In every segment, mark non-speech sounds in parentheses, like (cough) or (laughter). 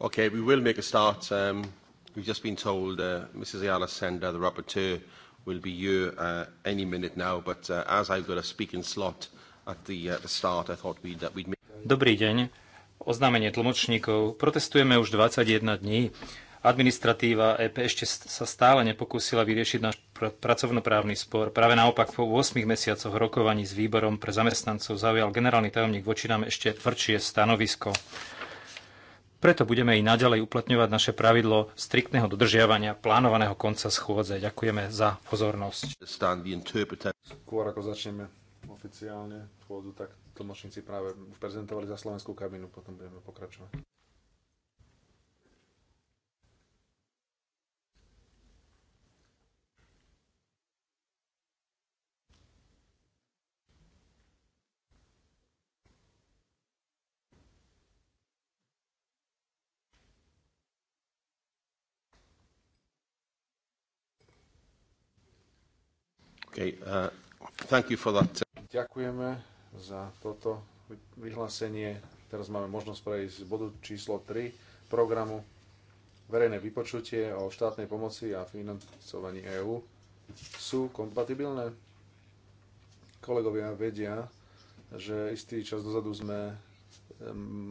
Okay, we will make a start. Um, we've just been told uh, Mrs. Ayala Sender, the rapporteur, will be here uh, any minute now, but uh, as I've got a speaking slot at the, uh, the start, I thought we'd, uh, we'd make... Dobrý deň. Oznámenie tlmočníkov. Protestujeme už 21 dní. Administratíva EP ešte sa stále nepokúsila vyriešiť náš pr- pracovnoprávny spor. Práve naopak, po 8 mesiacoch rokovaní s výborom pre zamestnancov zaujal generálny tajomník voči nám ešte tvrdšie stanovisko. Preto budeme i naďalej uplatňovať naše pravidlo striktného dodržiavania plánovaného konca schôdze. Ďakujeme za pozornosť. Skôr ako začneme oficiálne schôdzu, tak tlmočníci práve prezentovali za slovenskú kabinu, potom budeme pokračovať. Okay, uh, thank you for that. Ďakujeme za toto vyhlásenie. Teraz máme možnosť prejsť z bodu číslo 3 programu verejné vypočutie o štátnej pomoci a financovaní EÚ sú kompatibilné. Kolegovia vedia, že istý čas dozadu sme eh,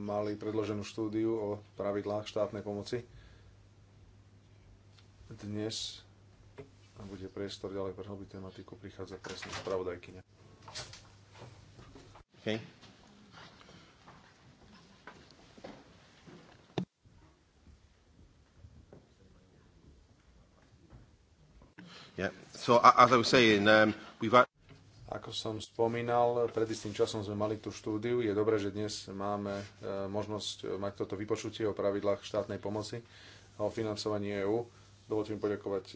mali predloženú štúdiu o pravidlách štátnej pomoci. Dnes bude priestor ďalej prehlbiť tematiku, prichádza presne spravodajkyňa. Okay. So, as I was saying, um, we've... Ako som spomínal, pred istým časom sme mali tú štúdiu. Je dobré, že dnes máme e, možnosť e, mať toto vypočutie o pravidlách štátnej pomoci a o financovaní EÚ. Dovolte mi poďakovať e,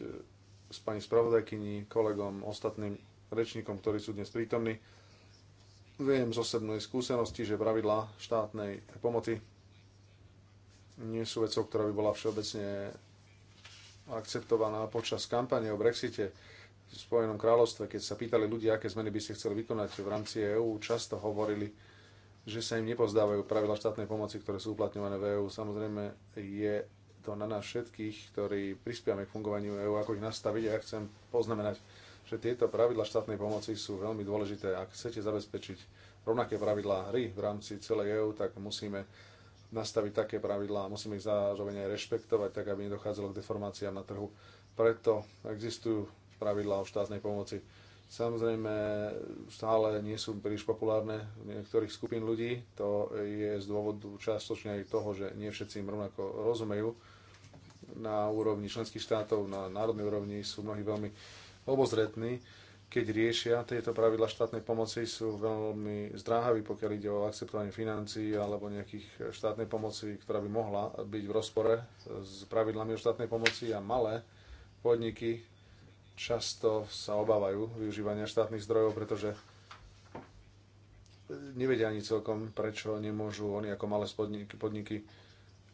s pani spravodajkyni, kolegom, ostatným rečníkom, ktorí sú dnes prítomní. Viem z osobnej skúsenosti, že pravidlá štátnej pomoci nie sú vecou, ktorá by bola všeobecne akceptovaná počas kampane o Brexite v Spojenom kráľovstve, keď sa pýtali ľudia, aké zmeny by ste chceli vykonať v rámci EÚ, často hovorili, že sa im nepozdávajú pravidla štátnej pomoci, ktoré sú uplatňované v EÚ. Samozrejme je to na nás všetkých, ktorí prispiame k fungovaniu EÚ, ako ich nastaviť. A ja chcem poznamenať, že tieto pravidla štátnej pomoci sú veľmi dôležité. Ak chcete zabezpečiť rovnaké pravidlá hry v rámci celej EÚ, tak musíme nastaviť také pravidlá a musíme ich zároveň aj rešpektovať, tak aby nedochádzalo k deformáciám na trhu. Preto existujú pravidlá o štátnej pomoci. Samozrejme, stále nie sú príliš populárne v niektorých skupín ľudí. To je z dôvodu častočne aj toho, že nie všetci im rovnako rozumejú na úrovni členských štátov, na národnej úrovni sú mnohí veľmi obozretní, keď riešia tieto pravidla štátnej pomoci, sú veľmi zdráhaví, pokiaľ ide o akceptovanie financií alebo nejakých štátnej pomoci, ktorá by mohla byť v rozpore s pravidlami o štátnej pomoci a malé podniky často sa obávajú využívania štátnych zdrojov, pretože nevedia ani celkom, prečo nemôžu oni ako malé podniky, podniky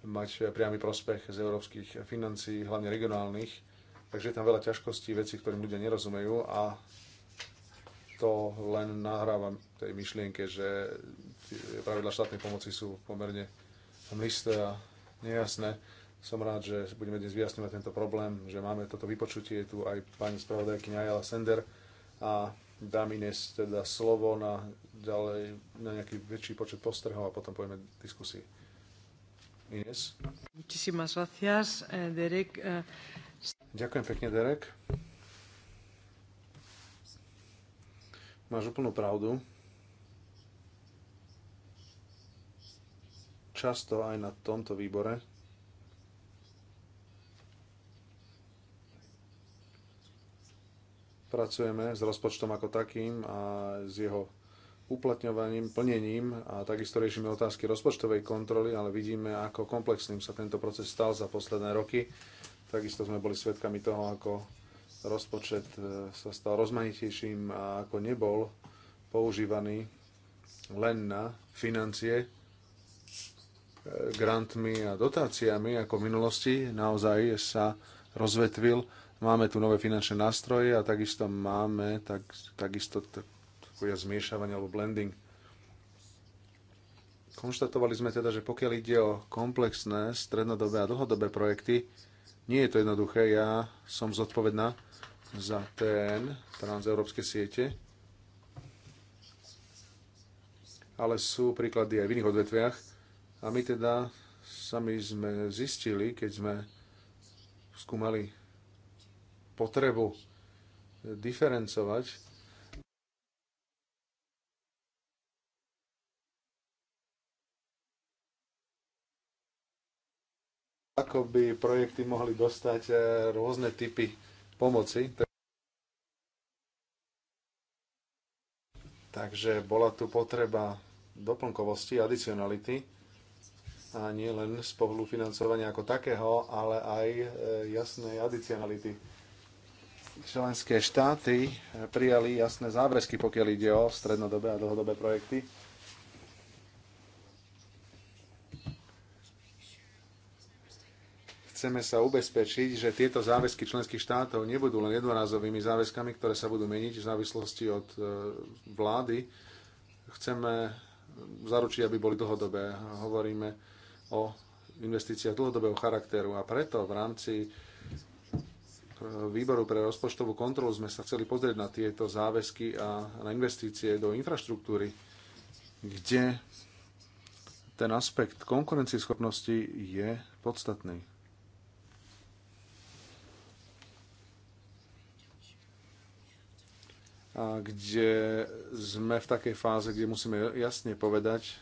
mať priamy prospech z európskych financií, hlavne regionálnych. Takže je tam veľa ťažkostí, veci, ktorým ľudia nerozumejú a to len nahráva tej myšlienke, že pravidla štátnej pomoci sú pomerne mlisté a nejasné. Som rád, že budeme dnes vyjasňovať tento problém, že máme toto vypočutie, je tu aj pani spravodajky Najala Sender a dám Ines teda slovo na, ďalej, na nejaký väčší počet postrhov a potom pojme diskusii. Eh, eh. Ďakujem pekne, Derek. Máš úplnú pravdu. Často aj na tomto výbore pracujeme s rozpočtom ako takým a s jeho uplatňovaním, plnením a takisto riešime otázky rozpočtovej kontroly, ale vidíme, ako komplexným sa tento proces stal za posledné roky. Takisto sme boli svedkami toho, ako rozpočet e, sa stal rozmanitejším a ako nebol používaný len na financie e, grantmi a dotáciami ako v minulosti. Naozaj sa rozvetvil. Máme tu nové finančné nástroje a takisto máme tak, takisto ako zmiešavanie alebo blending. Konštatovali sme teda, že pokiaľ ide o komplexné strednodobé a dlhodobé projekty, nie je to jednoduché. Ja som zodpovedná za TN, transeurópske siete, ale sú príklady aj v iných odvetviach. A my teda sami sme zistili, keď sme skúmali potrebu diferencovať ako by projekty mohli dostať e, rôzne typy pomoci. Takže bola tu potreba doplnkovosti, adicionality a nie len z pohľadu financovania ako takého, ale aj e, jasnej adicionality. Členské štáty e, prijali jasné záväzky, pokiaľ ide o strednodobé a dlhodobé projekty Chceme sa ubezpečiť, že tieto záväzky členských štátov nebudú len jednorázovými záväzkami, ktoré sa budú meniť v závislosti od e, vlády. Chceme zaručiť, aby boli dlhodobé. Hovoríme o investíciách dlhodobého charakteru a preto v rámci e, výboru pre rozpočtovú kontrolu sme sa chceli pozrieť na tieto záväzky a na investície do infraštruktúry, kde ten aspekt konkurencieschopnosti je podstatný. kde sme v takej fáze, kde musíme jasne povedať,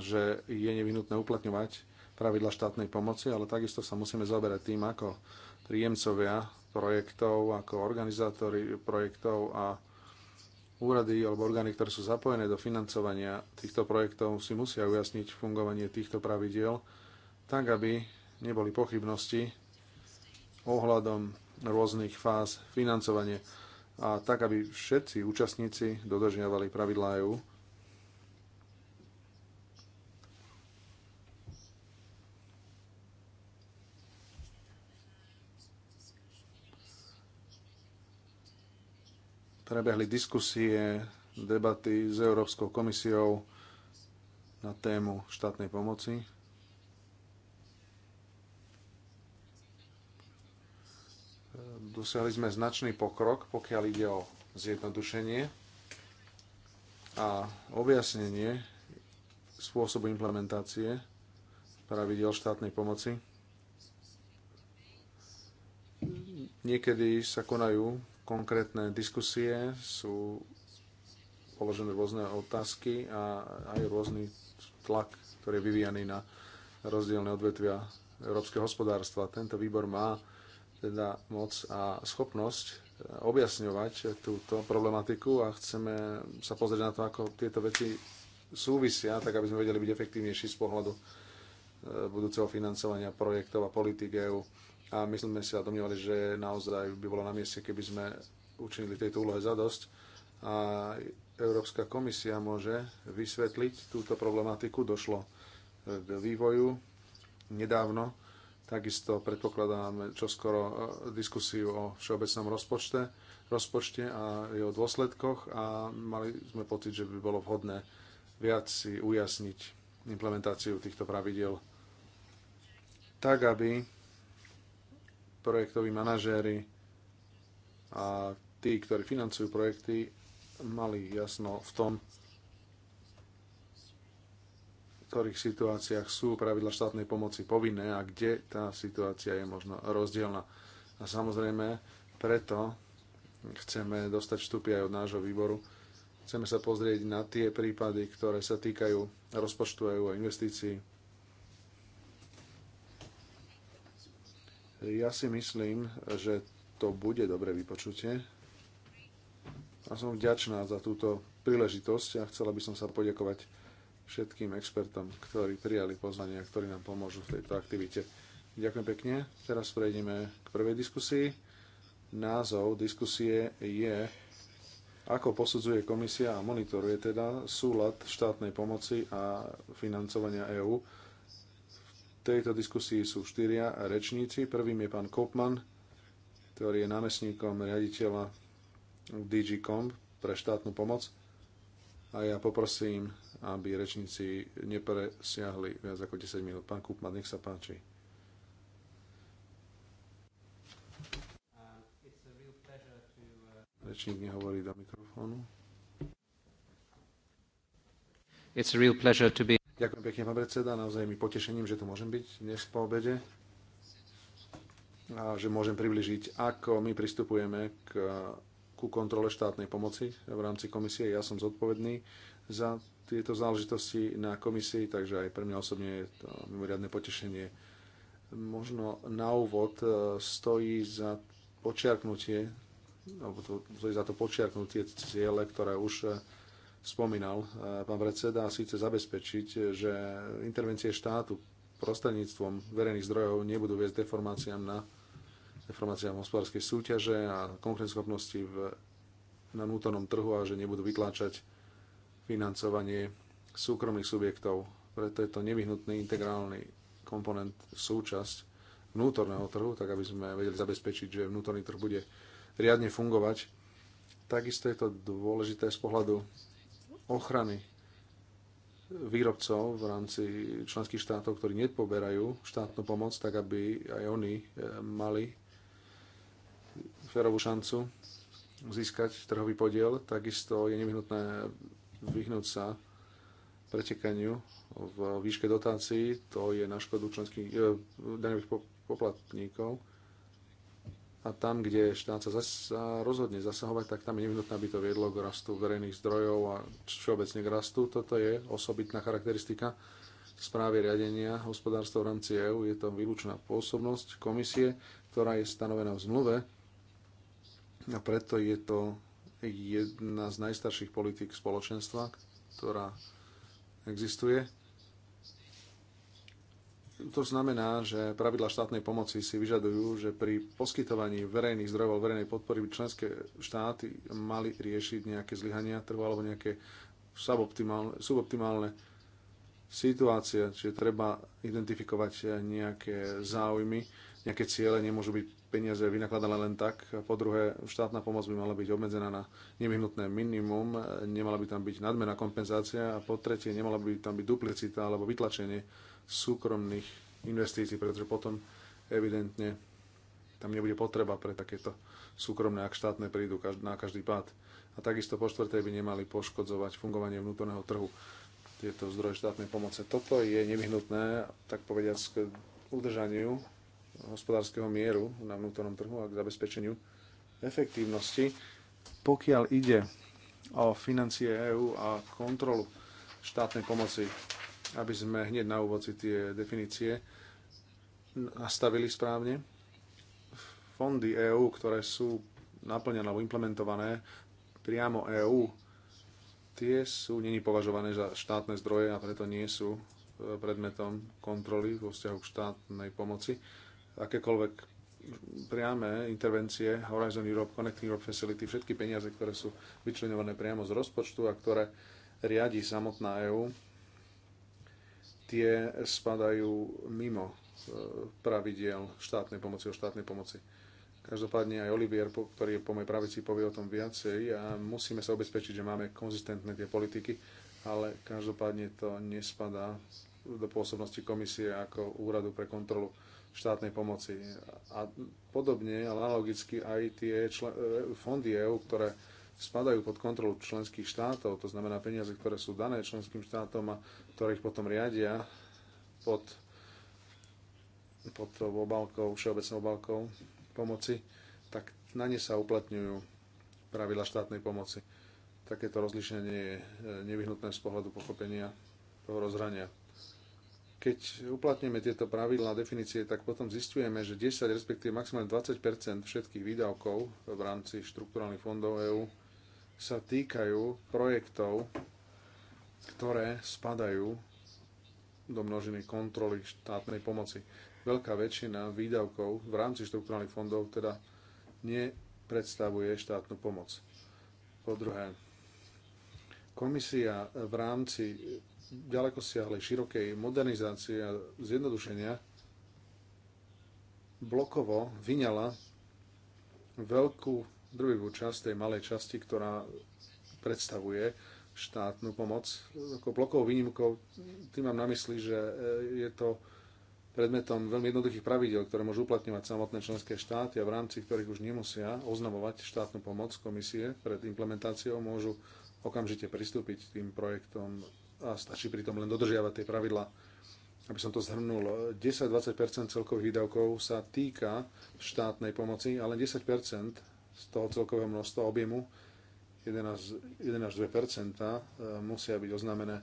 že je nevyhnutné uplatňovať pravidla štátnej pomoci, ale takisto sa musíme zaoberať tým, ako príjemcovia projektov, ako organizátori projektov a úrady alebo orgány, ktoré sú zapojené do financovania týchto projektov, si musia ujasniť fungovanie týchto pravidiel, tak aby neboli pochybnosti ohľadom rôznych fáz financovania a tak, aby všetci účastníci dodržiavali pravidlá EU. Prebehli diskusie, debaty s Európskou komisiou na tému štátnej pomoci Dosiahli sme značný pokrok, pokiaľ ide o zjednodušenie a objasnenie spôsobu implementácie pravidel štátnej pomoci. Niekedy sa konajú konkrétne diskusie, sú položené rôzne otázky a aj rôzny tlak, ktorý je vyvíjaný na rozdielne odvetvia európskeho hospodárstva. Tento výbor má teda moc a schopnosť e, objasňovať túto problematiku a chceme sa pozrieť na to, ako tieto veci súvisia, tak aby sme vedeli byť efektívnejší z pohľadu e, budúceho financovania projektov a politik EU. A myslíme si a domnievali, že naozaj by bolo na mieste, keby sme učinili tejto úlohe zadosť. A Európska komisia môže vysvetliť túto problematiku. Došlo k vývoju nedávno Takisto predpokladáme čoskoro e, diskusiu o všeobecnom rozpočte, rozpočte a jeho dôsledkoch a mali sme pocit, že by bolo vhodné viac si ujasniť implementáciu týchto pravidel tak, aby projektoví manažéri a tí, ktorí financujú projekty, mali jasno v tom, ktorých situáciách sú pravidla štátnej pomoci povinné a kde tá situácia je možno rozdielna. A samozrejme, preto chceme dostať vstupy aj od nášho výboru. Chceme sa pozrieť na tie prípady, ktoré sa týkajú rozpočtu EU a investícií. Ja si myslím, že to bude dobre vypočutie. A som vďačná za túto príležitosť a chcela by som sa poďakovať všetkým expertom, ktorí prijali poznania, ktorí nám pomôžu v tejto aktivite. Ďakujem pekne. Teraz prejdeme k prvej diskusii. Názov diskusie je ako posudzuje komisia a monitoruje teda súlad štátnej pomoci a financovania EÚ. V tejto diskusii sú štyria rečníci. Prvým je pán Kopman, ktorý je námestníkom riaditeľa DG.com pre štátnu pomoc. A ja poprosím aby rečníci nepresiahli viac ako 10 minút. Pán Kupman, nech sa páči. Rečník nehovorí do mikrofónu. It's a real pleasure to be... Ďakujem pekne, pán predseda. Naozaj mi potešením, že tu môžem byť dnes po obede a že môžem približiť, ako my pristupujeme k, ku kontrole štátnej pomoci v rámci komisie. Ja som zodpovedný za tieto záležitosti na komisii, takže aj pre mňa osobne je to mimoriadne potešenie. Možno na úvod e, stojí za počiarknutie, alebo to, stojí za to počiarknutie ciele, ktoré už e, spomínal e, pán predseda, a síce zabezpečiť, že intervencie štátu prostredníctvom verejných zdrojov nebudú viesť deformáciám na deformáciám hospodárskej súťaže a konkurenceschopnosti v, na vnútornom trhu a že nebudú vytláčať financovanie súkromných subjektov. Preto je to nevyhnutný integrálny komponent, súčasť vnútorného trhu, tak aby sme vedeli zabezpečiť, že vnútorný trh bude riadne fungovať. Takisto je to dôležité z pohľadu ochrany výrobcov v rámci členských štátov, ktorí nepoberajú štátnu pomoc, tak aby aj oni eh, mali férovú šancu získať trhový podiel. Takisto je nevyhnutné vyhnúť sa pretekaniu v výške dotácií. To je na škodu členských e, daňových poplatníkov. A tam, kde štát sa zasa, rozhodne zasahovať, tak tam je nevyhnutné, aby to viedlo k rastu verejných zdrojov a všeobecne k rastu. Toto je osobitná charakteristika správy riadenia hospodárstva v rámci EÚ. Je to výlučná pôsobnosť komisie, ktorá je stanovená v zmluve a preto je to jedna z najstarších politik spoločenstva, ktorá existuje. To znamená, že pravidla štátnej pomoci si vyžadujú, že pri poskytovaní verejných zdrojov alebo verejnej podpory by členské štáty mali riešiť nejaké zlyhania trhu alebo nejaké suboptimálne, suboptimálne situácie, čiže treba identifikovať nejaké záujmy, nejaké ciele nemôžu byť peniaze vynakladané len tak. Po druhé, štátna pomoc by mala byť obmedzená na nevyhnutné minimum, nemala by tam byť nadmerná kompenzácia a po tretie, nemala by tam byť duplicita alebo vytlačenie súkromných investícií, pretože potom evidentne tam nebude potreba pre takéto súkromné, ak štátne prídu na každý pád. A takisto po štvrté by nemali poškodzovať fungovanie vnútorného trhu tieto zdroje štátnej pomoci. Toto je nevyhnutné, tak povediať, k udržaniu hospodárskeho mieru na vnútornom trhu a k zabezpečeniu efektívnosti. Pokiaľ ide o financie EÚ a kontrolu štátnej pomoci, aby sme hneď na úvod tie definície nastavili správne. Fondy EÚ, ktoré sú naplnené alebo implementované priamo EÚ, tie sú není považované za štátne zdroje a preto nie sú e, predmetom kontroly vo vzťahu k štátnej pomoci akékoľvek priame intervencie Horizon Europe, Connecting Europe Facility, všetky peniaze, ktoré sú vyčlenované priamo z rozpočtu a ktoré riadi samotná EÚ, tie spadajú mimo e, pravidiel štátnej pomoci o štátnej pomoci. Každopádne aj Olivier, ktorý je po mojej pravici, povie o tom viacej a musíme sa obezpečiť, že máme konzistentné tie politiky, ale každopádne to nespadá do pôsobnosti komisie ako úradu pre kontrolu štátnej pomoci. A podobne, ale analogicky aj tie e, fondy EÚ, ktoré spadajú pod kontrolu členských štátov, to znamená peniaze, ktoré sú dané členským štátom a ktoré ich potom riadia pod, pod obálkou, všeobecnou obálkou pomoci, tak na ne sa uplatňujú pravidla štátnej pomoci. Takéto rozlišenie je e, nevyhnutné z pohľadu pochopenia toho rozhrania. Keď uplatníme tieto pravidlá a definície, tak potom zistujeme, že 10, respektíve maximálne 20 všetkých výdavkov v rámci štrukturálnych fondov EÚ sa týkajú projektov, ktoré spadajú do množiny kontroly štátnej pomoci. Veľká väčšina výdavkov v rámci štrukturálnych fondov teda nepredstavuje štátnu pomoc. Po druhé, komisia v rámci ďaleko siahlej, širokej modernizácie a zjednodušenia blokovo vyňala veľkú druhú časť tej malej časti, ktorá predstavuje štátnu pomoc. Ako blokovou výnimkou tým mám na mysli, že e, je to predmetom veľmi jednoduchých pravidel, ktoré môžu uplatňovať samotné členské štáty a v rámci ktorých už nemusia oznamovať štátnu pomoc komisie pred implementáciou, môžu okamžite pristúpiť k tým projektom a stačí pritom len dodržiavať tie pravidla. Aby som to zhrnul, 10-20 celkových výdavkov sa týka štátnej pomoci, ale 10 z toho celkového množstva objemu, 11, 1 až 2 e, musia byť oznámené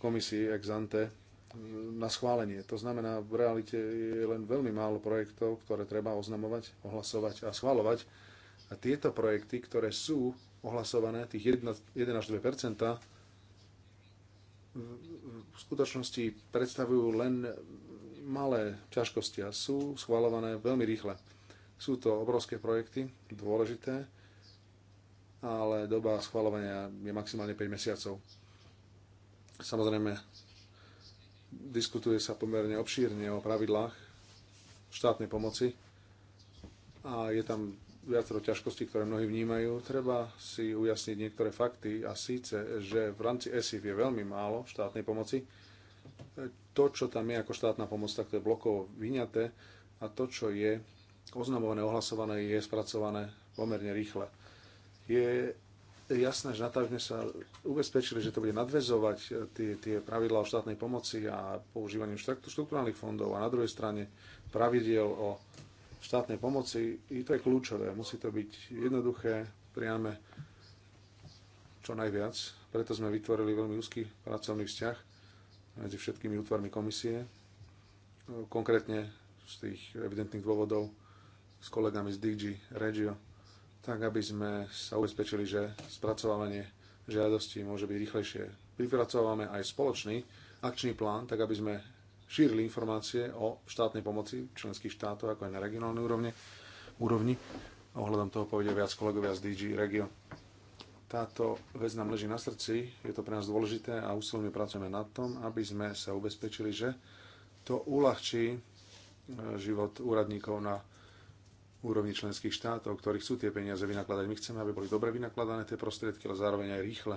komisii ex ante na schválenie. To znamená, v realite je len veľmi málo projektov, ktoré treba oznamovať, ohlasovať a schválovať. A tieto projekty, ktoré sú ohlasované, tých 1, 1 až 2 v skutočnosti predstavujú len malé ťažkosti a sú schvalované veľmi rýchle. Sú to obrovské projekty, dôležité, ale doba schvalovania je maximálne 5 mesiacov. Samozrejme, diskutuje sa pomerne obšírne o pravidlách štátnej pomoci a je tam viacero ťažkostí, ktoré mnohí vnímajú. Treba si ujasniť niektoré fakty a síce, že v rámci ESIF je veľmi málo štátnej pomoci. To, čo tam je ako štátna pomoc, tak to je blokovo vyňaté a to, čo je oznamované, ohlasované, je spracované pomerne rýchle. Je jasné, že natážne sa ubezpečili, že to bude nadvezovať eh, tie, tie pravidlá o štátnej pomoci a používaním štruktúrnych fondov a na druhej strane pravidiel o štátnej pomoci, i to je kľúčové. Musí to byť jednoduché, priame, čo najviac. Preto sme vytvorili veľmi úzky pracovný vzťah medzi všetkými útvarmi komisie. Konkrétne z tých evidentných dôvodov s kolegami z DG Regio, tak aby sme sa ubezpečili, že spracovávanie žiadostí môže byť rýchlejšie. Vypracovávame aj spoločný akčný plán, tak aby sme šírili informácie o štátnej pomoci členských štátov, ako aj na regionálnej úrovni. úrovni. Ohľadom toho povedia viac kolegovia z DG Regio. Táto vec nám leží na srdci, je to pre nás dôležité a úsilne pracujeme na tom, aby sme sa ubezpečili, že to uľahčí e, život úradníkov na úrovni členských štátov, ktorých sú tie peniaze vynakladať. My chceme, aby boli dobre vynakladané tie prostriedky, ale zároveň aj rýchle.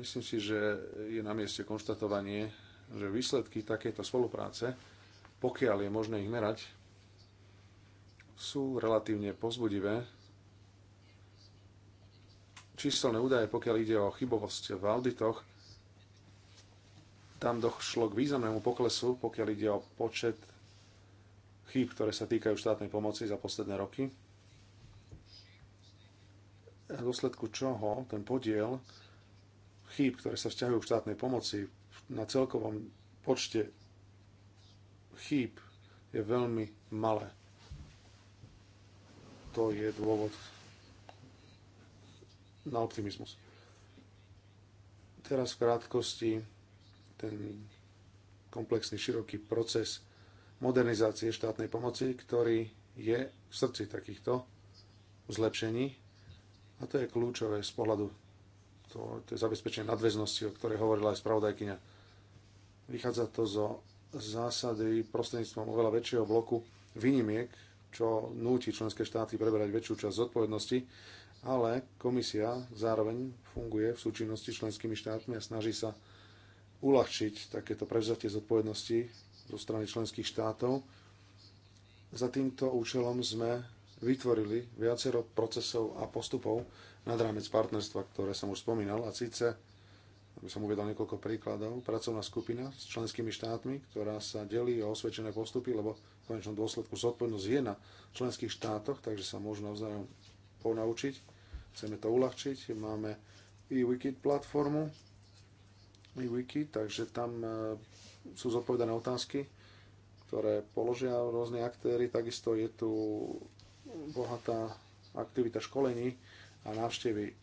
Myslím si, že je na mieste konštatovanie, že výsledky takéto spolupráce, pokiaľ je možné ich merať, sú relatívne pozbudivé. Číselné údaje, pokiaľ ide o chybovosť v auditoch, tam došlo k významnému poklesu, pokiaľ ide o počet chýb, ktoré sa týkajú štátnej pomoci za posledné roky. V dôsledku čoho ten podiel chýb, ktoré sa vzťahujú k štátnej pomoci na celkovom počte chýb je veľmi malé. To je dôvod na optimizmus. Teraz v krátkosti ten komplexný, široký proces modernizácie štátnej pomoci, ktorý je v srdci takýchto zlepšení. A to je kľúčové z pohľadu to, to je zabezpečenie nadväznosti, o ktorej hovorila aj spravodajkynia. Vychádza to zo zásady prostredníctvom oveľa väčšieho bloku výnimiek, čo núti členské štáty preberať väčšiu časť zodpovednosti, ale komisia zároveň funguje v súčinnosti s členskými štátmi a snaží sa uľahčiť takéto prevzatie zodpovednosti zo strany členských štátov. Za týmto účelom sme vytvorili viacero procesov a postupov nad rámec partnerstva, ktoré som už spomínal, a síce aby som uvedal niekoľko príkladov, pracovná skupina s členskými štátmi, ktorá sa delí o osvedčené postupy, lebo v konečnom dôsledku zodpovednosť je na členských štátoch, takže sa môžu navzájom ponaučiť. Chceme to uľahčiť. Máme e-wiki platformu, e-wiki, takže tam e, sú zodpovedané otázky, ktoré položia rôzne aktéry. Takisto je tu bohatá aktivita školení a návštevy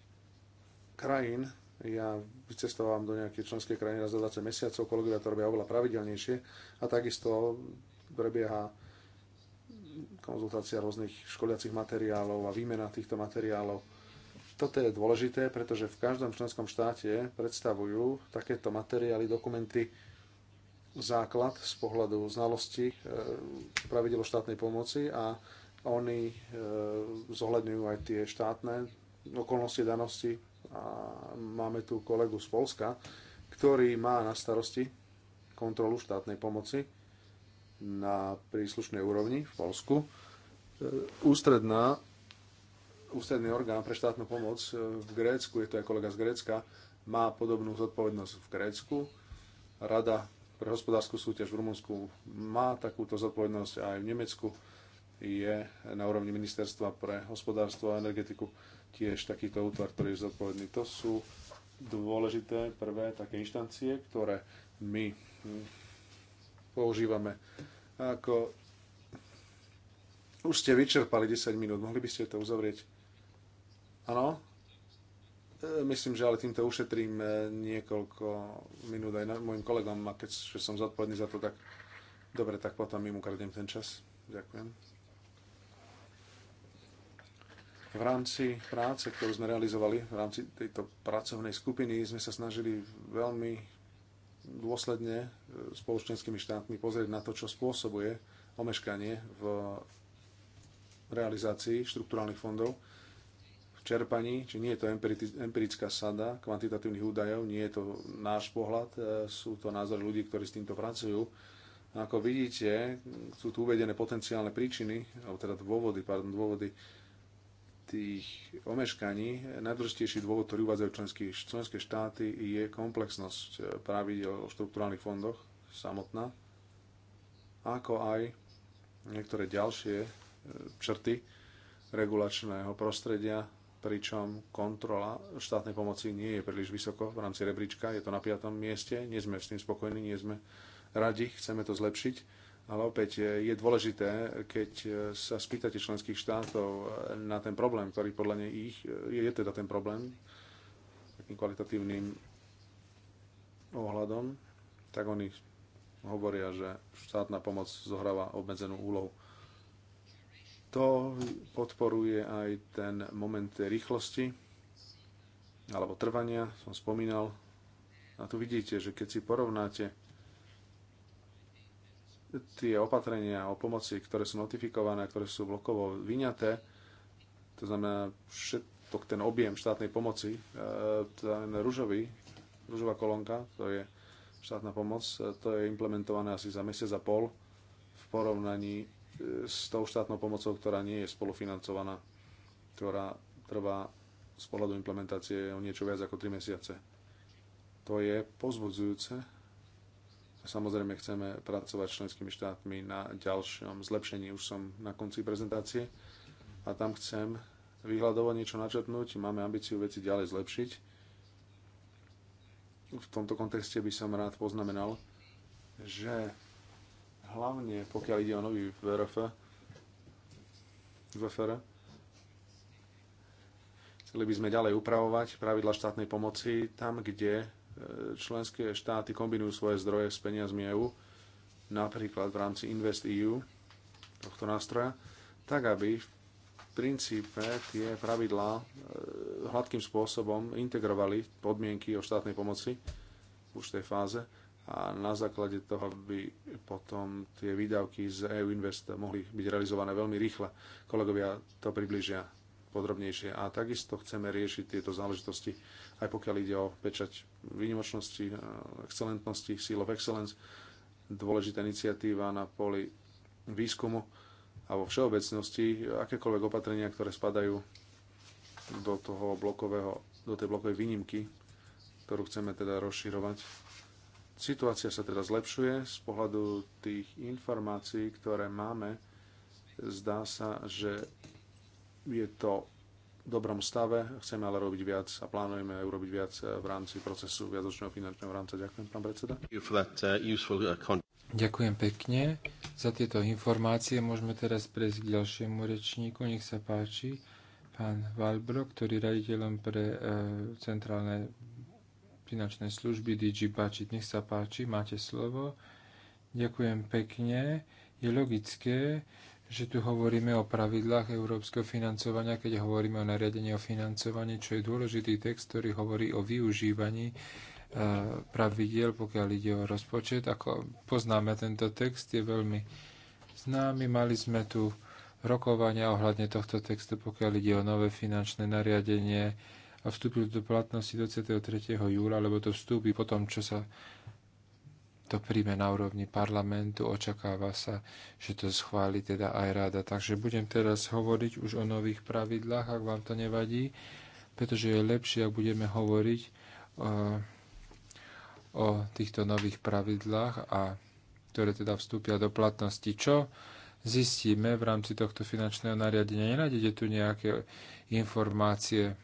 krajín ja vycestovám do nejakej členskej krajiny raz za 20 mesiacov, kolegovia to robia oveľa pravidelnejšie a takisto prebieha konzultácia rôznych školiacich materiálov a výmena týchto materiálov. Toto je dôležité, pretože v každom členskom štáte predstavujú takéto materiály, dokumenty základ z pohľadu znalosti e, pravidelo štátnej pomoci a oni e, zohľadňujú aj tie štátne okolnosti danosti a máme tu kolegu z Polska, ktorý má na starosti kontrolu štátnej pomoci na príslušnej úrovni v Polsku. E, ústredná, ústredný orgán pre štátnu pomoc e, v Grécku, je to aj kolega z Grécka, má podobnú zodpovednosť v Grécku. Rada pre hospodárskú súťaž v Rumunsku má takúto zodpovednosť aj v Nemecku je na úrovni ministerstva pre hospodárstvo a energetiku tiež takýto útvar, ktorý je zodpovedný. To sú dôležité prvé také inštancie, ktoré my hm, používame. Ako už ste vyčerpali 10 minút, mohli by ste to uzavrieť? Áno? E, myslím, že ale týmto ušetrím e, niekoľko minút aj mojim kolegom a keď som zodpovedný za to, tak dobre, tak potom im ukradnem ten čas. Ďakujem. V rámci práce, ktorú sme realizovali, v rámci tejto pracovnej skupiny, sme sa snažili veľmi dôsledne e, spoločenskými štátmi pozrieť na to, čo spôsobuje omeškanie v realizácii štruktúrálnych fondov, v čerpaní, či nie je to empirická sada kvantitatívnych údajov, nie je to náš pohľad, e, sú to názory ľudí, ktorí s týmto pracujú. Ako vidíte, sú tu uvedené potenciálne príčiny, alebo teda dôvody, pardon, dôvody tých omeškaní, najdôležitejší dôvod, ktorý uvádzajú členské, štáty, je komplexnosť eh, pravidel o štruktúrálnych fondoch samotná, ako aj niektoré ďalšie eh, črty regulačného prostredia, pričom kontrola štátnej pomoci nie je príliš vysoko v rámci rebríčka, je to na piatom mieste, nie sme s tým spokojní, nie sme radi, chceme to zlepšiť ale opäť eh, je dôležité, keď eh, sa spýtate členských štátov eh, na ten problém, ktorý podľa nej ich, je, je teda ten problém, takým kvalitatívnym ohľadom, tak oni hovoria, že štátna pomoc zohráva obmedzenú úlohu. To podporuje aj ten moment rýchlosti alebo trvania, som spomínal. A tu vidíte, že keď si porovnáte tie opatrenia o pomoci, ktoré sú notifikované, ktoré sú blokovo vyňaté, to znamená všetok ten objem štátnej pomoci, e, to znamená rúžový, rúžová kolónka, to je štátna pomoc, e, to je implementované asi za mesiac a pol v porovnaní e, s tou štátnou pomocou, ktorá nie je spolufinancovaná, ktorá trvá z pohľadu implementácie o niečo viac ako 3 mesiace. To je pozbudzujúce, Samozrejme chceme pracovať s členskými štátmi na ďalšom zlepšení. Už som na konci prezentácie a tam chcem vyhľadovať niečo načetnúť. Máme ambíciu veci ďalej zlepšiť. V tomto kontexte by som rád poznamenal, že hlavne pokiaľ ide o nový VRF, VFR, chceli by sme ďalej upravovať pravidla štátnej pomoci tam, kde E, členské štáty kombinujú svoje zdroje s peniazmi EU, napríklad v rámci Invest EU tohto nástroja, tak aby v princípe tie pravidlá e, hladkým spôsobom integrovali podmienky o štátnej pomoci už v tej fáze a na základe toho by potom tie výdavky z EU Invest mohli byť realizované veľmi rýchle. Kolegovia to približia podrobnejšie. A takisto chceme riešiť tieto záležitosti, aj pokiaľ ide o pečať výnimočnosti, excelentnosti, Seal of Excellence, dôležitá iniciatíva na poli výskumu a vo všeobecnosti akékoľvek opatrenia, ktoré spadajú do toho blokového, do tej blokovej výnimky, ktorú chceme teda rozširovať. Situácia sa teda zlepšuje z pohľadu tých informácií, ktoré máme. Zdá sa, že je to v dobrom stave, chceme ale robiť viac a plánujeme urobiť viac v rámci procesu viacočného finančného rámca. Ďakujem, pán predseda. Uh, uh, Ďakujem pekne za tieto informácie. Môžeme teraz prejsť k ďalšiemu rečníku. Nech sa páči, pán Valbro, ktorý raditeľom pre e, centrálne finančné služby DG Bačit. Nech sa páči, máte slovo. Ďakujem pekne. Je logické, že tu hovoríme o pravidlách európskeho financovania, keď hovoríme o nariadení o financovaní, čo je dôležitý text, ktorý hovorí o využívaní e, pravidiel, pokiaľ ide o rozpočet. Ako poznáme tento text, je veľmi známy. Mali sme tu rokovania ohľadne tohto textu, pokiaľ ide o nové finančné nariadenie a vstúpil do platnosti 23. júla, lebo to vstúpi po tom, čo sa to príjme na úrovni parlamentu. Očakáva sa, že to schváli teda aj rada. Takže budem teraz hovoriť už o nových pravidlách, ak vám to nevadí, pretože je lepšie, ak budeme hovoriť o, e, o týchto nových pravidlách, a, ktoré teda vstúpia do platnosti. Čo zistíme v rámci tohto finančného nariadenia? Nenájdete tu nejaké informácie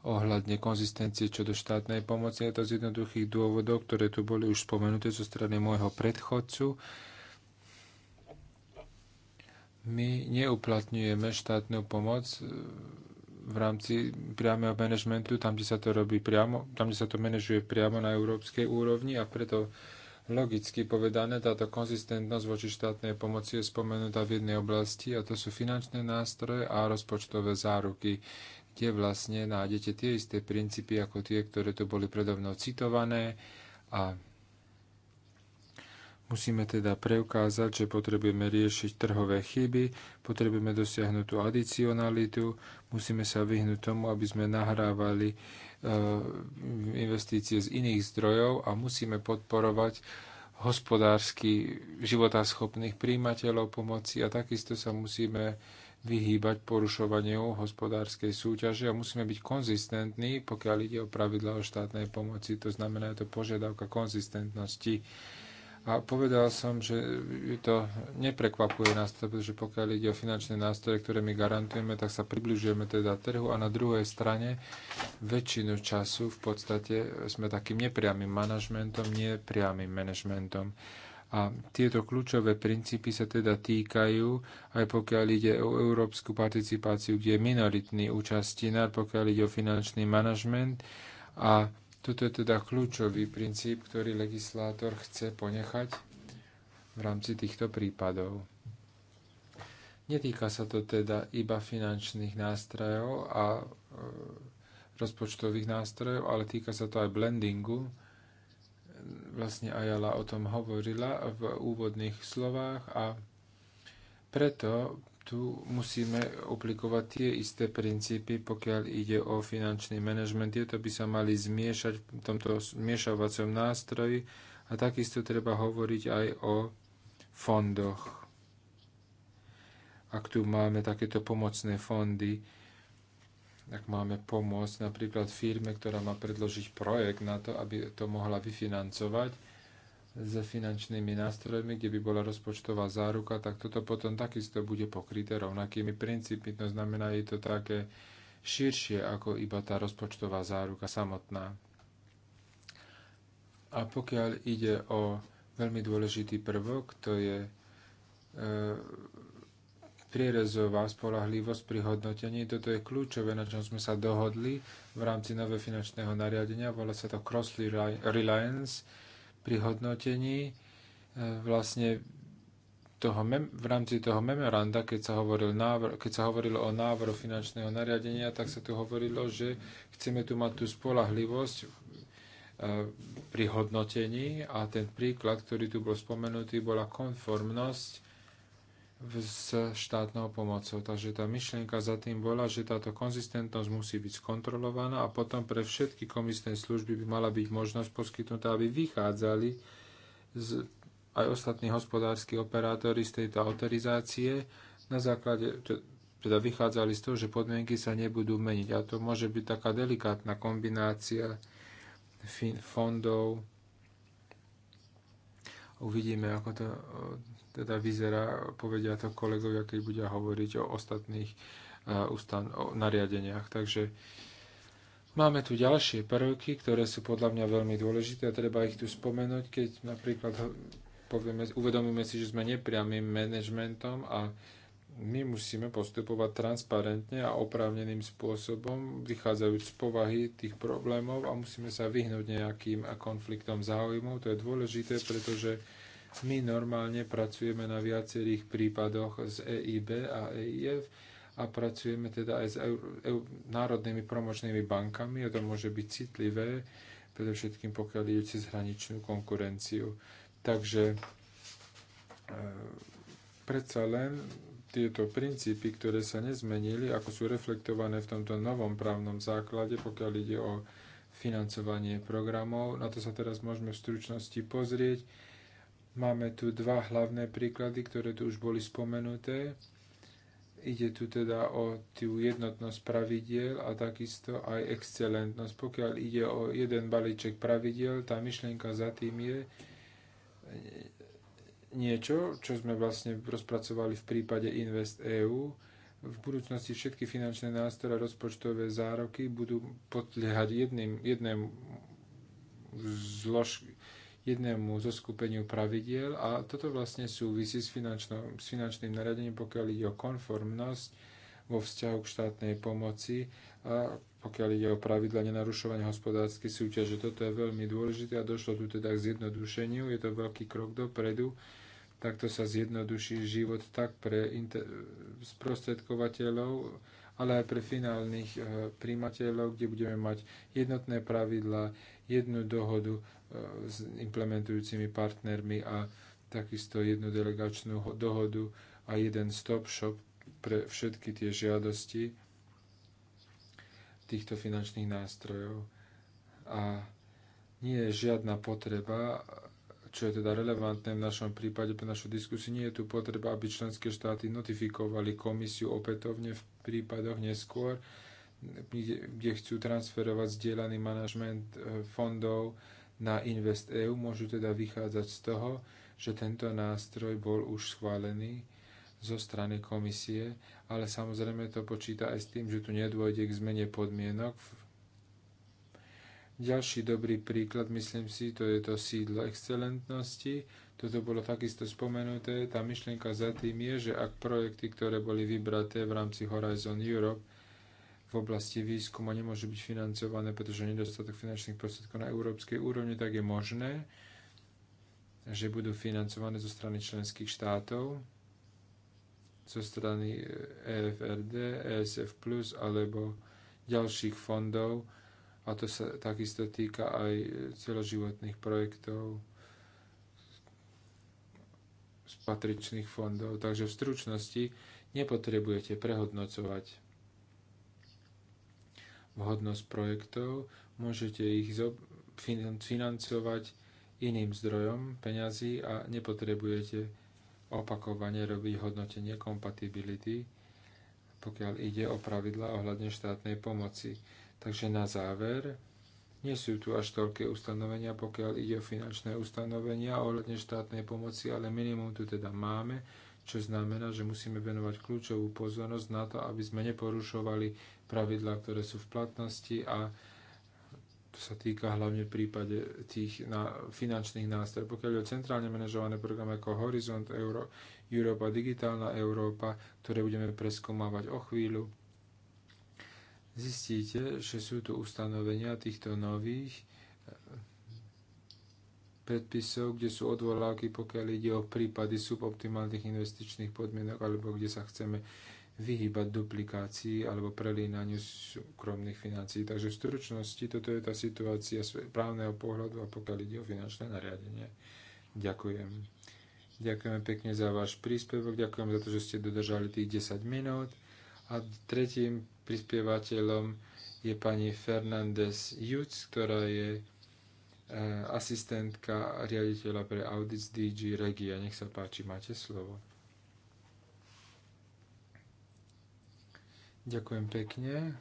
ohľadne konzistencie čo do štátnej pomoci. Je to z jednoduchých dôvodov, ktoré tu boli už spomenuté zo strany môjho predchodcu. My neuplatňujeme štátnu pomoc e, v rámci priameho manažmentu, tam, kde sa to robí priamo, tam, kde sa to manažuje priamo na európskej úrovni a preto logicky povedané táto konzistentnosť voči štátnej pomoci je spomenutá v jednej oblasti a to sú finančné nástroje a rozpočtové záruky kde vlastne nájdete tie isté princípy ako tie, ktoré tu boli predo mnou citované a Musíme teda preukázať, že potrebujeme riešiť trhové chyby, potrebujeme dosiahnuť tú adicionalitu, musíme sa vyhnúť tomu, aby sme nahrávali e, investície z iných zdrojov a musíme podporovať hospodársky životaschopných príjimateľov pomoci a takisto sa musíme vyhýbať porušovaniu hospodárskej súťaže a musíme byť konzistentní, pokiaľ ide o pravidla o štátnej pomoci. To znamená, je to požiadavka konzistentnosti. A povedal som, že to neprekvapuje nás, pretože pokiaľ ide o finančné nástroje, ktoré my garantujeme, tak sa približujeme teda trhu a na druhej strane väčšinu času v podstate sme takým nepriamým manažmentom, nepriamým manažmentom. A tieto kľúčové princípy sa teda týkajú, aj pokiaľ ide o európsku participáciu, kde je minoritný účastinár, pokiaľ ide o finančný manažment. A toto je teda kľúčový princíp, ktorý legislátor chce ponechať v rámci týchto prípadov. Netýka sa to teda iba finančných nástrojov a e, rozpočtových nástrojov, ale týka sa to aj blendingu, vlastne Ajala o tom hovorila v úvodných slovách a preto tu musíme aplikovať tie isté princípy, pokiaľ ide o finančný manažment. Tieto by sa mali zmiešať v tomto zmiešavacom nástroji a takisto treba hovoriť aj o fondoch. Ak tu máme takéto pomocné fondy, ak máme pomôcť napríklad firme, ktorá má predložiť projekt na to, aby to mohla vyfinancovať s finančnými nástrojmi, kde by bola rozpočtová záruka, tak toto potom takisto bude pokryté rovnakými princípmi. To znamená, je to také širšie ako iba tá rozpočtová záruka samotná. A pokiaľ ide o veľmi dôležitý prvok, to je e, prierezová spolahlivosť pri hodnotení. Toto je kľúčové, na čom sme sa dohodli v rámci nové finančného nariadenia. Volá sa to Cross Reliance pri hodnotení. E, vlastne toho mem- v rámci toho memoranda, keď sa, hovoril návr- keď sa hovorilo o návrhu finančného nariadenia, tak sa tu hovorilo, že chceme tu mať tú spolahlivosť e, pri hodnotení a ten príklad, ktorý tu bol spomenutý, bola konformnosť s štátnou pomocou. Takže tá myšlienka za tým bola, že táto konzistentnosť musí byť skontrolovaná a potom pre všetky komisné služby by mala byť možnosť poskytnutá, aby vychádzali z, aj ostatní hospodárski operátori z tejto autorizácie na základe, teda vychádzali z toho, že podmienky sa nebudú meniť. A to môže byť taká delikátna kombinácia fondov. Uvidíme, ako to teda vyzerá, povedia to kolegovia, keď budia hovoriť o ostatných uh, ustan- o nariadeniach. Takže máme tu ďalšie prvky, ktoré sú podľa mňa veľmi dôležité a treba ich tu spomenúť, keď napríklad povieme, uvedomíme si, že sme nepriamým manažmentom a my musíme postupovať transparentne a oprávneným spôsobom, vychádzajúc z povahy tých problémov a musíme sa vyhnúť nejakým konfliktom záujmov. To je dôležité, pretože my normálne pracujeme na viacerých prípadoch z EIB a EIF a pracujeme teda aj s národnými promočnými bankami a to môže byť citlivé, predovšetkým pokiaľ ide cez hraničnú konkurenciu. Takže e, predsa len tieto princípy, ktoré sa nezmenili, ako sú reflektované v tomto novom právnom základe, pokiaľ ide o financovanie programov. Na to sa teraz môžeme v stručnosti pozrieť. Máme tu dva hlavné príklady, ktoré tu už boli spomenuté. Ide tu teda o tú jednotnosť pravidiel a takisto aj excelentnosť. Pokiaľ ide o jeden balíček pravidiel, tá myšlienka za tým je e, niečo, čo sme vlastne rozpracovali v prípade Invest EU. V budúcnosti všetky finančné nástroje a rozpočtové zároky budú podliehať jedným, jednému zlož, jednému zo skupeniu pravidiel a toto vlastne súvisí s, s finančným naradením, pokiaľ ide o konformnosť vo vzťahu k štátnej pomoci a pokiaľ ide o pravidla nenarušovania hospodárskej súťaže. Toto je veľmi dôležité a došlo tu teda k zjednodušeniu. Je to veľký krok dopredu. Takto sa zjednoduší život tak pre sprostredkovateľov, ale aj pre finálnych eh, príjmateľov, kde budeme mať jednotné pravidlá, jednu dohodu e, s implementujúcimi partnermi a takisto jednu delegačnú dohodu a jeden stop shop pre všetky tie žiadosti týchto finančných nástrojov. A nie je žiadna potreba, čo je teda relevantné v našom prípade pre našu diskusiu, nie je tu potreba, aby členské štáty notifikovali komisiu opätovne v prípadoch neskôr, kde, kde chcú transferovať zdieľaný manažment e, fondov na InvestEU, môžu teda vychádzať z toho, že tento nástroj bol už schválený zo strany komisie, ale samozrejme to počíta aj s tým, že tu nedôjde k zmene podmienok. Ďalší dobrý príklad, myslím si, to je to sídlo excelentnosti. Toto bolo takisto spomenuté. Tá myšlienka za tým je, že ak projekty, ktoré boli vybraté v rámci Horizon Europe, v oblasti výskuma nemôže byť financované, pretože nedostatok finančných prostriedkov na európskej úrovni, tak je možné, že budú financované zo strany členských štátov, zo strany EFRD, ESF+, alebo ďalších fondov, a to sa takisto týka aj celoživotných projektov z patričných fondov. Takže v stručnosti nepotrebujete prehodnocovať vhodnosť projektov, môžete ich financovať iným zdrojom peňazí a nepotrebujete opakovane robiť hodnotenie kompatibility, pokiaľ ide o pravidla ohľadne štátnej pomoci. Takže na záver, nie sú tu až toľké ustanovenia, pokiaľ ide o finančné ustanovenia ohľadne štátnej pomoci, ale minimum tu teda máme čo znamená, že musíme venovať kľúčovú pozornosť na to, aby sme neporušovali pravidlá, ktoré sú v platnosti a to sa týka hlavne v prípade tých na, finančných nástrojov. Pokiaľ je o centrálne manažované programy ako Horizont Euro, Európa, Digitálna Európa, ktoré budeme preskomávať o chvíľu, zistíte, že sú tu ustanovenia týchto nových predpisov, kde sú odvolávky, pokiaľ ide o prípady suboptimálnych investičných podmienok alebo kde sa chceme vyhýbať duplikácii alebo prelínaniu súkromných financií. Takže v stručnosti toto je tá situácia z právneho pohľadu a pokiaľ ide o finančné nariadenie. Ďakujem. Ďakujeme pekne za váš príspevok, ďakujem za to, že ste dodržali tých 10 minút. A tretím prispievateľom je pani Fernández Júc, ktorá je Eh, asistentka riaditeľa pre audit DG Regia. Nech sa páči, máte slovo. Ďakujem pekne.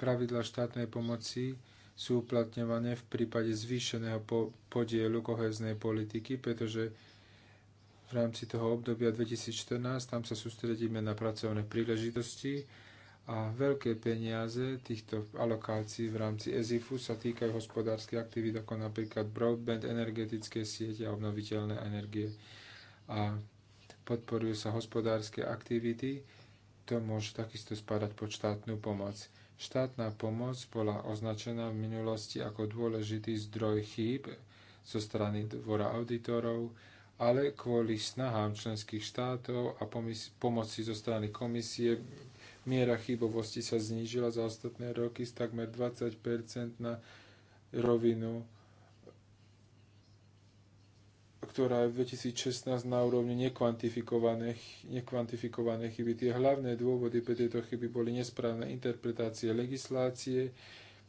Pravidla štátnej pomoci sú uplatňované v prípade zvýšeného podielu koheznej politiky, pretože v rámci toho obdobia 2014 tam sa sústredíme na pracovné príležitosti, a veľké peniaze týchto alokácií v rámci EZIFu sa týkajú hospodárskych aktivít ako napríklad broadband, energetické siete a obnoviteľné energie. A podporujú sa hospodárske aktivity, to môže takisto spadať pod štátnu pomoc. Štátna pomoc bola označená v minulosti ako dôležitý zdroj chýb zo strany dvora auditorov, ale kvôli snahám členských štátov a pomoci zo strany komisie Miera chybovosti sa znížila za ostatné roky z takmer 20 na rovinu, ktorá je v 2016 na úrovni nekvantifikované, nekvantifikované chyby. Tie hlavné dôvody pre tieto chyby boli nesprávne interpretácie legislácie,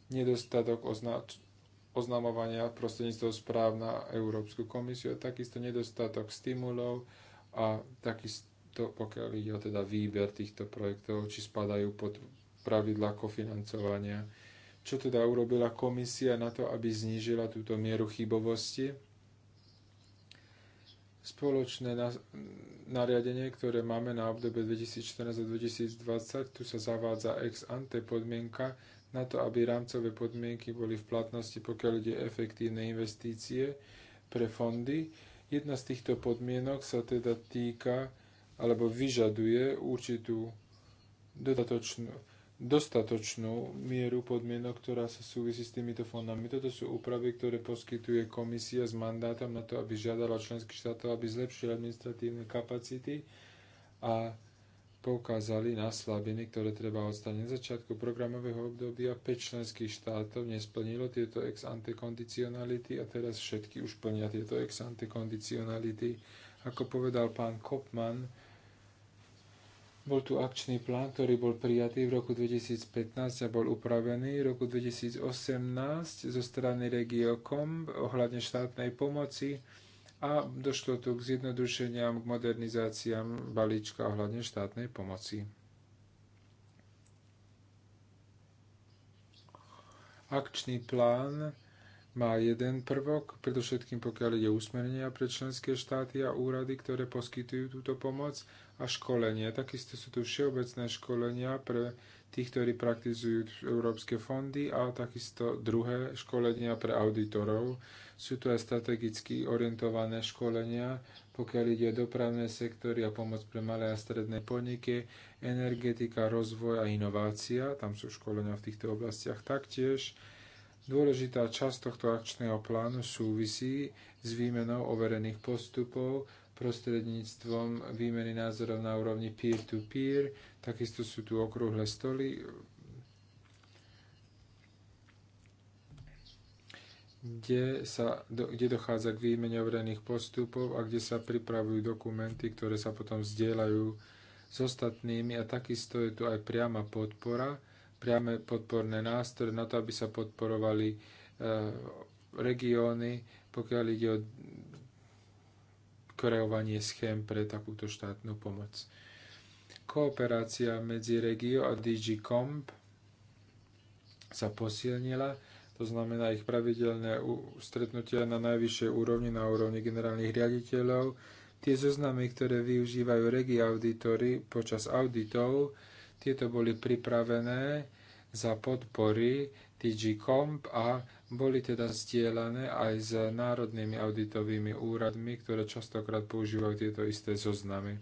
nedostatok označenia oznamovania prostredníctvom správ na Európsku komisiu a takisto nedostatok stimulov a takisto to, pokiaľ ide o teda výber týchto projektov, či spadajú pod pravidla kofinancovania. Čo teda urobila komisia na to, aby znížila túto mieru chybovosti? Spoločné nariadenie, ktoré máme na obdobie 2014 a 2020, tu sa zavádza ex ante podmienka na to, aby rámcové podmienky boli v platnosti, pokiaľ ide efektívne investície pre fondy. Jedna z týchto podmienok sa teda týka alebo vyžaduje určitú dodatočnú, dostatočnú mieru podmienok, ktorá sa súvisí s týmito fondami. Toto sú úpravy, ktoré poskytuje komisia s mandátom na to, aby žiadala členských štátov, aby zlepšili administratívne kapacity a poukázali na slabiny, ktoré treba odstaniť. Na začiatku programového obdobia 5 členských štátov nesplnilo tieto ex ante kondicionality a teraz všetky už plnia tieto ex ante kondicionality. Ako povedal pán Kopman, bol tu akčný plán, ktorý bol prijatý v roku 2015 a bol upravený v roku 2018 zo strany Regiocom ohľadne štátnej pomoci a došlo tu k zjednodušeniam, k modernizáciám balíčka ohľadne štátnej pomoci. Akčný plán má jeden prvok, predovšetkým pokiaľ ide usmerenia pre členské štáty a úrady, ktoré poskytujú túto pomoc a školenie. Takisto sú tu všeobecné školenia pre tých, ktorí praktizujú európske fondy a takisto druhé školenia pre auditorov. Sú tu aj strategicky orientované školenia, pokiaľ ide o dopravné sektory a pomoc pre malé a stredné podniky, energetika, rozvoj a inovácia. Tam sú školenia v týchto oblastiach taktiež Dôležitá časť tohto akčného plánu súvisí s výmenou overených postupov prostredníctvom výmeny názorov na úrovni peer-to-peer. -peer. Takisto sú tu okrúhle stoly, kde, sa, do, kde dochádza k výmene overených postupov a kde sa pripravujú dokumenty, ktoré sa potom vzdielajú s ostatnými a takisto je tu aj priama podpora priame podporné nástroje na to, aby sa podporovali e, regióny, pokiaľ ide o kreovanie schém pre takúto štátnu pomoc. Kooperácia medzi Regio a DG Comp sa posilnila, to znamená ich pravidelné stretnutia na najvyššej úrovni, na úrovni generálnych riaditeľov. Tie zoznamy, ktoré využívajú regi auditory počas auditov, tieto boli pripravené za podpory DG Comp a boli teda zdieľané aj s národnými auditovými úradmi, ktoré častokrát používajú tieto isté zoznamy.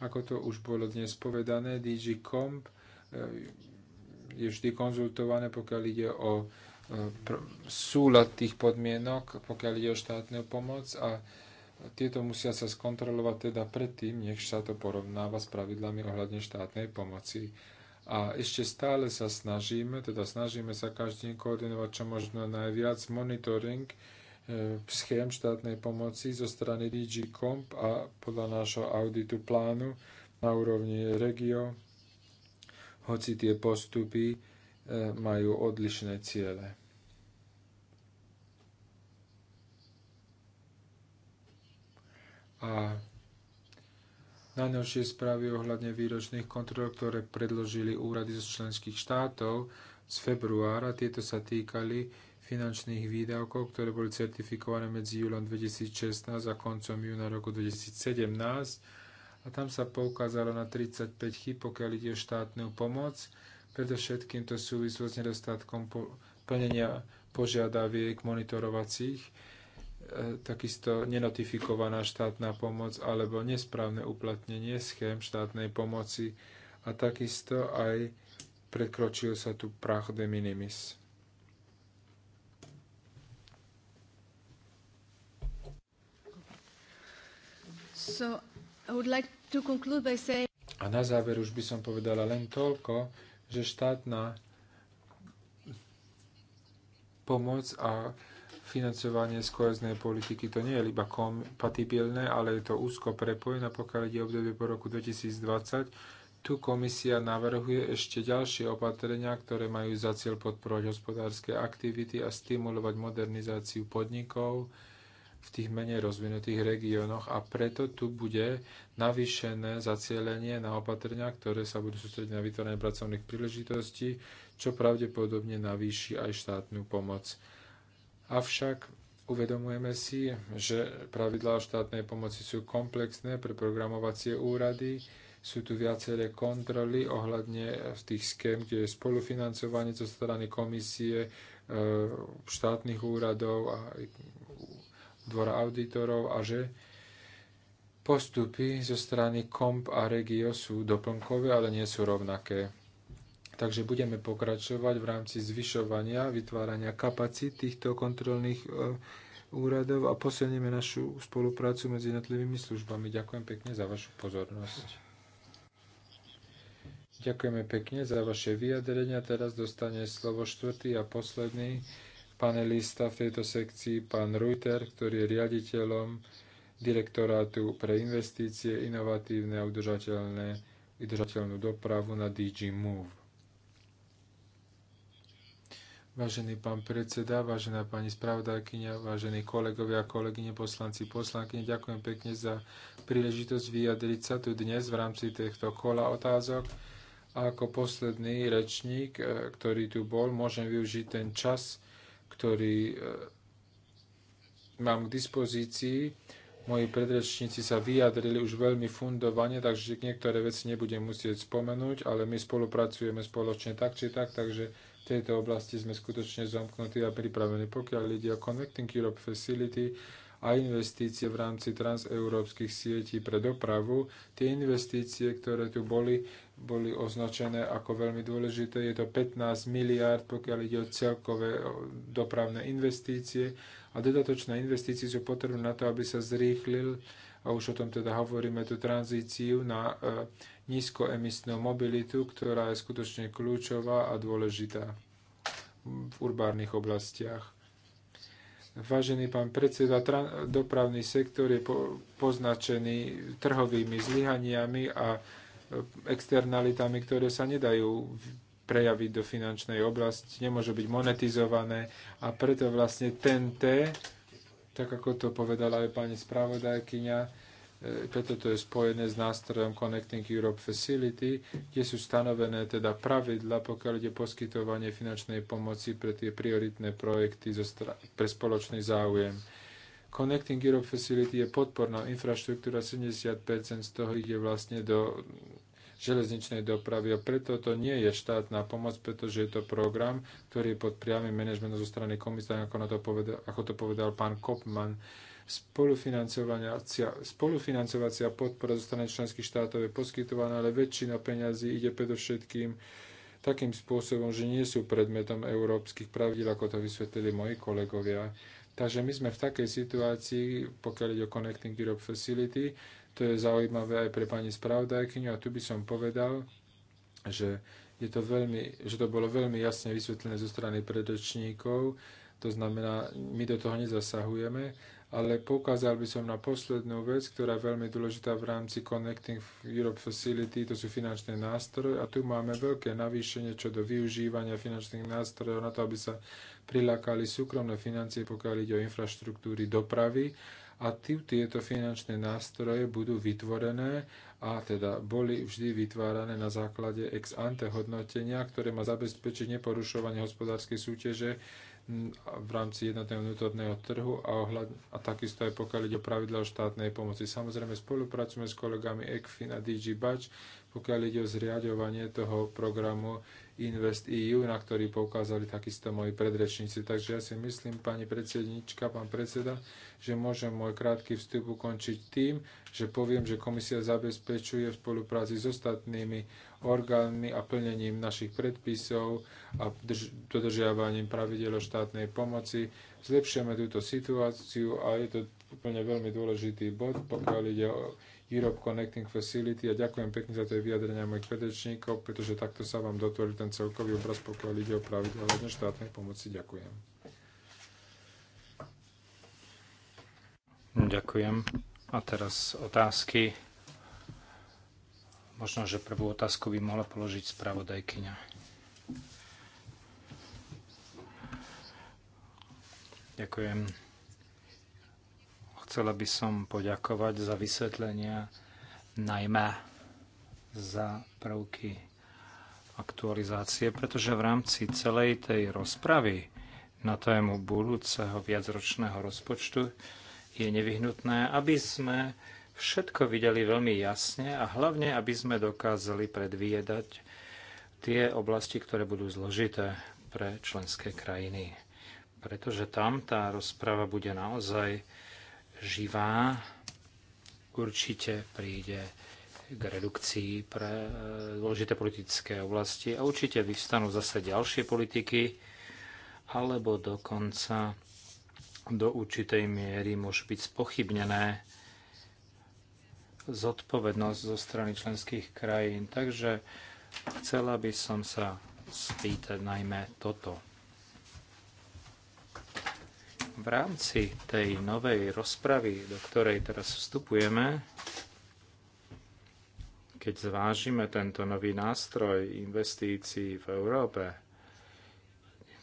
Ako to už bolo dnes povedané, DG Comp eh, je vždy konzultované, pokiaľ ide o eh, súlad tých podmienok, pokiaľ ide o štátnu pomoc a tieto musia sa skontrolovať teda predtým, nech sa to porovnáva s pravidlami ohľadne štátnej pomoci. A ešte stále sa snažíme, teda snažíme sa každým koordinovať čo možno najviac monitoring e, schém štátnej pomoci zo strany DG Comp a podľa nášho auditu plánu na úrovni regio, hoci tie postupy e, majú odlišné ciele. a najnovšie správy ohľadne výročných kontrol, ktoré predložili úrady zo členských štátov z februára. Tieto sa týkali finančných výdavkov, ktoré boli certifikované medzi júlom 2016 a koncom júna roku 2017. A tam sa poukázalo na 35 chyb, pokiaľ ide o štátnu pomoc. Predovšetkým to súvislo s nedostatkom plnenia požiadaviek monitorovacích takisto nenotifikovaná štátna pomoc alebo nesprávne uplatnenie schém štátnej pomoci a takisto aj prekročil sa tu prach de minimis. So, I would like to conclude by saying... A na záver už by som povedala len toľko, že štátna pomoc a financovanie z koheznej politiky. To nie je iba kompatibilné, ale je to úzko prepojené, pokiaľ ide obdobie po roku 2020. Tu komisia navrhuje ešte ďalšie opatrenia, ktoré majú za cieľ podporovať hospodárske aktivity a stimulovať modernizáciu podnikov v tých menej rozvinutých regiónoch a preto tu bude navýšené zacielenie na opatrenia, ktoré sa budú sústrediť na vytvorenie pracovných príležitostí, čo pravdepodobne navýši aj štátnu pomoc. Avšak uvedomujeme si, že pravidlá štátnej pomoci sú komplexné pre programovacie úrady, sú tu viaceré kontroly ohľadne tých schém, kde je spolufinancovanie zo strany komisie, e, štátnych úradov a dvora auditorov a že postupy zo strany KOMP a REGIO sú doplnkové, ale nie sú rovnaké. Takže budeme pokračovať v rámci zvyšovania, vytvárania kapacít týchto kontrolných e, úradov a posilníme našu spoluprácu medzi jednotlivými službami. Ďakujem pekne za vašu pozornosť. Ďakujeme pekne za vaše vyjadrenia. Teraz dostane slovo štvrtý a posledný panelista v tejto sekcii, pán Reuter, ktorý je riaditeľom direktorátu pre investície, inovatívne a udržateľnú dopravu na DG Move. Vážený pán predseda, vážená pani spravodajkyňa, vážení kolegovia kolegyne, poslanci, poslankyne, ďakujem pekne za príležitosť vyjadriť sa tu dnes v rámci týchto kola otázok. A ako posledný rečník, e, ktorý tu bol, môžem využiť ten čas, ktorý e, mám k dispozícii. Moji predrečníci sa vyjadrili už veľmi fundovane, takže niektoré veci nebudem musieť spomenúť, ale my spolupracujeme spoločne tak či tak, takže tejto oblasti sme skutočne zamknutí a pripravení. Pokiaľ ide o Connecting Europe Facility a investície v rámci transeurópskych sietí pre dopravu, tie investície, ktoré tu boli, boli označené ako veľmi dôležité. Je to 15 miliárd, pokiaľ ide o celkové dopravné investície a dodatočné investície sú potrebné na to, aby sa zrýchlil a už o tom teda hovoríme, tú tranzíciu na e, nízkoemisnú mobilitu, ktorá je skutočne kľúčová a dôležitá v urbárnych oblastiach. Vážený pán predseda, dopravný sektor je poznačený trhovými zlyhaniami a externalitami, ktoré sa nedajú prejaviť do finančnej oblasti, nemôžu byť monetizované a preto vlastne TNT, tak ako to povedala aj pani spravodajkyňa, preto to je spojené s nástrojom Connecting Europe Facility, kde sú stanovené teda pravidla, pokiaľ ide poskytovanie finančnej pomoci pre tie prioritné projekty pre spoločný záujem. Connecting Europe Facility je podporná infraštruktúra, 70% z toho ide vlastne do železničnej dopravy a preto to nie je štátna pomoc, pretože je to program, ktorý je pod priamým manažmentom zo strany komisie, ako, to povedal, ako to povedal pán Kopman. Uh, Spolufinancovacia podpora zo strany členských štátov je poskytovaná, ale väčšina peňazí ide predovšetkým takým spôsobom, že nie sú predmetom európskych pravidel, ako to vysvetlili moji kolegovia. Takže my sme v takej situácii, pokiaľ ide o Connecting Europe Facility, to je zaujímavé aj pre pani spravodajkyňu a tu by som povedal, že, je to veľmi, že to bolo veľmi jasne vysvetlené zo strany predočníkov, to znamená, my do toho nezasahujeme, ale poukázal by som na poslednú vec, ktorá je veľmi dôležitá v rámci Connecting Europe Facility, to sú finančné nástroje a tu máme veľké navýšenie čo do využívania finančných nástrojov na to, aby sa prilákali súkromné financie, pokiaľ ide o infraštruktúry dopravy a tí, tieto finančné nástroje budú vytvorené a teda boli vždy vytvárané na základe ex ante hodnotenia, ktoré má zabezpečiť neporušovanie hospodárskej súťaže v rámci jednotného vnútorného trhu a, ohľad, a takisto aj pokiaľ ide o pravidla o štátnej pomoci. Samozrejme spolupracujeme s kolegami ECFIN a DG Bač, pokiaľ ide o zriadovanie toho programu Invest EU, na ktorý poukázali takisto moji predrečníci. Takže ja si myslím, pani predsednička, pán predseda, že môžem môj krátky vstup ukončiť tým, že poviem, že komisia zabezpečuje v spolupráci s ostatnými orgánmi a plnením našich predpisov a dodržiavaním pravidel štátnej pomoci. Zlepšujeme túto situáciu a je to úplne veľmi dôležitý bod, pokiaľ ide o Europe Connecting Facility a ďakujem pekne za tie vyjadrenia mojich predrečníkov, pretože takto sa vám dotvorí ten celkový obraz, pokiaľ ide o pravidla štátnej pomoci. Ďakujem. Ďakujem. A teraz otázky. Možno, že prvú otázku by mohla položiť spravodajkyňa. Ďakujem. Chcela by som poďakovať za vysvetlenia, najmä za prvky aktualizácie, pretože v rámci celej tej rozpravy na tému budúceho viacročného rozpočtu je nevyhnutné, aby sme všetko videli veľmi jasne a hlavne, aby sme dokázali predviedať tie oblasti, ktoré budú zložité pre členské krajiny. Pretože tam tá rozprava bude naozaj živá, určite príde k redukcii pre e, dôležité politické oblasti a určite vyvstanú zase ďalšie politiky alebo dokonca do určitej miery môžu byť spochybnené zodpovednosť zo strany členských krajín. Takže chcela by som sa spýtať najmä toto v rámci tej novej rozpravy, do ktorej teraz vstupujeme, keď zvážime tento nový nástroj investícií v Európe,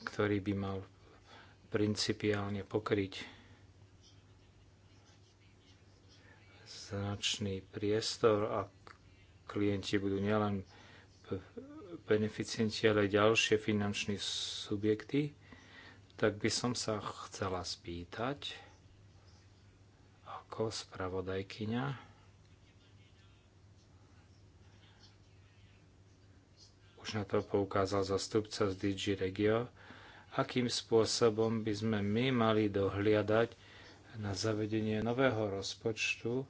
ktorý by mal principiálne pokryť značný priestor a klienti budú nielen beneficienti, ale aj ďalšie finančné subjekty tak by som sa chcela spýtať ako spravodajkyňa, už na to poukázal zastupca z DG Regio, akým spôsobom by sme my mali dohliadať na zavedenie nového rozpočtu,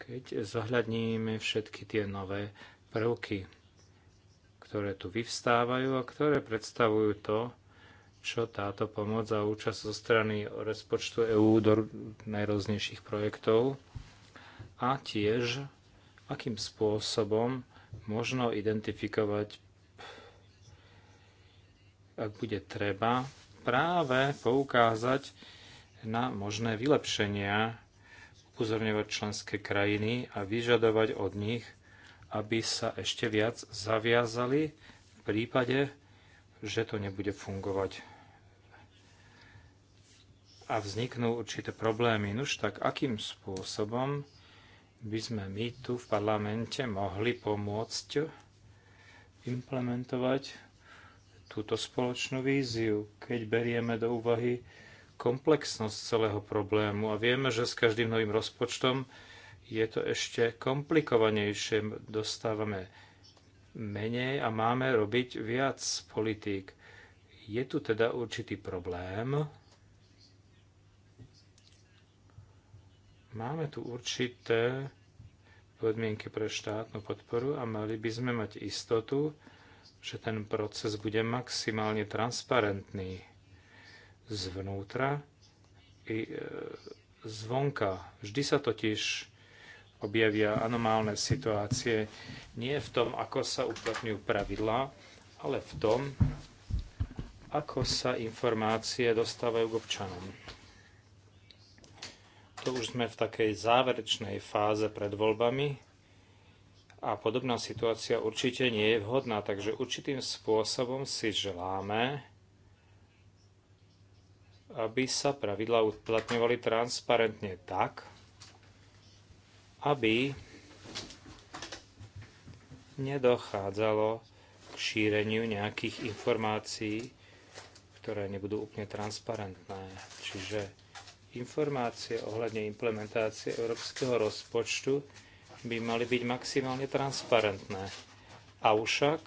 keď zohľadníme všetky tie nové prvky, ktoré tu vyvstávajú a ktoré predstavujú to, čo táto pomoc a účasť zo strany rozpočtu EÚ do najrôznejších projektov a tiež akým spôsobom možno identifikovať, ak bude treba, práve poukázať na možné vylepšenia, upozorňovať členské krajiny a vyžadovať od nich, aby sa ešte viac zaviazali v prípade, že to nebude fungovať a vzniknú určité problémy. Nuž tak akým spôsobom by sme my tu v parlamente mohli pomôcť implementovať túto spoločnú víziu, keď berieme do úvahy komplexnosť celého problému a vieme, že s každým novým rozpočtom je to ešte komplikovanejšie. Dostávame menej a máme robiť viac politík. Je tu teda určitý problém, Máme tu určité podmienky pre štátnu podporu a mali by sme mať istotu, že ten proces bude maximálne transparentný zvnútra i e, zvonka. Vždy sa totiž objavia anomálne situácie nie v tom, ako sa uplatňujú pravidlá, ale v tom, ako sa informácie dostávajú k občanom to už sme v takej záverečnej fáze pred voľbami a podobná situácia určite nie je vhodná, takže určitým spôsobom si želáme, aby sa pravidla uplatňovali transparentne tak, aby nedochádzalo k šíreniu nejakých informácií, ktoré nebudú úplne transparentné. Čiže informácie ohľadne implementácie európskeho rozpočtu by mali byť maximálne transparentné. Avšak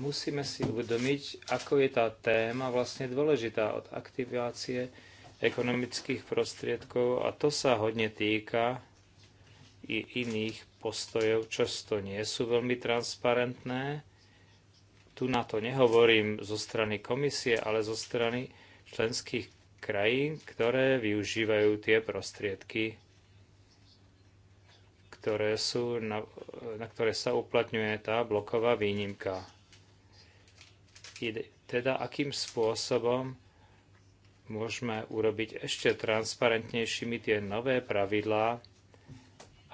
musíme si uvedomiť, ako je tá téma vlastne dôležitá od aktivácie ekonomických prostriedkov a to sa hodne týka i iných postojov, často nie sú veľmi transparentné. Tu na to nehovorím zo strany komisie, ale zo strany členských krajín, ktoré využívajú tie prostriedky, ktoré sú, na, na ktoré sa uplatňuje tá bloková výnimka. teda akým spôsobom môžeme urobiť ešte transparentnejšími tie nové pravidlá,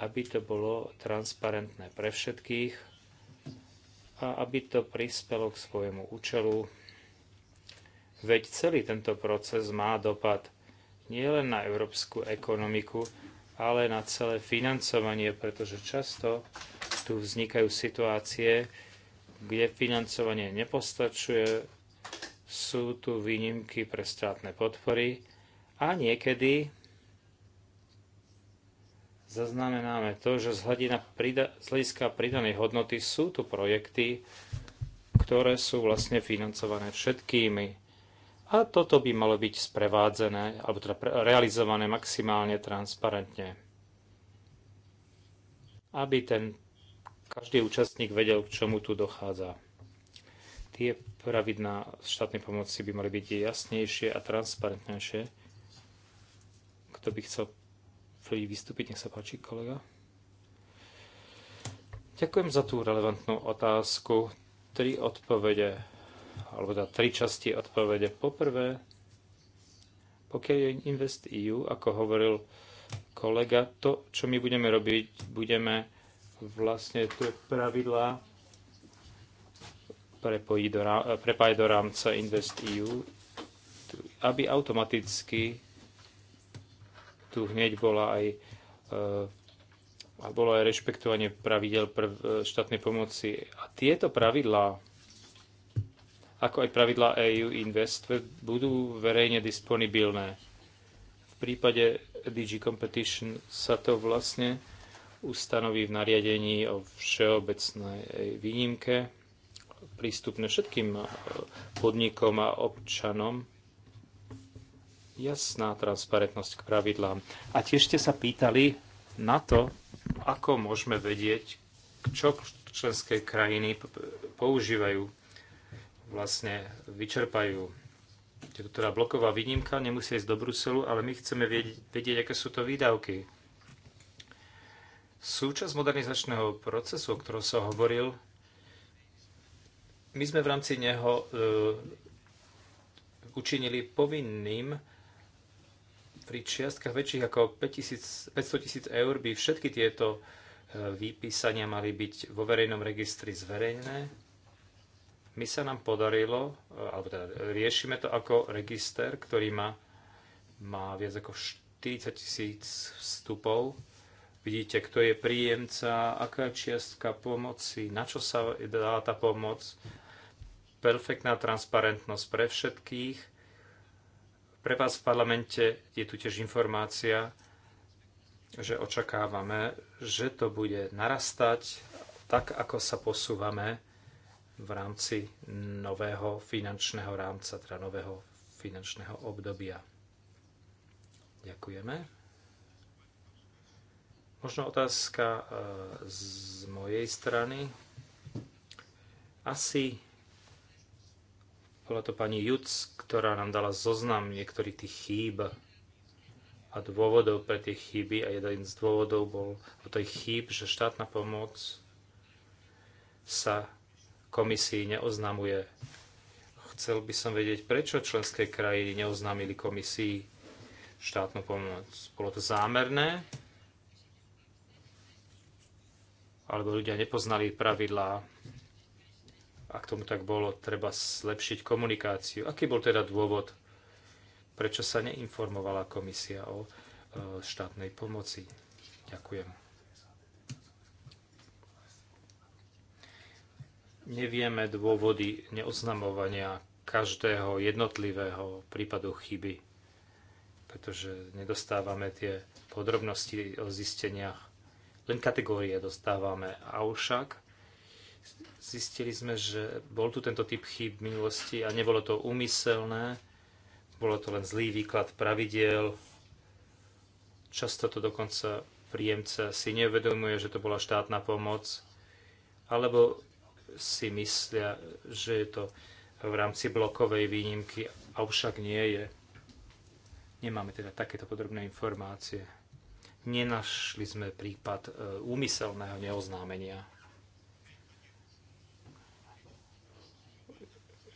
aby to bolo transparentné pre všetkých a aby to prispelo k svojemu účelu Veď celý tento proces má dopad nielen na európsku ekonomiku, ale na celé financovanie, pretože často tu vznikajú situácie, kde financovanie nepostačuje, sú tu výnimky pre strátne podpory a niekedy zaznamenáme to, že z, hľadina, z hľadiska pridanej hodnoty sú tu projekty, ktoré sú vlastne financované všetkými a toto by malo byť sprevádzené, alebo teda realizované maximálne transparentne. Aby ten každý účastník vedel, k čomu tu dochádza. Tie pravidná štátnej pomoci by mali byť jasnejšie a transparentnejšie. Kto by chcel vystúpiť, nech sa páči, kolega. Ďakujem za tú relevantnú otázku. Tri odpovede alebo na teda tri časti odpovede. Poprvé, pokiaľ je Invest EU, ako hovoril kolega, to, čo my budeme robiť, budeme vlastne tie pravidlá prepojiť prepájať do rámca Invest EU, aby automaticky tu hneď bola aj eh, a bolo aj rešpektovanie pravidel eh, štátnej pomoci. A tieto pravidlá ako aj pravidlá EU Invest, budú verejne disponibilné. V prípade DG Competition sa to vlastne ustanoví v nariadení o všeobecnej výnimke prístupné všetkým e, podnikom a občanom jasná transparentnosť k pravidlám. A tiež ste sa pýtali na to, ako môžeme vedieť, čo členské krajiny používajú vlastne vyčerpajú. Je teda bloková výnimka, nemusí ísť do Bruselu, ale my chceme vedieť, vedieť aké sú to výdavky. Súčasť modernizačného procesu, o ktorom som hovoril, my sme v rámci neho uh, učinili povinným pri čiastkách väčších ako 500 tisíc eur by všetky tieto e, výpísania mali byť vo verejnom registri zverejnené my sa nám podarilo, e, alebo teda riešime to ako register, ktorý má, má viac ako 40 tisíc vstupov. Vidíte, kto je príjemca, aká je čiastka pomoci, na čo sa dá tá pomoc. Perfektná transparentnosť pre všetkých. Pre vás v parlamente je tu tiež informácia, že očakávame, že to bude narastať tak, ako sa posúvame v rámci nového finančného rámca, teda nového finančného obdobia. Ďakujeme. Možno otázka e, z mojej strany. Asi bola to pani Juc, ktorá nám dala zoznam niektorých tých chýb a dôvodov pre tie chyby a jeden z dôvodov bol o tej chýb, že štátna pomoc sa komisii neoznamuje. Chcel by som vedieť, prečo členské krajiny neoznámili komisii štátnu pomoc. Bolo to zámerné? Alebo ľudia nepoznali pravidlá? Ak tomu tak bolo, treba zlepšiť komunikáciu. Aký bol teda dôvod, prečo sa neinformovala komisia o e, štátnej pomoci? Ďakujem. nevieme dôvody neoznamovania každého jednotlivého prípadu chyby, pretože nedostávame tie podrobnosti o zisteniach. Len kategórie dostávame. A však zistili sme, že bol tu tento typ chyb v minulosti a nebolo to úmyselné, bolo to len zlý výklad pravidiel. Často to dokonca príjemca si neuvedomuje, že to bola štátna pomoc, alebo si myslia, že je to v rámci blokovej výnimky, avšak nie je. Nemáme teda takéto podrobné informácie. Nenašli sme prípad e, úmyselného neoznámenia.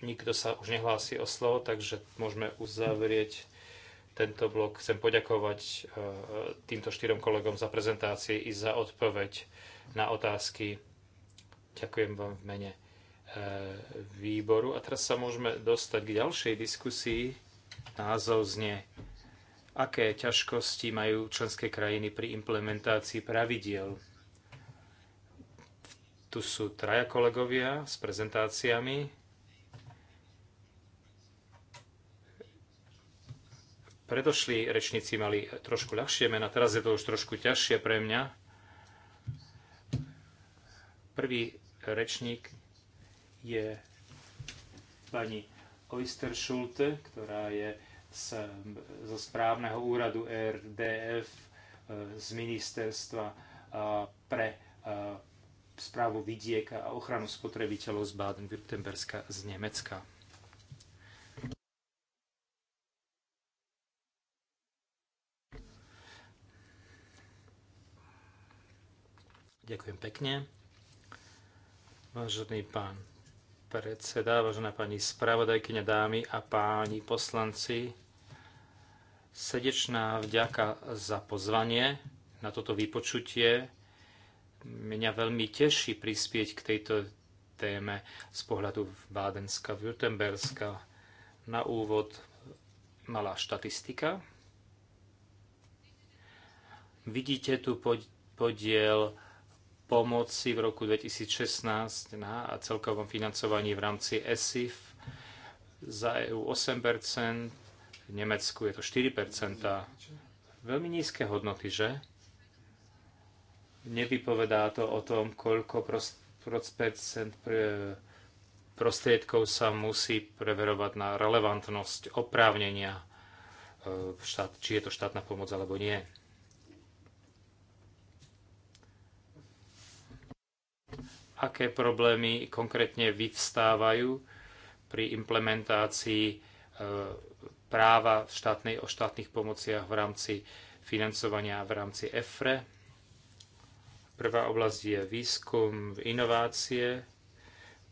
Nikto sa už nehlási o slovo, takže môžeme uzavrieť tento blok. Chcem poďakovať e, e, týmto štyrom kolegom za prezentácie i za odpoveď na otázky Ďakujem vám v mene e, výboru. A teraz sa môžeme dostať k ďalšej diskusii. Názov znie, aké ťažkosti majú členské krajiny pri implementácii pravidiel. Tu sú traja kolegovia s prezentáciami. Predošli rečníci mali trošku ľahšie mena, teraz je to už trošku ťažšie pre mňa. Prvý rečník je pani Oyster Schulte, ktorá je z, zo správneho úradu RDF e, z ministerstva e, pre e, správu vidiek a ochranu spotrebiteľov z Baden-Württemberska z Nemecka. Ďakujem pekne. Vážený pán predseda, vážená pani spravodajkyňa, dámy a páni poslanci, srdečná vďaka za pozvanie na toto vypočutie. Mňa veľmi teší prispieť k tejto téme z pohľadu Bádenska, Württemberska. Na úvod malá štatistika. Vidíte tu podiel pomoci v roku 2016 na celkovom financovaní v rámci ESIF za EU 8%, v Nemecku je to 4%. Veľmi nízke hodnoty, že? Nevypovedá to o tom, koľko prost, percent prostriedkov sa musí preverovať na relevantnosť oprávnenia, e, štát, či je to štátna pomoc alebo nie. aké problémy konkrétne vyvstávajú pri implementácii e, práva štátnej, o štátnych pomociach v rámci financovania v rámci EFRE. Prvá oblasť je výskum, inovácie.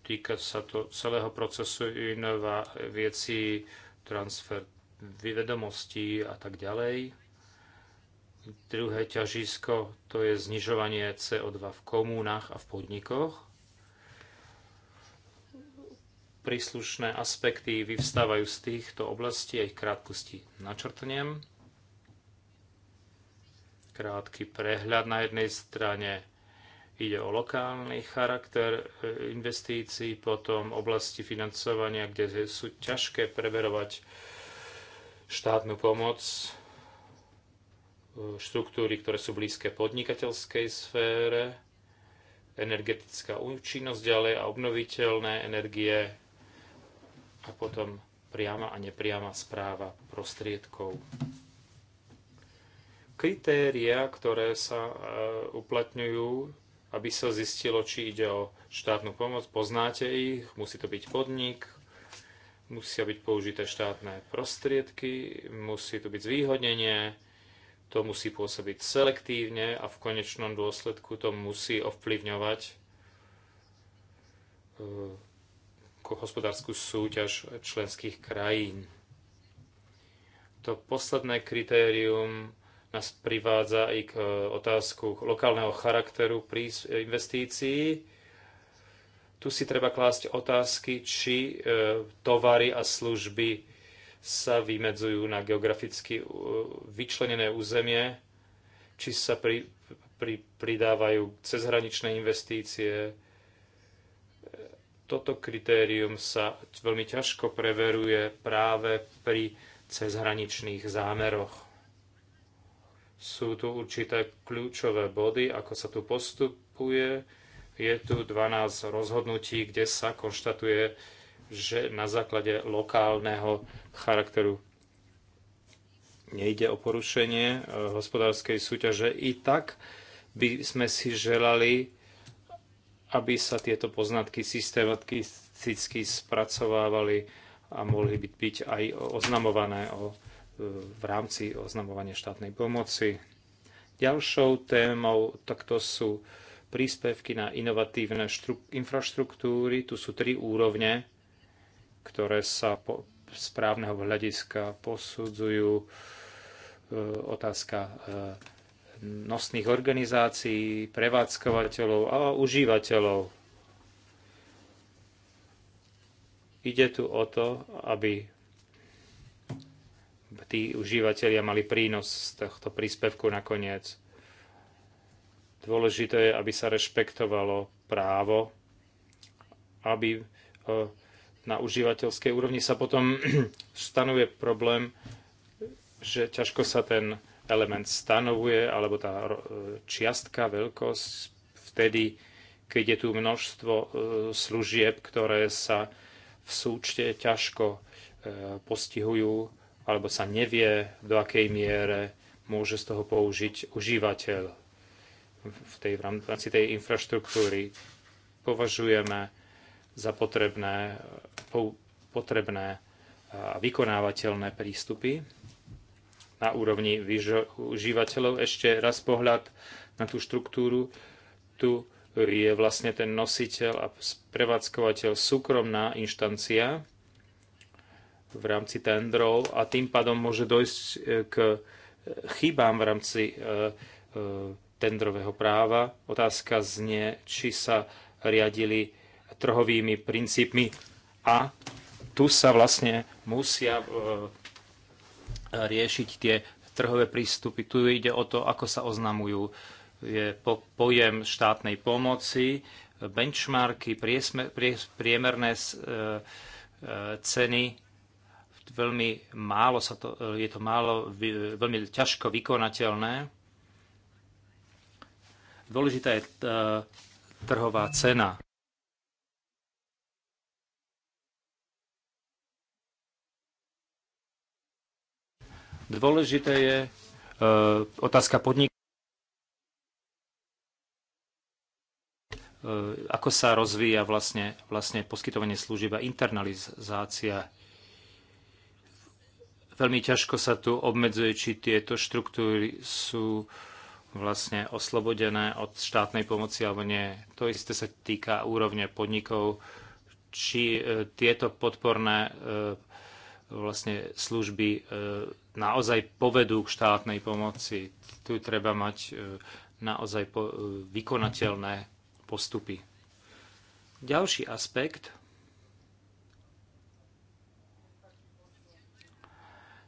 Týka sa to celého procesu inovácií, transfer vedomostí a tak ďalej. Druhé ťažisko to je znižovanie CO2 v komúnach a v podnikoch. Príslušné aspekty vyvstávajú z týchto oblastí, a ich krátkosti načrtnem. Krátky prehľad na jednej strane Ide o lokálny charakter e, investícií, potom oblasti financovania, kde sú ťažké preverovať štátnu pomoc, štruktúry, ktoré sú blízke podnikateľskej sfére, energetická účinnosť ďalej a obnoviteľné energie a potom priama a nepriama správa prostriedkov. Kritéria, ktoré sa e, uplatňujú, aby sa zistilo, či ide o štátnu pomoc, poznáte ich, musí to byť podnik, musia byť použité štátne prostriedky, musí to byť zvýhodnenie, to musí pôsobiť selektívne a v konečnom dôsledku to musí ovplyvňovať e, hospodárskú súťaž členských krajín. To posledné kritérium nás privádza i k e, otázku lokálneho charakteru pri investícii. Tu si treba klásť otázky, či e, tovary a služby sa vymedzujú na geograficky uh, vyčlenené územie, či sa pri, pri, pridávajú cezhraničné investície. Toto kritérium sa veľmi ťažko preveruje práve pri cezhraničných zámeroch. Sú tu určité kľúčové body, ako sa tu postupuje. Je tu 12 rozhodnutí, kde sa konštatuje, že na základe lokálneho charakteru nejde o porušenie eh, hospodárskej súťaže. I tak by sme si želali, aby sa tieto poznatky systematicky spracovávali a mohli byť, byť aj oznamované o, eh, v rámci oznamovania štátnej pomoci. Ďalšou témou takto sú príspevky na inovatívne infraštruktúry. Tu sú tri úrovne ktoré sa po, správneho hľadiska posudzujú e, otázka e, nosných organizácií, prevádzkovateľov a užívateľov. Ide tu o to, aby tí užívateľia mali prínos z tohto príspevku nakoniec. Dôležité je, aby sa rešpektovalo právo, aby e, na užívateľskej úrovni sa potom (clears throat) stanovuje problém, že ťažko sa ten element stanovuje, alebo tá e, čiastka, veľkosť, vtedy, keď je tu množstvo e, služieb, ktoré sa v súčte ťažko e, postihujú, alebo sa nevie, do akej miere môže z toho použiť užívateľ v, tej, v rámci tej infraštruktúry. Považujeme za potrebné, potrebné a vykonávateľné prístupy na úrovni užívateľov. Ešte raz pohľad na tú štruktúru. Tu je vlastne ten nositeľ a prevádzkovateľ súkromná inštancia v rámci tendrov a tým pádom môže dojsť e, k e, chybám v rámci e, tendrového práva. Otázka znie, či sa riadili trhovými princípmi a tu sa vlastne musia e, riešiť tie trhové prístupy. Tu ide o to, ako sa oznamujú je pojem štátnej pomoci, benchmarky, priesme, priemerné e, e, ceny. Veľmi málo sa to, je to málo, veľmi ťažko vykonateľné. Dôležitá je trhová cena. Dôležité je e, otázka podnik. Eh, ako sa rozvíja vlastne, vlastne poskytovanie služieb a internalizácia. Veľmi ťažko sa tu obmedzuje, či tieto štruktúry sú vlastne oslobodené od štátnej pomoci alebo nie. To isté sa týka úrovne podnikov, či eh, tieto podporné vlastne služby naozaj povedú k štátnej pomoci. Tu treba mať e, naozaj e, vykonateľné postupy. Ďalší aspekt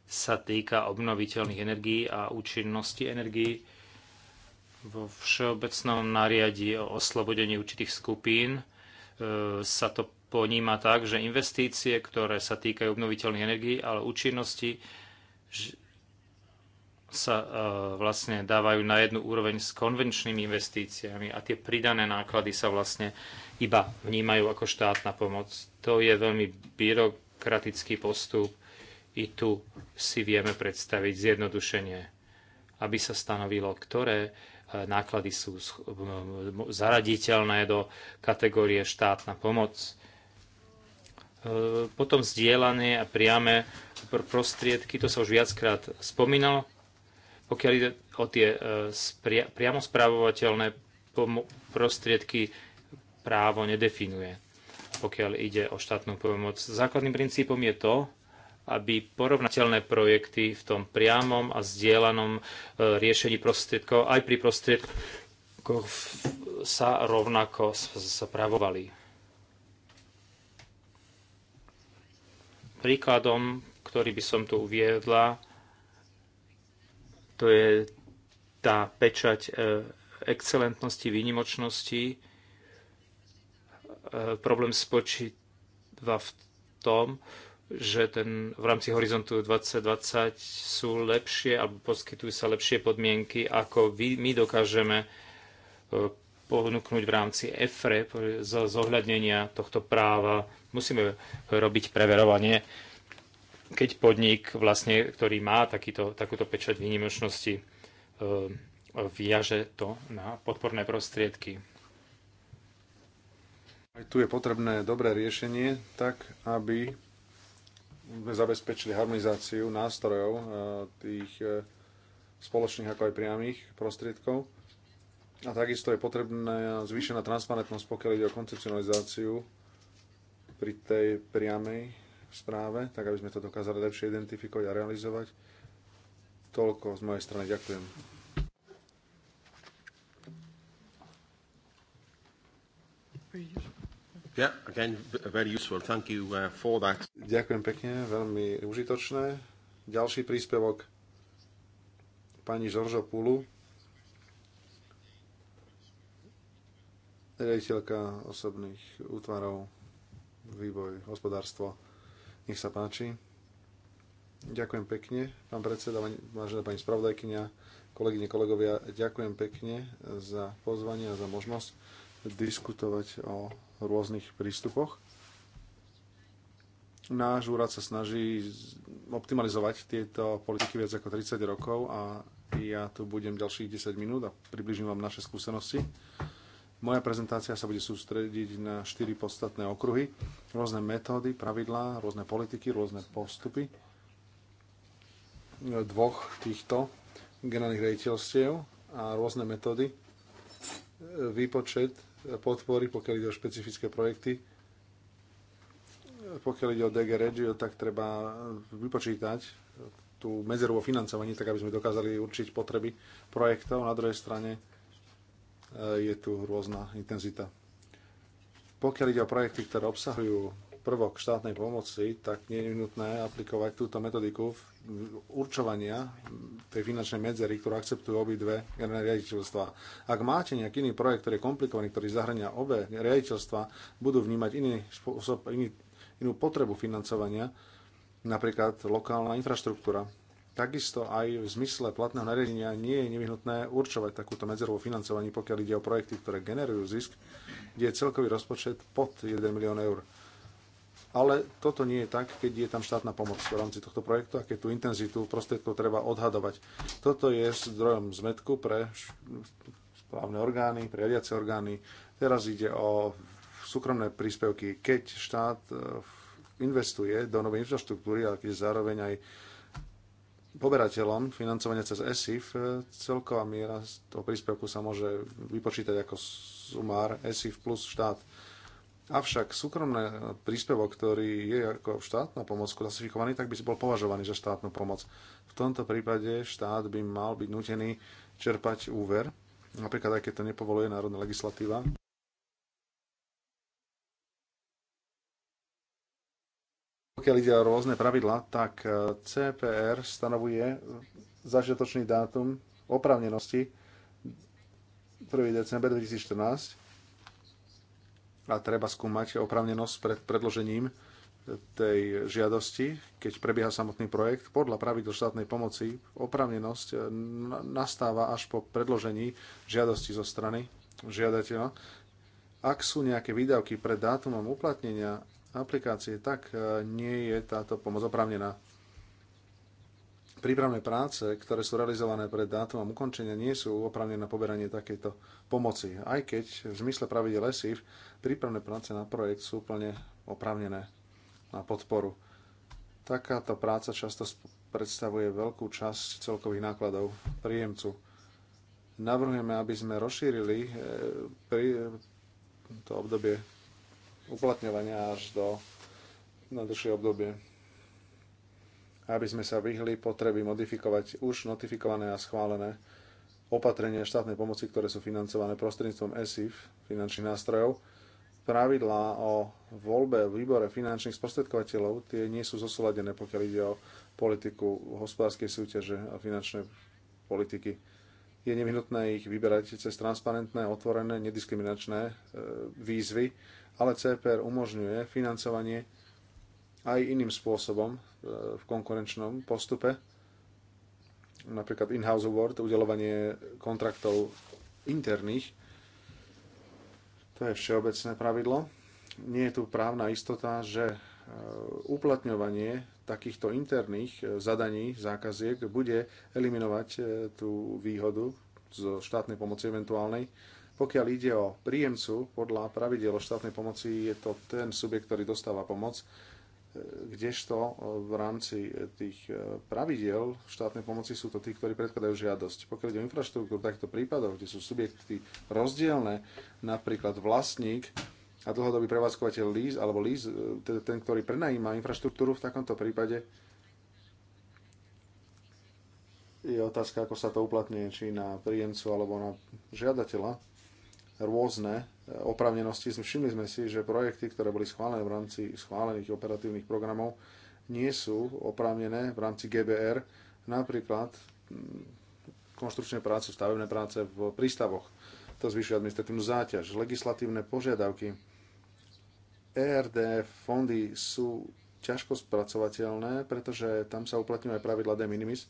sa týka obnoviteľných energií a účinnosti energií. Vo všeobecnom nariadi o oslobodení určitých skupín e, sa to poníma tak, že investície, ktoré sa týkajú obnoviteľných energií, ale účinnosti, sa e, vlastne dávajú na jednu úroveň s konvenčnými investíciami a tie pridané náklady sa vlastne iba vnímajú ako štátna pomoc. To je veľmi byrokratický postup. I tu si vieme predstaviť zjednodušenie, aby sa stanovilo, ktoré e, náklady sú zaraditeľné do kategórie štátna pomoc Eh, potom zdieľanie a priame prostriedky, to sa už viackrát spomínalo. Pokiaľ ide o tie eh, priamo správovateľné prostriedky, právo nedefinuje. Pokiaľ ide o štátnu pomoc, základným princípom je to, aby porovnateľné projekty v tom priamom a zdieľanom eh, riešení prostriedkov aj pri prostriedkoch sa rovnako spravovali. Príkladom, ktorý by som tu uviedla, to je tá pečať e, excelentnosti, výnimočnosti. E, problém spočíva v tom, že ten v rámci horizontu 2020 sú lepšie alebo poskytujú sa lepšie podmienky, ako my dokážeme e, ponúknuť v rámci EFRE z zohľadnenia tohto práva. Musíme robiť preverovanie, keď podnik, vlastne, ktorý má takýto, takúto pečať výnimočnosti, e, viaže to na podporné prostriedky. Aj tu je potrebné dobré riešenie, tak aby sme zabezpečili harmonizáciu nástrojov e, tých e, spoločných ako aj priamých prostriedkov a takisto je potrebná zvýšená transparentnosť, pokiaľ ide o koncepcionalizáciu pri tej priamej správe, tak aby sme to dokázali lepšie identifikovať a realizovať. Toľko z mojej strany. Ďakujem. Yeah, again, very useful. Thank you uh, for that. Ďakujem pekne, veľmi užitočné. Ďalší príspevok pani Žoržo Pulu. riaditeľka osobných útvarov, vývoj, hospodárstvo. Nech sa páči. Ďakujem pekne, pán predseda, vážená pani spravodajkynia, kolegyne, kolegovia, ďakujem pekne za pozvanie a za možnosť diskutovať o rôznych prístupoch. Náš úrad sa snaží optimalizovať tieto politiky viac ako 30 rokov a ja tu budem ďalších 10 minút a približím vám naše skúsenosti. Moja prezentácia sa bude sústrediť na štyri podstatné okruhy, rôzne metódy, pravidlá, rôzne politiky, rôzne postupy dvoch týchto generálnych rejiteľstiev a rôzne metódy, e, výpočet podpory, pokiaľ ide o špecifické projekty, e, pokiaľ ide o DG Regio, tak treba vypočítať tú medzeru financovaní, tak aby sme dokázali určiť potreby projektov. Na druhej strane Eh, je tu rôzna intenzita. Pokiaľ ide o projekty, ktoré obsahujú prvok štátnej pomoci, tak nie je nutné aplikovať túto metodiku určovania tej finančnej medzery, ktorú akceptujú obidve generálne riaditeľstva. Ak máte nejaký iný projekt, ktorý je komplikovaný, ktorý zahrania obe riaditeľstva, budú vnímať iný spôsob, iný, inú potrebu financovania, napríklad lokálna infraštruktúra. Takisto aj v zmysle platného nariadenia nie je nevyhnutné určovať takúto medzeru vo financovaní, pokiaľ ide o projekty, ktoré generujú zisk, kde je celkový rozpočet pod 1 milión eur. Ale toto nie je tak, keď je tam štátna pomoc v rámci tohto projektu a keď tú intenzitu prostriedkov treba odhadovať. Toto je zdrojom zmetku pre správne orgány, pre riadiace orgány. Teraz ide o súkromné príspevky. Keď štát eh, investuje do novej infraštruktúry, ale keď zároveň aj poberateľom financovania cez ESIF e, celková miera z toho príspevku sa môže vypočítať ako sumár ESIF plus štát. Avšak súkromný príspevok, ktorý je ako štátna pomoc klasifikovaný, tak by si bol považovaný za štátnu pomoc. V tomto prípade štát by mal byť nutený čerpať úver, napríklad aj keď to nepovoluje národná legislatíva. Pokiaľ ide o rôzne pravidla, tak e, CPR stanovuje začiatočný dátum oprávnenosti 1. december 2014 a treba skúmať oprávnenosť pred predložením tej žiadosti, keď prebieha samotný projekt. Podľa pravidel štátnej pomoci oprávnenosť e, nastáva až po predložení žiadosti zo strany žiadateľa. Ak sú nejaké výdavky pred dátumom uplatnenia aplikácie, tak e, nie je táto pomoc oprávnená. Prípravné práce, ktoré sú realizované pred dátumom ukončenia, nie sú oprávnené na poberanie takejto pomoci. Aj keď v zmysle pravidel ESIF prípravné práce na projekt sú plne oprávnené na podporu. Takáto práca často predstavuje veľkú časť celkových nákladov príjemcu. Navrhujeme, aby sme rozšírili e, to obdobie uplatňovania až do na dlhšie obdobie. Aby sme sa vyhli potreby modifikovať už notifikované a schválené opatrenia štátnej pomoci, ktoré sú financované prostredníctvom ESIF, finančných nástrojov, pravidlá o voľbe v výbore finančných sprostredkovateľov, tie nie sú zosúladené, pokiaľ ide o politiku hospodárskej súťaže a finančnej politiky je nevyhnutné ich vyberať cez transparentné, otvorené, nediskriminačné e, výzvy, ale CPR umožňuje financovanie aj iným spôsobom e, v konkurenčnom postupe, napríklad in-house award, udelovanie kontraktov interných. To je všeobecné pravidlo. Nie je tu právna istota, že Eh, uplatňovanie takýchto interných eh, zadaní zákaziek bude eliminovať eh, tú výhodu zo štátnej pomoci eventuálnej. Pokiaľ ide o príjemcu, podľa pravidel o štátnej pomoci je to ten subjekt, ktorý dostáva pomoc, kdežto v rámci tých pravidel štátnej pomoci sú to tí, ktorí predkladajú žiadosť. Pokiaľ ide o infraštruktúru v takýchto prípadov, kde sú subjekty rozdielne, napríklad vlastník a dlhodobý prevádzkovateľ lease, alebo lease, ten, ktorý prenajíma infraštruktúru v takomto prípade, je otázka, ako sa to uplatňuje, či na príjemcu alebo na žiadateľa. Rôzne e, oprávnenosti. Všimli sme si, že projekty, ktoré boli schválené v rámci schválených operatívnych programov, nie sú oprávnené v rámci GBR, napríklad mm, konštrukčné práce, stavebné práce v prístavoch. To zvyšuje administratívnu záťaž, legislatívne požiadavky, ERDF fondy sú ťažko spracovateľné, pretože tam sa uplatňujú aj pravidla de minimis.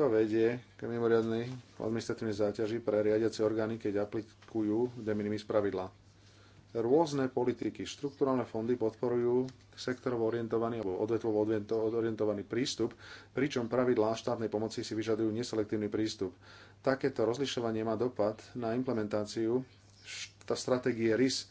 To vedie k mimoriadnej administratívnej záťaži pre riadiace orgány, keď aplikujú de minimis pravidla. Rôzne politiky, štruktúralne fondy podporujú sektorovo orientovaný alebo odvetvovo orientovaný prístup, pričom pravidlá štátnej pomoci si vyžadujú neselektívny prístup. Takéto rozlišovanie má dopad na implementáciu stratégie RIS,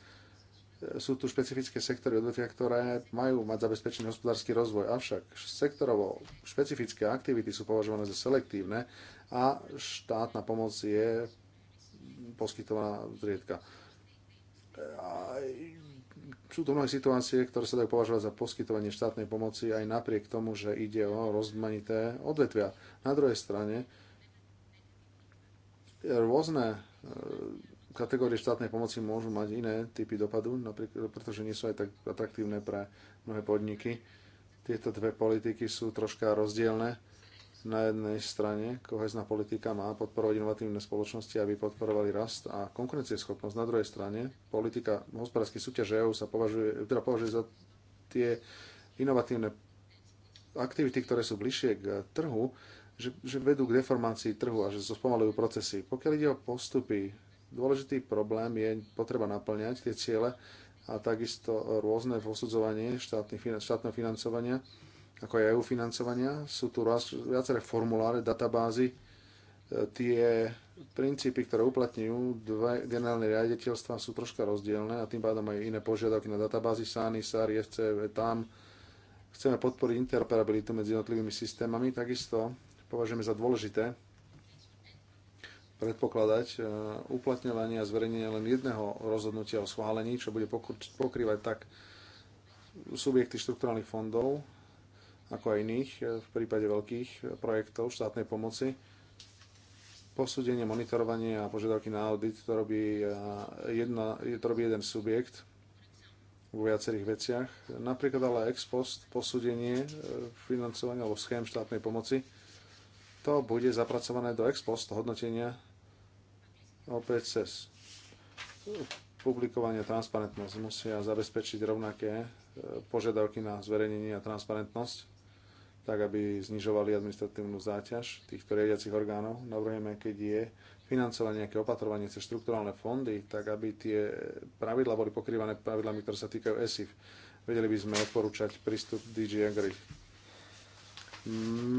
sú tu špecifické sektory odvetvia, ktoré majú mať zabezpečený hospodársky rozvoj. Avšak sektorovo špecifické aktivity sú považované za selektívne a štátna pomoc je poskytovaná zriedka. A sú to mnohé situácie, ktoré sa dajú považovať za poskytovanie štátnej pomoci aj napriek tomu, že ide o rozmanité odvetvia. Na druhej strane rôzne kategórie štátnej pomoci môžu mať iné typy dopadu, napríklad, pretože nie sú aj tak atraktívne pre mnohé podniky. Tieto dve politiky sú troška rozdielne. Na jednej strane kohezná politika má podporovať inovatívne spoločnosti, aby podporovali rast a konkurencieschopnosť. Na druhej strane politika hospodárskej súťaže EU sa považuje, teda považuje za tie inovatívne aktivity, ktoré sú bližšie k trhu, že, že vedú k deformácii trhu a že so spomalujú procesy. Pokiaľ ide o postupy Dôležitý problém je potreba naplňať tie ciele a takisto rôzne posudzovanie štátneho financovania, ako aj EU financovania. Sú tu viaceré formuláre, databázy, e, tie princípy, ktoré uplatňujú dve generálne riaditeľstva sú troška rozdielne a tým pádom aj iné požiadavky na databázy SANI, SAR, IFC, tam. Chceme podporiť interoperabilitu medzi jednotlivými systémami, takisto považujeme za dôležité predpokladať e, uplatňovanie a zverejnenie len jedného rozhodnutia o schválení, čo bude pokrývať tak subjekty štrukturálnych fondov, ako aj iných e, v prípade veľkých e, projektov štátnej pomoci. Posúdenie, monitorovanie a požiadavky na audit to robí, jedna, to robí jeden subjekt vo viacerých veciach. Napríklad ale ex post posúdenie financovania alebo schém štátnej pomoci to bude zapracované do ex post hodnotenia opäť cez publikovanie transparentnosť. Musia zabezpečiť rovnaké e, požiadavky na zverejnenie a transparentnosť, tak aby znižovali administratívnu záťaž týchto riadiacich orgánov. Navrhujeme, keď je financovanie nejaké opatrovanie cez štrukturálne fondy, tak aby tie pravidla boli pokrývané pravidlami, ktoré sa týkajú ESIF. Vedeli by sme odporúčať prístup DG Agri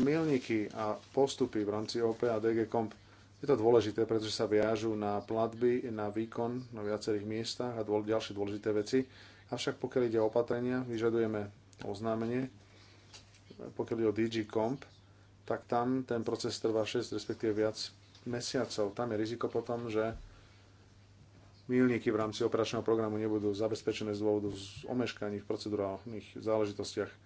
milníky a postupy v rámci OP a DG Comp. Je to dôležité, pretože sa viažú na platby, na výkon na viacerých miestach a dôle, ďalšie dôležité veci. Avšak pokiaľ ide o opatrenia, vyžadujeme oznámenie. Pokiaľ ide o DG Comp, tak tam ten proces trvá 6, respektíve viac mesiacov. Tam je riziko potom, že milníky v rámci operačného programu nebudú zabezpečené z dôvodu omeškaní v procedurálnych záležitostiach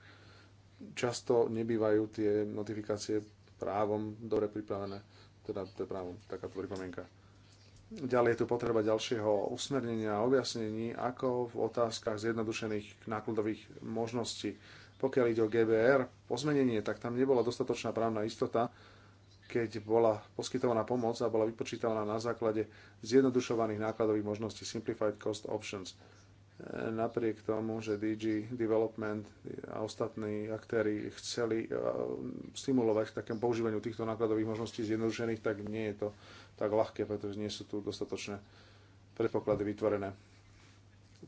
často nebývajú tie notifikácie právom dobre pripravené, teda to je právom takáto pripomienka. Ďalej je tu potreba ďalšieho usmernenia a objasnení, ako v otázkach zjednodušených nákladových možností. Pokiaľ ide o GBR, pozmenenie, tak tam nebola dostatočná právna istota, keď bola poskytovaná pomoc a bola vypočítaná na základe zjednodušovaných nákladových možností Simplified Cost Options napriek tomu, že DG Development a ostatní aktéry chceli e, stimulovať k takému používaniu týchto nákladových možností zjednodušených, tak nie je to tak ľahké, pretože nie sú tu dostatočné predpoklady vytvorené.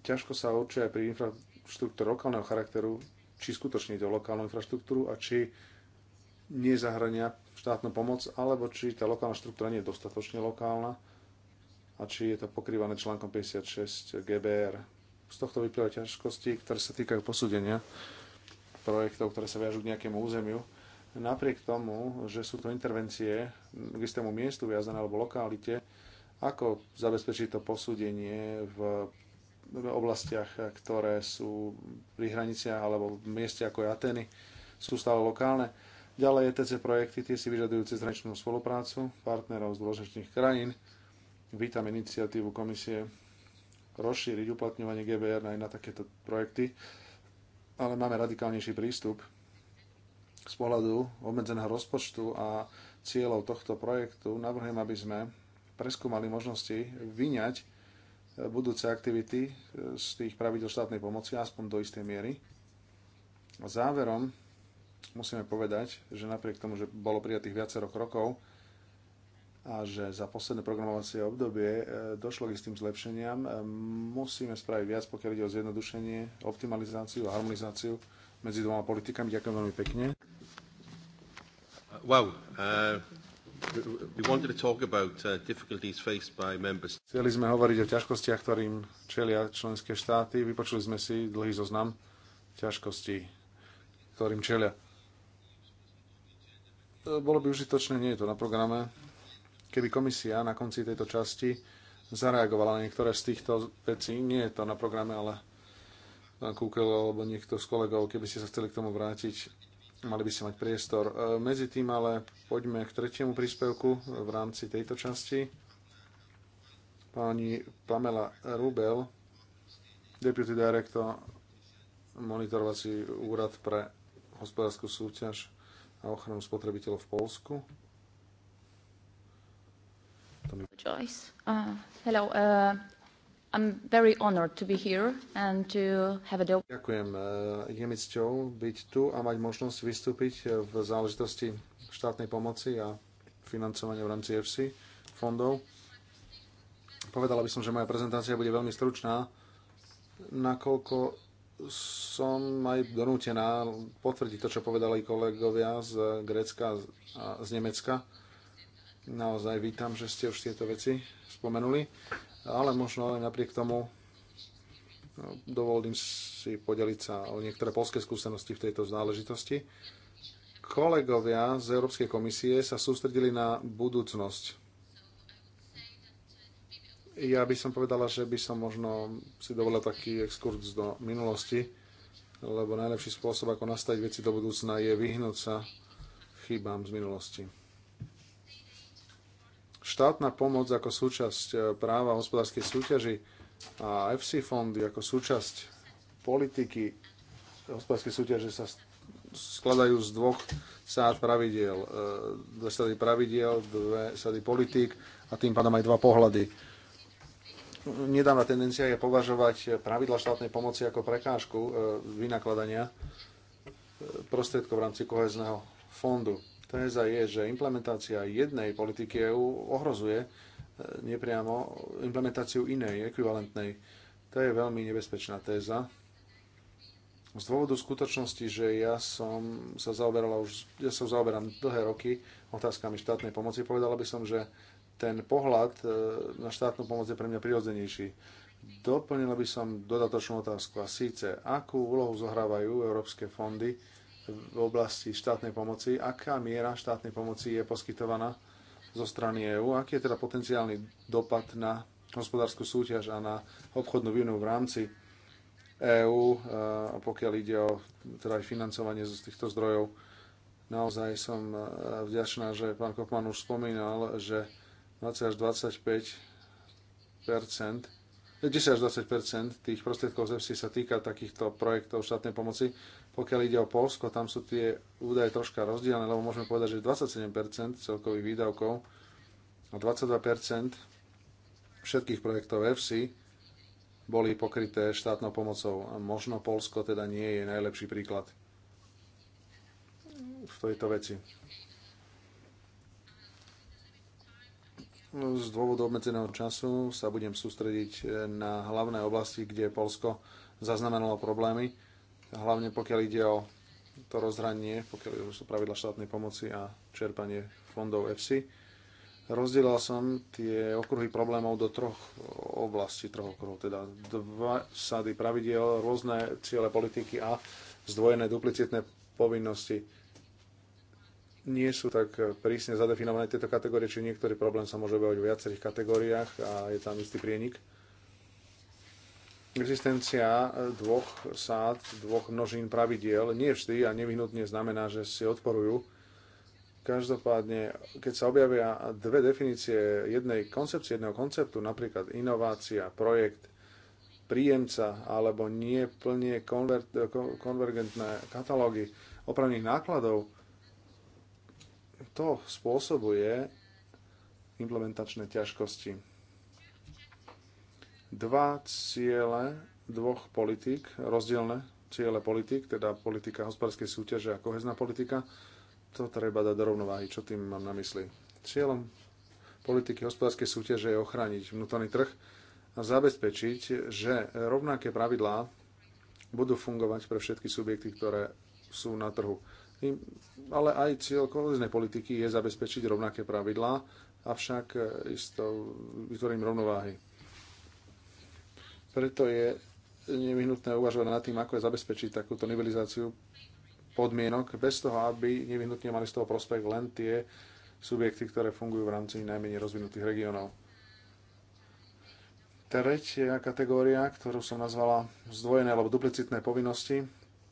Ťažko sa určuje aj pri infraštruktúre lokálneho charakteru, či skutočne ide o lokálnu infraštruktúru a či nezahrania štátnu pomoc, alebo či tá lokálna štruktúra nie je dostatočne lokálna a či je to pokrývané článkom 56 GBR z tohto vyplývajú ťažkosti, ktoré sa týkajú posúdenia projektov, ktoré sa viažú k nejakému územiu. Napriek tomu, že sú to intervencie k istému miestu viazané alebo lokalite, ako zabezpečiť to posúdenie v oblastiach, ktoré sú pri hraniciach alebo v mieste ako je Ateny, sú stále lokálne. Ďalej ETC projekty, tie si vyžadujú cezhraničnú spoluprácu partnerov z dôležitých krajín. Vítam iniciatívu komisie rozšíriť uplatňovanie GBR aj na takéto projekty, ale máme radikálnejší prístup z pohľadu obmedzeného rozpočtu a cieľov tohto projektu. Navrhujem, aby sme preskúmali možnosti vyňať e, budúce aktivity e, z tých pravidel štátnej pomoci, aspoň do istej miery. záverom musíme povedať, že napriek tomu, že bolo prijatých viacero krokov, a že za posledné programovacie obdobie e, došlo k istým zlepšeniam. E, musíme spraviť viac, pokiaľ ide o zjednodušenie, optimalizáciu a harmonizáciu medzi dvoma politikami. Ďakujem veľmi pekne. Uh, wow. Uh, uh, Chceli sme hovoriť o ťažkostiach, ktorým čelia členské štáty. Vypočuli sme si dlhý zoznam ťažkostí, ktorým čelia. E, bolo by užitočné, nie je to na programe Keby komisia na konci tejto časti zareagovala na niektoré z týchto vecí, nie je to na programe, ale pán Kúkel alebo niekto z kolegov, keby ste sa chceli k tomu vrátiť, mali by ste mať priestor. E, medzi tým ale poďme k tretiemu príspevku v rámci tejto časti. Pani Pamela Rubel, deputy director monitorovací úrad pre hospodárskú súťaž a ochranu spotrebiteľov v Polsku. Joyce. Uh, hello. Uh, I'm very honored to be here and to have a dope... Ďakujem. Uh, je mi cťou byť tu a mať možnosť vystúpiť uh, v záležitosti štátnej pomoci a financovania v rámci FC fondov. Povedala by som, že moja prezentácia bude veľmi stručná, nakoľko som aj donútená potvrdiť to, čo povedali kolegovia z Grécka a z Nemecka Naozaj vítam, že ste už tieto veci spomenuli, ale možno aj napriek tomu no, dovolím si podeliť sa o niektoré polské skúsenosti v tejto záležitosti. Kolegovia z Európskej komisie sa sústredili na budúcnosť ja by som povedala, že by som možno si dovolila taký exkurs do minulosti, lebo najlepší spôsob, ako nastaviť veci do budúcna, je vyhnúť sa chybám z minulosti. Štátna pomoc ako súčasť e, práva hospodárskej súťaži a FC fondy ako súčasť politiky hospodárskej súťaže sa skladajú z dvoch sád pravidiel. E, dve sady pravidiel, dve sady politík a tým pádom aj dva pohľady. Nedávna tendencia je považovať pravidla štátnej pomoci ako prekážku e, vynakladania prostriedkov v rámci kohezného fondu. Téza je, že implementácia jednej politiky EÚ ohrozuje e, nepriamo implementáciu inej, ekvivalentnej. To je veľmi nebezpečná téza. Z dôvodu skutočnosti, že ja som sa zaoberala už, ja som zaoberám dlhé roky otázkami štátnej pomoci, povedala by som, že ten pohľad e, na štátnu pomoc je pre mňa prirodzenejší. Doplnila by som dodatočnú otázku a síce, akú úlohu zohrávajú európske fondy v oblasti štátnej pomoci, aká miera štátnej pomoci je poskytovaná zo strany EÚ, aký je teda potenciálny dopad na hospodárskú súťaž a na obchodnú výmenu v rámci EÚ, pokiaľ ide o teda aj financovanie z týchto zdrojov. Naozaj som e, vďačná, že pán Kopman už spomínal, že 20 až 25 percent 10 až 20 tých prostriedkov z EFSI sa týka takýchto projektov štátnej pomoci. Pokiaľ ide o Polsko, tam sú tie údaje troška rozdielne, lebo môžeme povedať, že 27% celkových výdavkov a 22% všetkých projektov EFSI boli pokryté štátnou pomocou. Možno Polsko teda nie je najlepší príklad v tejto veci. No, z dôvodu obmedzeného času sa budem sústrediť na hlavné oblasti, kde Polsko zaznamenalo problémy hlavne pokiaľ ide o to rozhranie, pokiaľ sú pravidla štátnej pomoci a čerpanie fondov EFSI. Rozdielal som tie okruhy problémov do troch oblastí, troch okruhov, teda dva sady pravidiel, rôzne ciele politiky a zdvojené duplicitné povinnosti. Nie sú tak prísne zadefinované tieto kategórie, či niektorý problém sa môže objaviť v viacerých kategóriách a je tam istý prienik. Existencia dvoch sád, dvoch množín pravidiel nie vždy a nevyhnutne znamená, že si odporujú. Každopádne, keď sa objavia dve definície jednej koncepcie, jedného konceptu, napríklad inovácia, projekt, príjemca alebo nie plne konver- konvergentné katalógy opravných nákladov, to spôsobuje implementačné ťažkosti dva ciele dvoch politík, rozdielne ciele politík, teda politika hospodárskej súťaže a kohezná politika, to treba dať do rovnováhy. Čo tým mám na mysli? Cieľom politiky hospodárskej súťaže je ochrániť vnútorný trh a zabezpečiť, že rovnaké pravidlá budú fungovať pre všetky subjekty, ktoré sú na trhu. Ale aj cieľ kohezné politiky je zabezpečiť rovnaké pravidlá, avšak isto vytvorím rovnováhy preto je nevyhnutné uvažovať nad tým, ako je zabezpečiť takúto nivelizáciu podmienok, bez toho, aby nevyhnutne mali z toho prospech len tie subjekty, ktoré fungujú v rámci najmenej rozvinutých regiónov. Tretia kategória, ktorú som nazvala zdvojené alebo duplicitné povinnosti,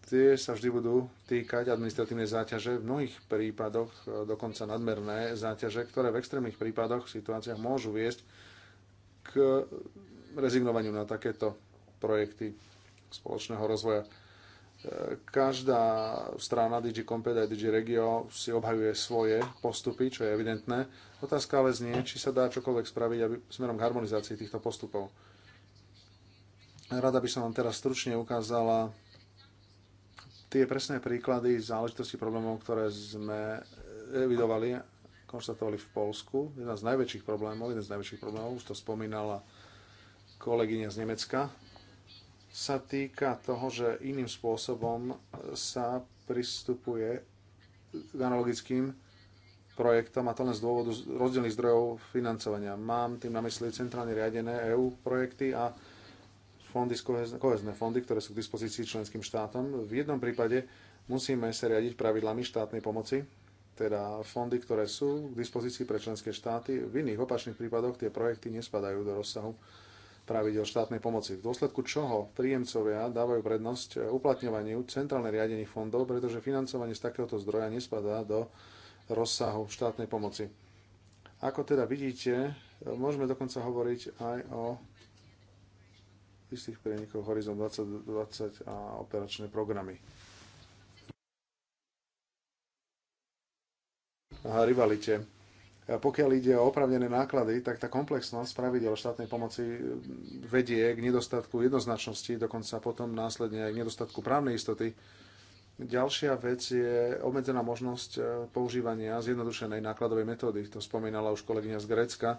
tie sa vždy budú týkať administratívnej záťaže, v mnohých prípadoch dokonca nadmerné záťaže, ktoré v extrémnych prípadoch, v situáciách môžu viesť k rezignovaniu na takéto projekty spoločného rozvoja. Každá strana DG Compet a DG Regio si obhajuje svoje postupy, čo je evidentné. Otázka ale znie, či sa dá čokoľvek spraviť aby, smerom k harmonizácii týchto postupov. Rada by som vám teraz stručne ukázala tie presné príklady záležitosti problémov, ktoré sme evidovali konštatovali v Polsku. Jeden z najväčších problémov, jeden z najväčších problémov, už to spomínala kolegyňa z Nemecka, sa týka toho, že iným spôsobom sa pristupuje k analogickým projektom a to len z dôvodu rozdielných zdrojov financovania. Mám tým na mysli centrálne riadené EU projekty a fondy, kohezné fondy, ktoré sú k dispozícii členským štátom. V jednom prípade musíme sa riadiť pravidlami štátnej pomoci, teda fondy, ktoré sú k dispozícii pre členské štáty. V iných opačných prípadoch tie projekty nespadajú do rozsahu pravidel štátnej pomoci, v dôsledku čoho príjemcovia dávajú prednosť e, uplatňovaniu centrálne riadení fondov, pretože financovanie z takéhoto zdroja nespadá do rozsahu štátnej pomoci. Ako teda vidíte, e, môžeme dokonca hovoriť aj o istých prienikov Horizon 2020 a operačné programy. A rivalite pokiaľ ide o opravnené náklady, tak tá komplexnosť pravidel štátnej pomoci vedie k nedostatku jednoznačnosti, dokonca potom následne aj k nedostatku právnej istoty. Ďalšia vec je obmedzená možnosť e, používania zjednodušenej nákladovej metódy. To spomínala už kolegyňa z Grécka.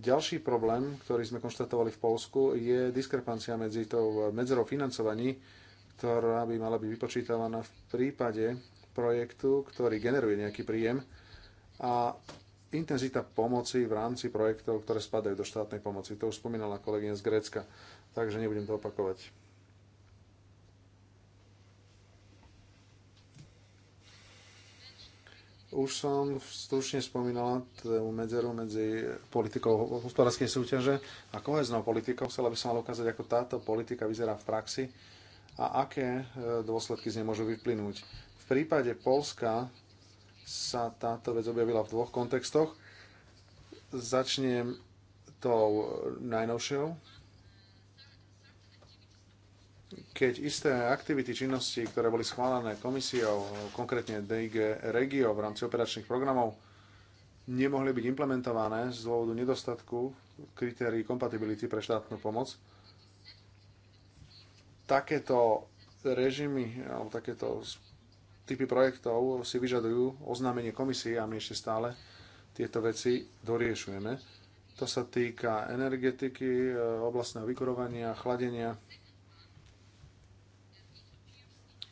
Ďalší problém, ktorý sme konštatovali v Polsku, je diskrepancia medzi tou medzerou financovaní, ktorá by mala byť vypočítavaná v prípade projektu, ktorý generuje nejaký príjem a Intenzita pomoci v rámci projektov, ktoré spadajú do štátnej pomoci. To už spomínala kolegyňa z Grécka, takže nebudem to opakovať. Už som stručne spomínala tú medzeru medzi politikou hospodárskej súťaže a koheznou politikou. Chcela by som ale ukázať, ako táto politika vyzerá v praxi a aké e, dôsledky z nej môžu vyplynúť. V prípade Polska sa táto vec objavila v dvoch kontextoch. Začnem tou najnovšou. Keď isté aktivity, činnosti, ktoré boli schválené komisiou, konkrétne DG Regio v rámci operačných programov, nemohli byť implementované z dôvodu nedostatku kritérií kompatibility pre štátnu pomoc. Takéto režimy alebo takéto typy projektov si vyžadujú oznámenie komisie a my ešte stále tieto veci doriešujeme. To sa týka energetiky, eh, oblastného vykurovania, chladenia.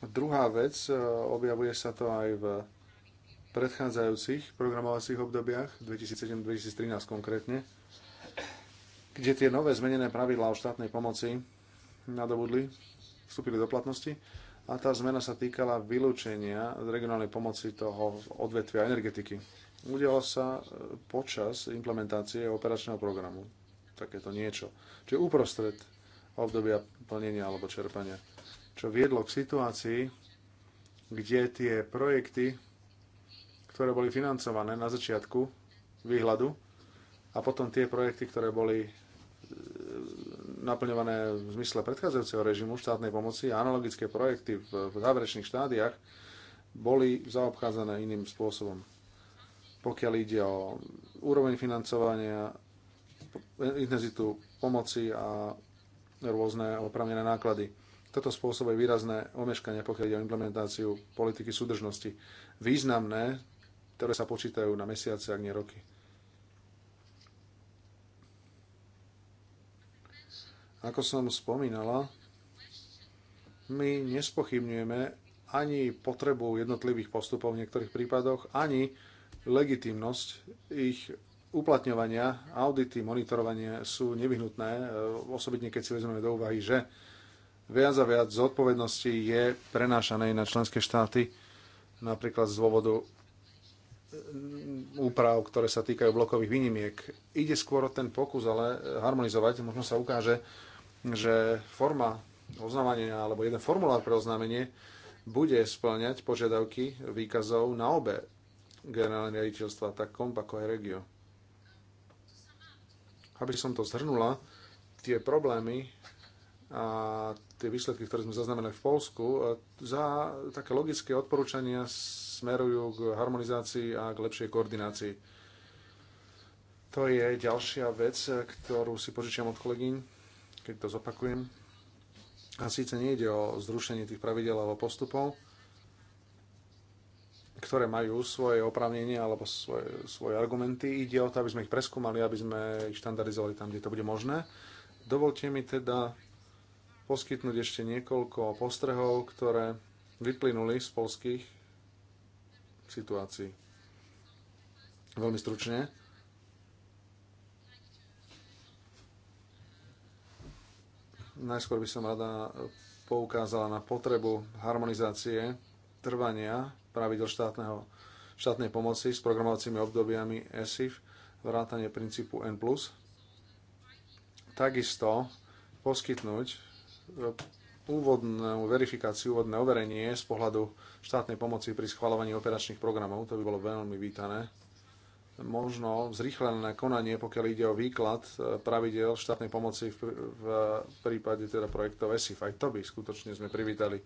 Druhá vec, eh, objavuje sa to aj v predchádzajúcich programovacích obdobiach, 2007-2013 konkrétne, kde tie nové zmenené pravidlá o štátnej pomoci nadobudli, vstúpili do platnosti a tá zmena sa týkala vylúčenia z regionálnej pomoci toho odvetvia energetiky. Udialo sa e, počas implementácie operačného programu takéto niečo. Čiže uprostred obdobia plnenia alebo čerpania. Čo viedlo k situácii, kde tie projekty, ktoré boli financované na začiatku výhľadu a potom tie projekty, ktoré boli naplňované v zmysle predchádzajúceho režimu štátnej pomoci a analogické projekty v záverečných štádiách boli zaobchádzané iným spôsobom. Pokiaľ ide o úroveň financovania, intenzitu pomoci a rôzne opravnené náklady. Toto spôsobuje výrazné omeškania, pokiaľ ide o implementáciu politiky súdržnosti. Významné, ktoré sa počítajú na mesiace, ak nie roky. Ako som spomínala, my nespochybňujeme ani potrebu jednotlivých postupov v niektorých prípadoch, ani legitimnosť ich uplatňovania, audity, monitorovanie sú nevyhnutné, e, osobitne keď si vezmeme do úvahy, že viac a viac zodpovednosti je prenášané na členské štáty, napríklad z dôvodu mm, úprav, ktoré sa týkajú blokových výnimiek. Ide skôr o ten pokus, ale harmonizovať, možno sa ukáže, že forma oznámenia alebo jeden formulár pre oznámenie bude splňať požiadavky výkazov na obe generálne riaditeľstva, tak komp ako aj regio. Aby som to zhrnula, tie problémy a tie výsledky, ktoré sme zaznamenali v Polsku, za také logické odporúčania smerujú k harmonizácii a k lepšej koordinácii. To je ďalšia vec, ktorú si požičiam od kolegyň keď to zopakujem. A síce nejde o zrušenie tých pravidel alebo postupov, ktoré majú svoje oprávnenie alebo svoje, svoje argumenty. Ide o to, aby sme ich preskúmali, aby sme ich štandardizovali tam, kde to bude možné. Dovolte mi teda poskytnúť ešte niekoľko postrehov, ktoré vyplynuli z polských situácií. Veľmi stručne Najskôr by som rada poukázala na potrebu harmonizácie trvania pravidel štátneho, štátnej pomoci s programovacími obdobiami ESIF, vrátanie princípu N+. Takisto poskytnúť e, úvodnú verifikáciu, úvodné overenie z pohľadu štátnej pomoci pri schvalovaní operačných programov. To by bolo veľmi vítané možno zrýchlené konanie, pokiaľ ide o výklad e, pravidel štátnej pomoci v, prípade teda projektov ESIF. Aj to by skutočne sme privítali.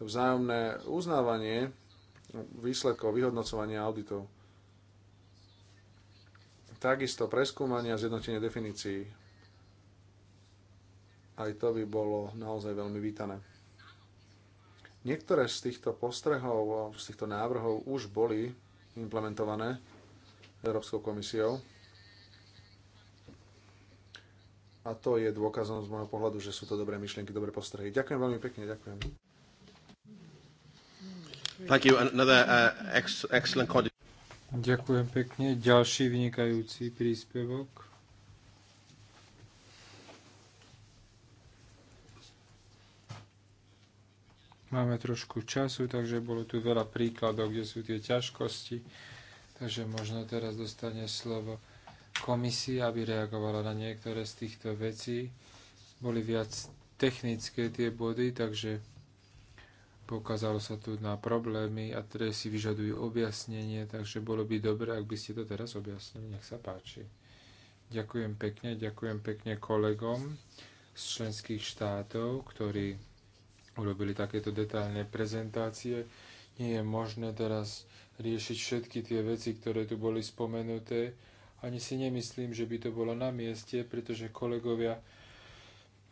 Vzájomné uznávanie výsledkov vyhodnocovania auditov. Takisto preskúmanie a zjednotenie definícií. Aj to by bolo naozaj veľmi vítané. Niektoré z týchto postrehov, z týchto návrhov už boli implementované Európskou komisiou. A to je dôkazom z môjho pohľadu, že sú to dobré myšlienky, dobré postrehy. Ďakujem veľmi pekne, ďakujem. Thank you. Another, uh, ex- excellent Ďakujem pekne. Ďalší vynikajúci príspevok. Máme trošku času, takže bolo tu veľa príkladov, kde sú tie ťažkosti Takže možno teraz dostane slovo komisia, aby reagovala na niektoré z týchto vecí. Boli viac technické tie body, takže pokázalo sa tu na problémy a ktoré si vyžadujú objasnenie, takže bolo by dobre, ak by ste to teraz objasnili. Nech sa páči. Ďakujem pekne, ďakujem pekne kolegom z členských štátov, ktorí urobili takéto detailné prezentácie. Nie je možné teraz riešiť všetky tie veci, ktoré tu boli spomenuté. Ani si nemyslím, že by to bolo na mieste, pretože kolegovia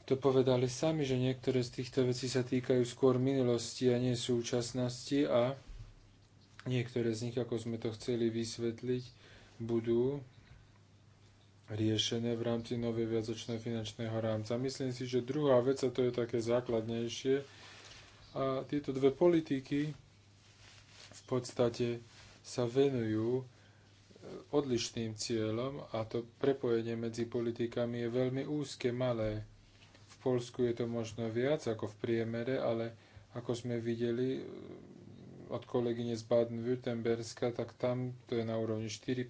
to povedali sami, že niektoré z týchto vecí sa týkajú skôr minulosti a nie súčasnosti a niektoré z nich, ako sme to chceli vysvetliť, budú riešené v rámci novej viacočného finančného rámca. Myslím si, že druhá vec, a to je také základnejšie, a tieto dve politiky podstate sa venujú e, odlišným cieľom a to prepojenie medzi politikami je veľmi úzke, malé. V Polsku je to možno viac ako v priemere, ale ako sme videli e, od kolegyne z Baden-Württemberska, tak tam to je na úrovni 4%,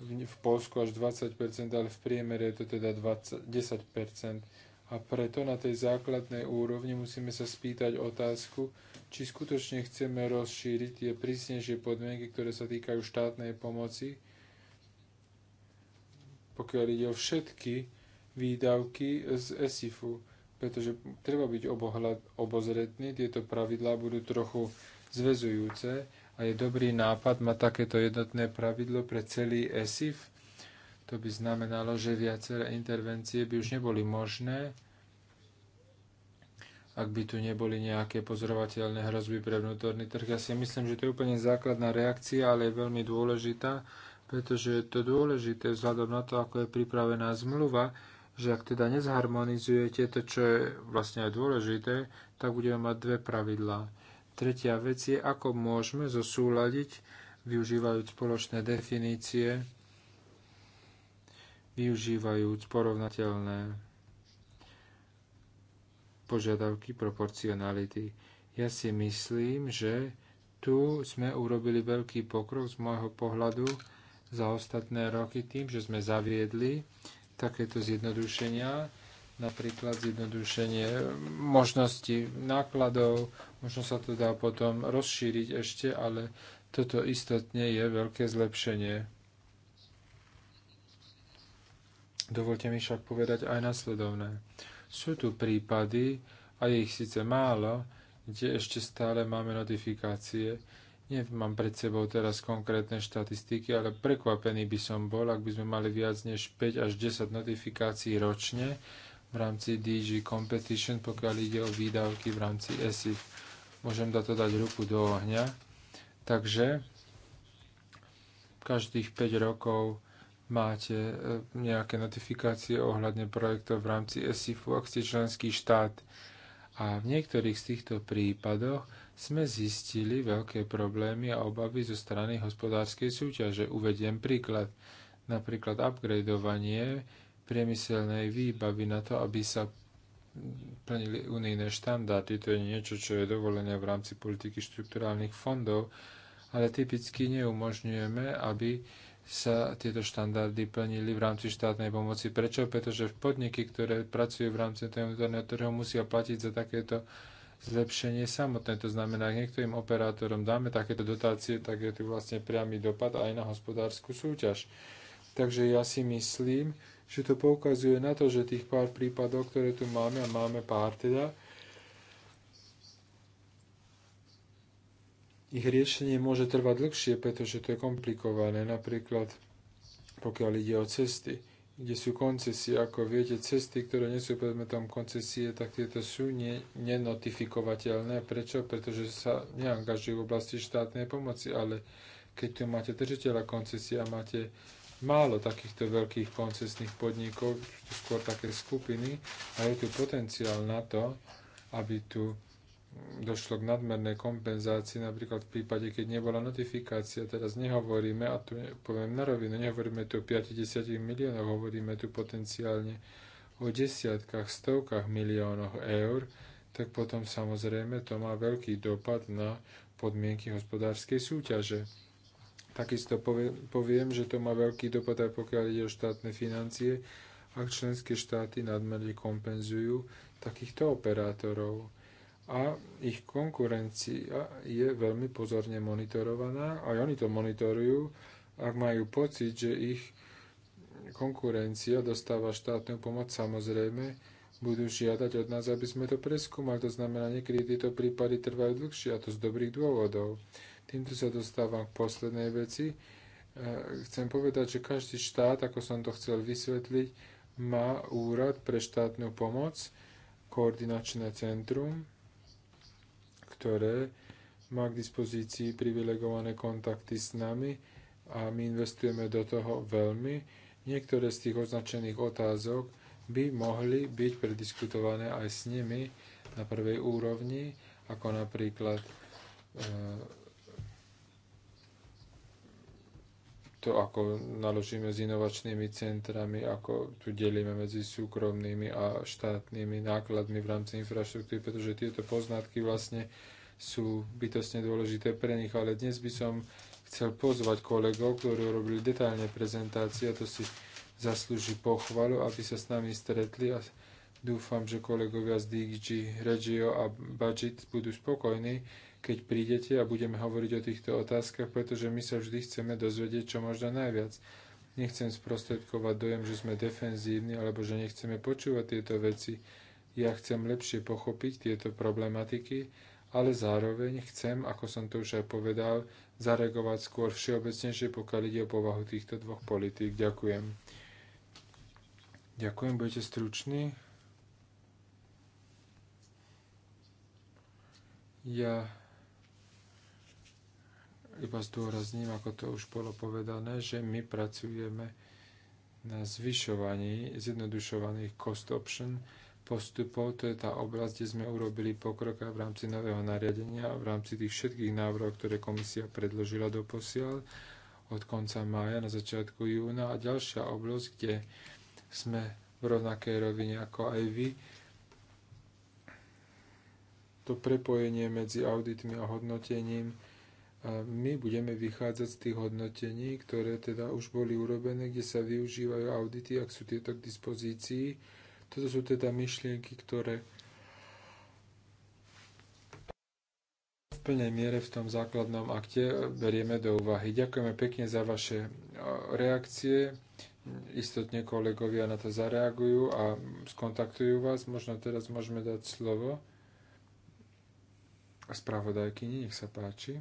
v Polsku až 20%, ale v priemere je to teda 20, 10%. A preto na tej základnej úrovni musíme sa spýtať otázku, či skutočne chceme rozšíriť tie prísnejšie podmienky, ktoré sa týkajú štátnej pomoci, pokiaľ ide o všetky výdavky z ESIFu, pretože treba byť obohľad, obozretný, tieto pravidlá budú trochu zväzujúce a je dobrý nápad mať takéto jednotné pravidlo pre celý ESIF. To by znamenalo, že viaceré intervencie by už neboli možné, ak by tu neboli nejaké pozorovateľné hrozby pre vnútorný trh. Ja si myslím, že to je úplne základná reakcia, ale je veľmi dôležitá, pretože je to dôležité vzhľadom na to, ako je pripravená zmluva, že ak teda nezharmonizujete to, čo je vlastne aj dôležité, tak budeme mať dve pravidlá. Tretia vec je, ako môžeme zosúľadiť, využívajúc spoločné definície, využívajúc porovnateľné požiadavky proporcionality. Ja si myslím, že tu sme urobili veľký pokrok z môjho pohľadu za ostatné roky tým, že sme zaviedli takéto zjednodušenia, napríklad zjednodušenie možnosti nákladov, možno sa to dá potom rozšíriť ešte, ale toto istotne je veľké zlepšenie. Dovolte mi však povedať aj nasledovné. Sú tu prípady, a je ich síce málo, kde ešte stále máme notifikácie. Nemám pred sebou teraz konkrétne štatistiky, ale prekvapený by som bol, ak by sme mali viac než 5 až 10 notifikácií ročne v rámci DG Competition, pokiaľ ide o výdavky v rámci ESIF. Môžem na to dať ruku do ohňa. Takže každých 5 rokov máte e, nejaké notifikácie ohľadne projektov v rámci ESIFu, ak ste členský štát. A v niektorých z týchto prípadoch sme zistili veľké problémy a obavy zo strany hospodárskej súťaže. Uvediem príklad. Napríklad upgradeovanie priemyselnej výbavy na to, aby sa plnili unijné štandardy. To je niečo, čo je dovolené v rámci politiky štrukturálnych fondov, ale typicky neumožňujeme, aby sa tieto štandardy plnili v rámci štátnej pomoci. Prečo? Pretože podniky, ktoré pracujú v rámci toho vnútorného trhu, musia platiť za takéto zlepšenie samotné. To znamená, ak niektorým operátorom dáme takéto dotácie, tak je tu vlastne priamy dopad aj na hospodárskú súťaž. Takže ja si myslím, že to poukazuje na to, že tých pár prípadov, ktoré tu máme, a máme pár teda, ich riešenie môže trvať dlhšie, pretože to je komplikované. Napríklad, pokiaľ ide o cesty, kde sú koncesie, ako viete, cesty, ktoré nie sú predmetom koncesie, tak tieto sú ne- nenotifikovateľné. Prečo? Pretože sa neangažujú v oblasti štátnej pomoci, ale keď tu máte držiteľa koncesie a máte málo takýchto veľkých koncesných podnikov, skôr také skupiny, a je tu potenciál na to, aby tu došlo k nadmernej kompenzácii, napríklad v prípade, keď nebola notifikácia, teraz nehovoríme, a tu poviem na rovinu, nehovoríme tu o 50 miliónoch, hovoríme tu potenciálne o desiatkách, stovkách miliónoch eur, tak potom samozrejme to má veľký dopad na podmienky hospodárskej súťaže. Takisto poviem, poviem že to má veľký dopad aj pokiaľ ide o štátne financie, ak členské štáty nadmerne kompenzujú takýchto operátorov a ich konkurencia je veľmi pozorne monitorovaná. Aj oni to monitorujú, ak majú pocit, že ich konkurencia dostáva štátnu pomoc, samozrejme, budú žiadať od nás, aby sme to preskúmali. To znamená, niekedy tieto prípady trvajú dlhšie a to z dobrých dôvodov. Týmto sa dostávam k poslednej veci. E, chcem povedať, že každý štát, ako som to chcel vysvetliť, má úrad pre štátnu pomoc, koordinačné centrum, ktoré má k dispozícii privilegované kontakty s nami a my investujeme do toho veľmi. Niektoré z tých označených otázok by mohli byť prediskutované aj s nimi na prvej úrovni, ako napríklad e, to, ako naložíme s inovačnými centrami, ako tu delíme medzi súkromnými a štátnymi nákladmi v rámci infraštruktúry, pretože tieto poznatky vlastne sú bytostne dôležité pre nich. Ale dnes by som chcel pozvať kolegov, ktorí robili detailne prezentácie a to si zaslúži pochvalu, aby sa s nami stretli a dúfam, že kolegovia z DG, Regio a Budget budú spokojní, keď prídete a budeme hovoriť o týchto otázkach, pretože my sa vždy chceme dozvedieť čo možno najviac. Nechcem sprostredkovať dojem, že sme defenzívni alebo že nechceme počúvať tieto veci. Ja chcem lepšie pochopiť tieto problematiky, ale zároveň chcem, ako som to už aj povedal, zareagovať skôr všeobecnejšie, pokiaľ ide o povahu týchto dvoch politík. Ďakujem. Ďakujem, budete struční. Ja iba zdôrazním, ako to už bolo povedané, že my pracujeme na zvyšovaní zjednodušovaných cost option postupov. To je tá oblasť, kde sme urobili pokrok v rámci nového nariadenia, v rámci tých všetkých návrhov, ktoré komisia predložila do posiaľ od konca mája na začiatku júna. A ďalšia oblasť, kde sme v rovnakej rovine ako aj vy, to prepojenie medzi auditmi a hodnotením a my budeme vychádzať z tých hodnotení, ktoré teda už boli urobené, kde sa využívajú audity, ak sú tieto k dispozícii. Toto sú teda myšlienky, ktoré v plnej miere v tom základnom akte berieme do úvahy. Ďakujeme pekne za vaše reakcie. Istotne kolegovia na to zareagujú a skontaktujú vás. Možno teraz môžeme dať slovo spravodajkyni, nech sa páči.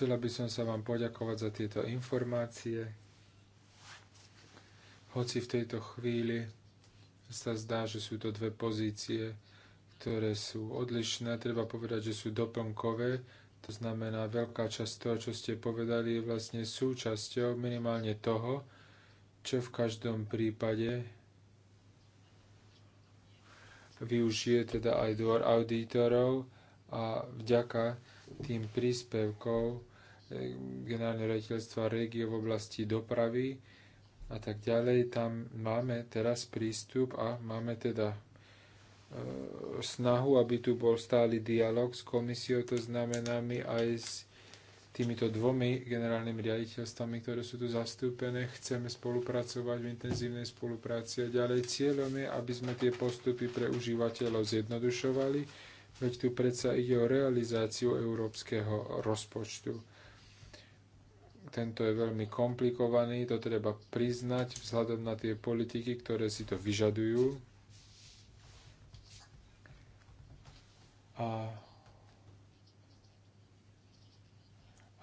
Chcela by som sa vám poďakovať za tieto informácie. Hoci v tejto chvíli sa zdá, že sú to dve pozície, ktoré sú odlišné, treba povedať, že sú doplnkové. To znamená, veľká časť toho, čo ste povedali, je vlastne súčasťou minimálne toho, čo v každom prípade využije teda aj dvor auditorov a vďaka tým príspevkov generálne rejiteľstva regie v oblasti dopravy a tak ďalej. Tam máme teraz prístup a máme teda e, snahu, aby tu bol stály dialog s komisiou, to znamená my aj s týmito dvomi generálnymi riaditeľstvami, ktoré sú tu zastúpené, chceme spolupracovať v intenzívnej spolupráci a ďalej. Cieľom je, aby sme tie postupy pre užívateľov zjednodušovali, veď tu predsa ide o realizáciu európskeho rozpočtu tento je veľmi komplikovaný, to treba priznať vzhľadom na tie politiky, ktoré si to vyžadujú. A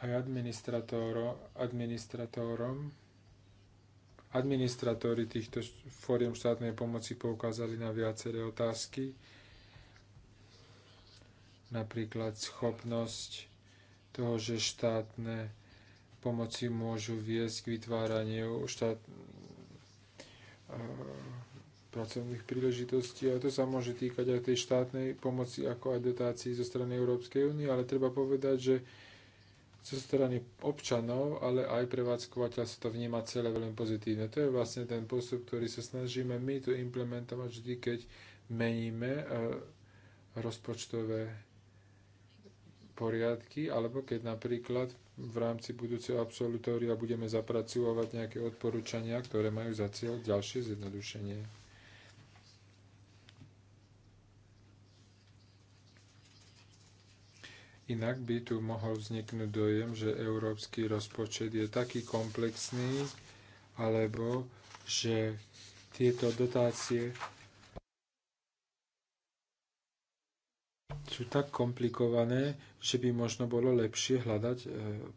aj administratórom. Administratóri týchto fóriem štátnej pomoci poukázali na viaceré otázky, napríklad schopnosť toho, že štátne pomoci môžu viesť k vytváraniu štát, e, pracovných príležitostí a to sa môže týkať aj tej štátnej pomoci ako aj dotácií zo strany Európskej únie, ale treba povedať, že zo strany občanov, ale aj prevádzkovateľ sa to vníma celé veľmi pozitívne. To je vlastne ten postup, ktorý sa snažíme my tu implementovať vždy, keď meníme e, rozpočtové poriadky, alebo keď napríklad v rámci budúceho absolutória budeme zapracovať nejaké odporúčania, ktoré majú za cieľ ďalšie zjednodušenie. Inak by tu mohol vzniknúť dojem, že európsky rozpočet je taký komplexný, alebo že tieto dotácie sú tak komplikované, že by možno bolo lepšie hľadať e,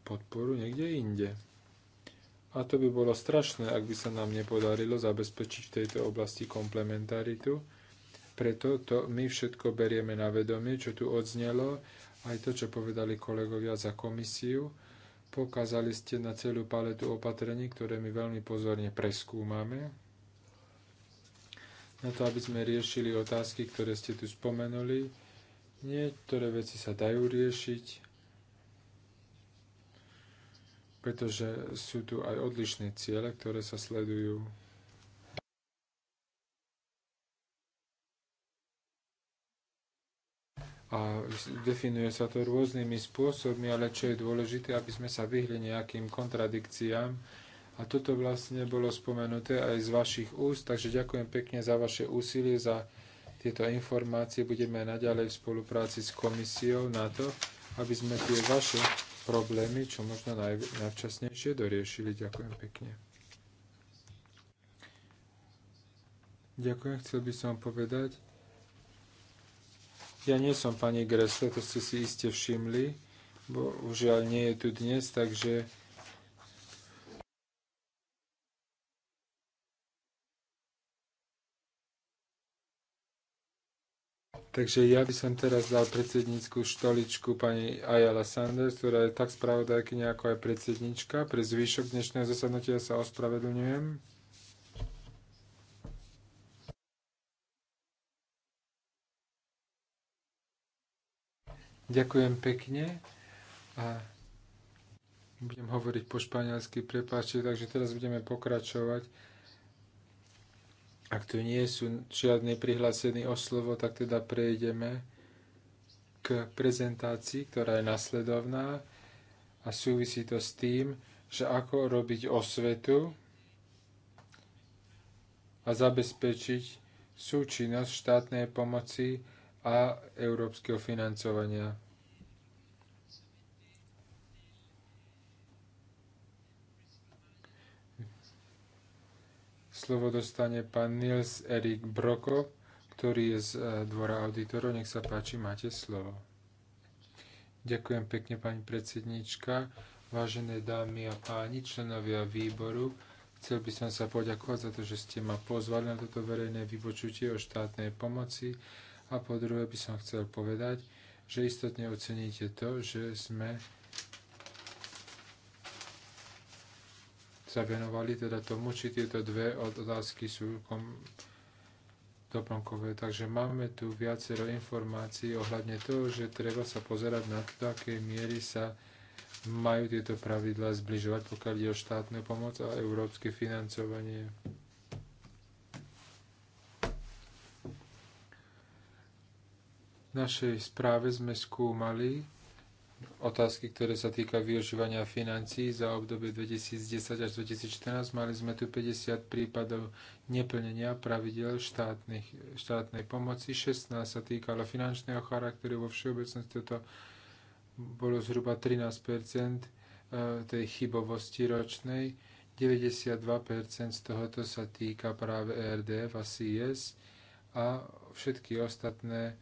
podporu niekde inde. A to by bolo strašné, ak by sa nám nepodarilo zabezpečiť v tejto oblasti komplementaritu. Preto to my všetko berieme na vedomie, čo tu odznelo, aj to, čo povedali kolegovia za komisiu. Pokázali ste na celú paletu opatrení, ktoré my veľmi pozorne preskúmame, na to, aby sme riešili otázky, ktoré ste tu spomenuli Niektoré veci sa dajú riešiť, pretože sú tu aj odlišné ciele, ktoré sa sledujú. A definuje sa to rôznymi spôsobmi, ale čo je dôležité, aby sme sa vyhli nejakým kontradikciám. A toto vlastne bolo spomenuté aj z vašich úst, takže ďakujem pekne za vaše úsilie, za tieto informácie budeme naďalej v spolupráci s komisiou na to, aby sme tie vaše problémy čo možno naj, najvčasnejšie doriešili. Ďakujem pekne. Ďakujem, chcel by som povedať. Ja nie som pani Gresle, to ste si iste všimli, bo už nie je tu dnes, takže Takže ja by som teraz dal predsednícku štoličku pani Ayala Sanders, ktorá je tak spravodajky ako aj predsednička. Pre zvýšok dnešného zasadnutia sa ospravedlňujem. Ďakujem pekne. A budem hovoriť po španielsky, prepáčte, takže teraz budeme pokračovať ak tu nie sú žiadne prihlásení o slovo, tak teda prejdeme k prezentácii, ktorá je nasledovná a súvisí to s tým, že ako robiť osvetu a zabezpečiť súčinnosť štátnej pomoci a európskeho financovania. Slovo dostane pán Nils Erik Broko, ktorý je z e, Dvora auditorov. Nech sa páči, máte slovo. Ďakujem pekne, pani predsednička. Vážené dámy a páni, členovia výboru, chcel by som sa poďakovať za to, že ste ma pozvali na toto verejné vypočutie o štátnej pomoci. A po druhé by som chcel povedať, že istotne oceníte to, že sme sa venovali teda tomu, či tieto dve otázky sú kom- doplnkové. Takže máme tu viacero informácií ohľadne toho, že treba sa pozerať na to, aké miery sa majú tieto pravidlá zbližovať, pokiaľ ide o štátnu pomoc a európske financovanie. V našej správe sme skúmali, otázky, ktoré sa týka využívania financií za obdobie 2010 až 2014. Mali sme tu 50 prípadov neplnenia pravidel štátnych, štátnej pomoci, 16 sa týkalo finančného charakteru, vo všeobecnosti toto bolo zhruba 13 eh, tej chybovosti ročnej, 92 z tohoto sa týka práve ERDF a CS a všetky ostatné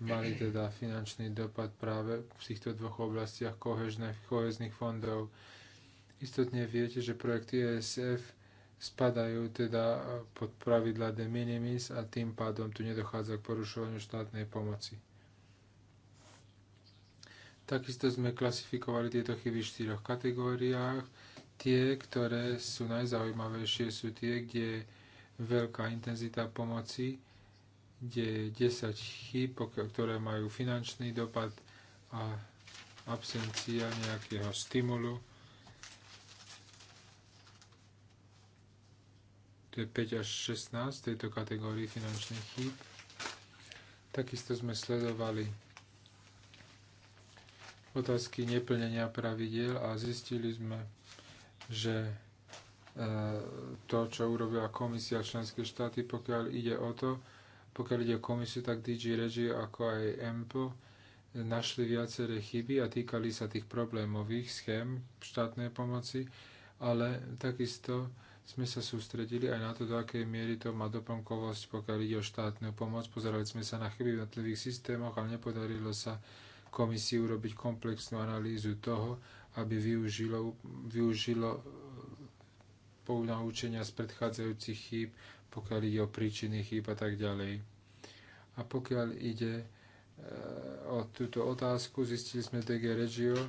mali teda finančný dopad práve v týchto dvoch oblastiach kohezných fondov. Istotne viete, že projekty ESF spadajú teda pod pravidla de minimis a tým pádom tu nedochádza k porušovaniu štátnej pomoci. Takisto sme klasifikovali tieto chyby v štyroch kategóriách. Tie, ktoré sú najzaujímavejšie, sú tie, kde je veľká intenzita pomoci, kde je 10 chyb, ktoré majú finančný dopad a absencia nejakého stimulu. To je 5 až 16 v tejto kategórii finančných chýb. Takisto sme sledovali otázky neplnenia pravidel a zistili sme, že e, to, čo urobila komisia členské štáty, pokiaľ ide o to, pokiaľ ide o komisiu, tak DG Regi ako aj EMPO našli viaceré chyby a týkali sa tých problémových schém štátnej pomoci, ale takisto sme sa sústredili aj na to, do akej miery to má doplnkovosť, pokiaľ ide o štátnu pomoc. Pozerali sme sa na chyby v jednotlivých systémoch, ale nepodarilo sa komisii urobiť komplexnú analýzu toho, aby využilo, využilo spolunaučenia z predchádzajúcich chýb, pokiaľ ide o príčiny chýb a tak ďalej. A pokiaľ ide e, o túto otázku, zistili sme DG Regio, e,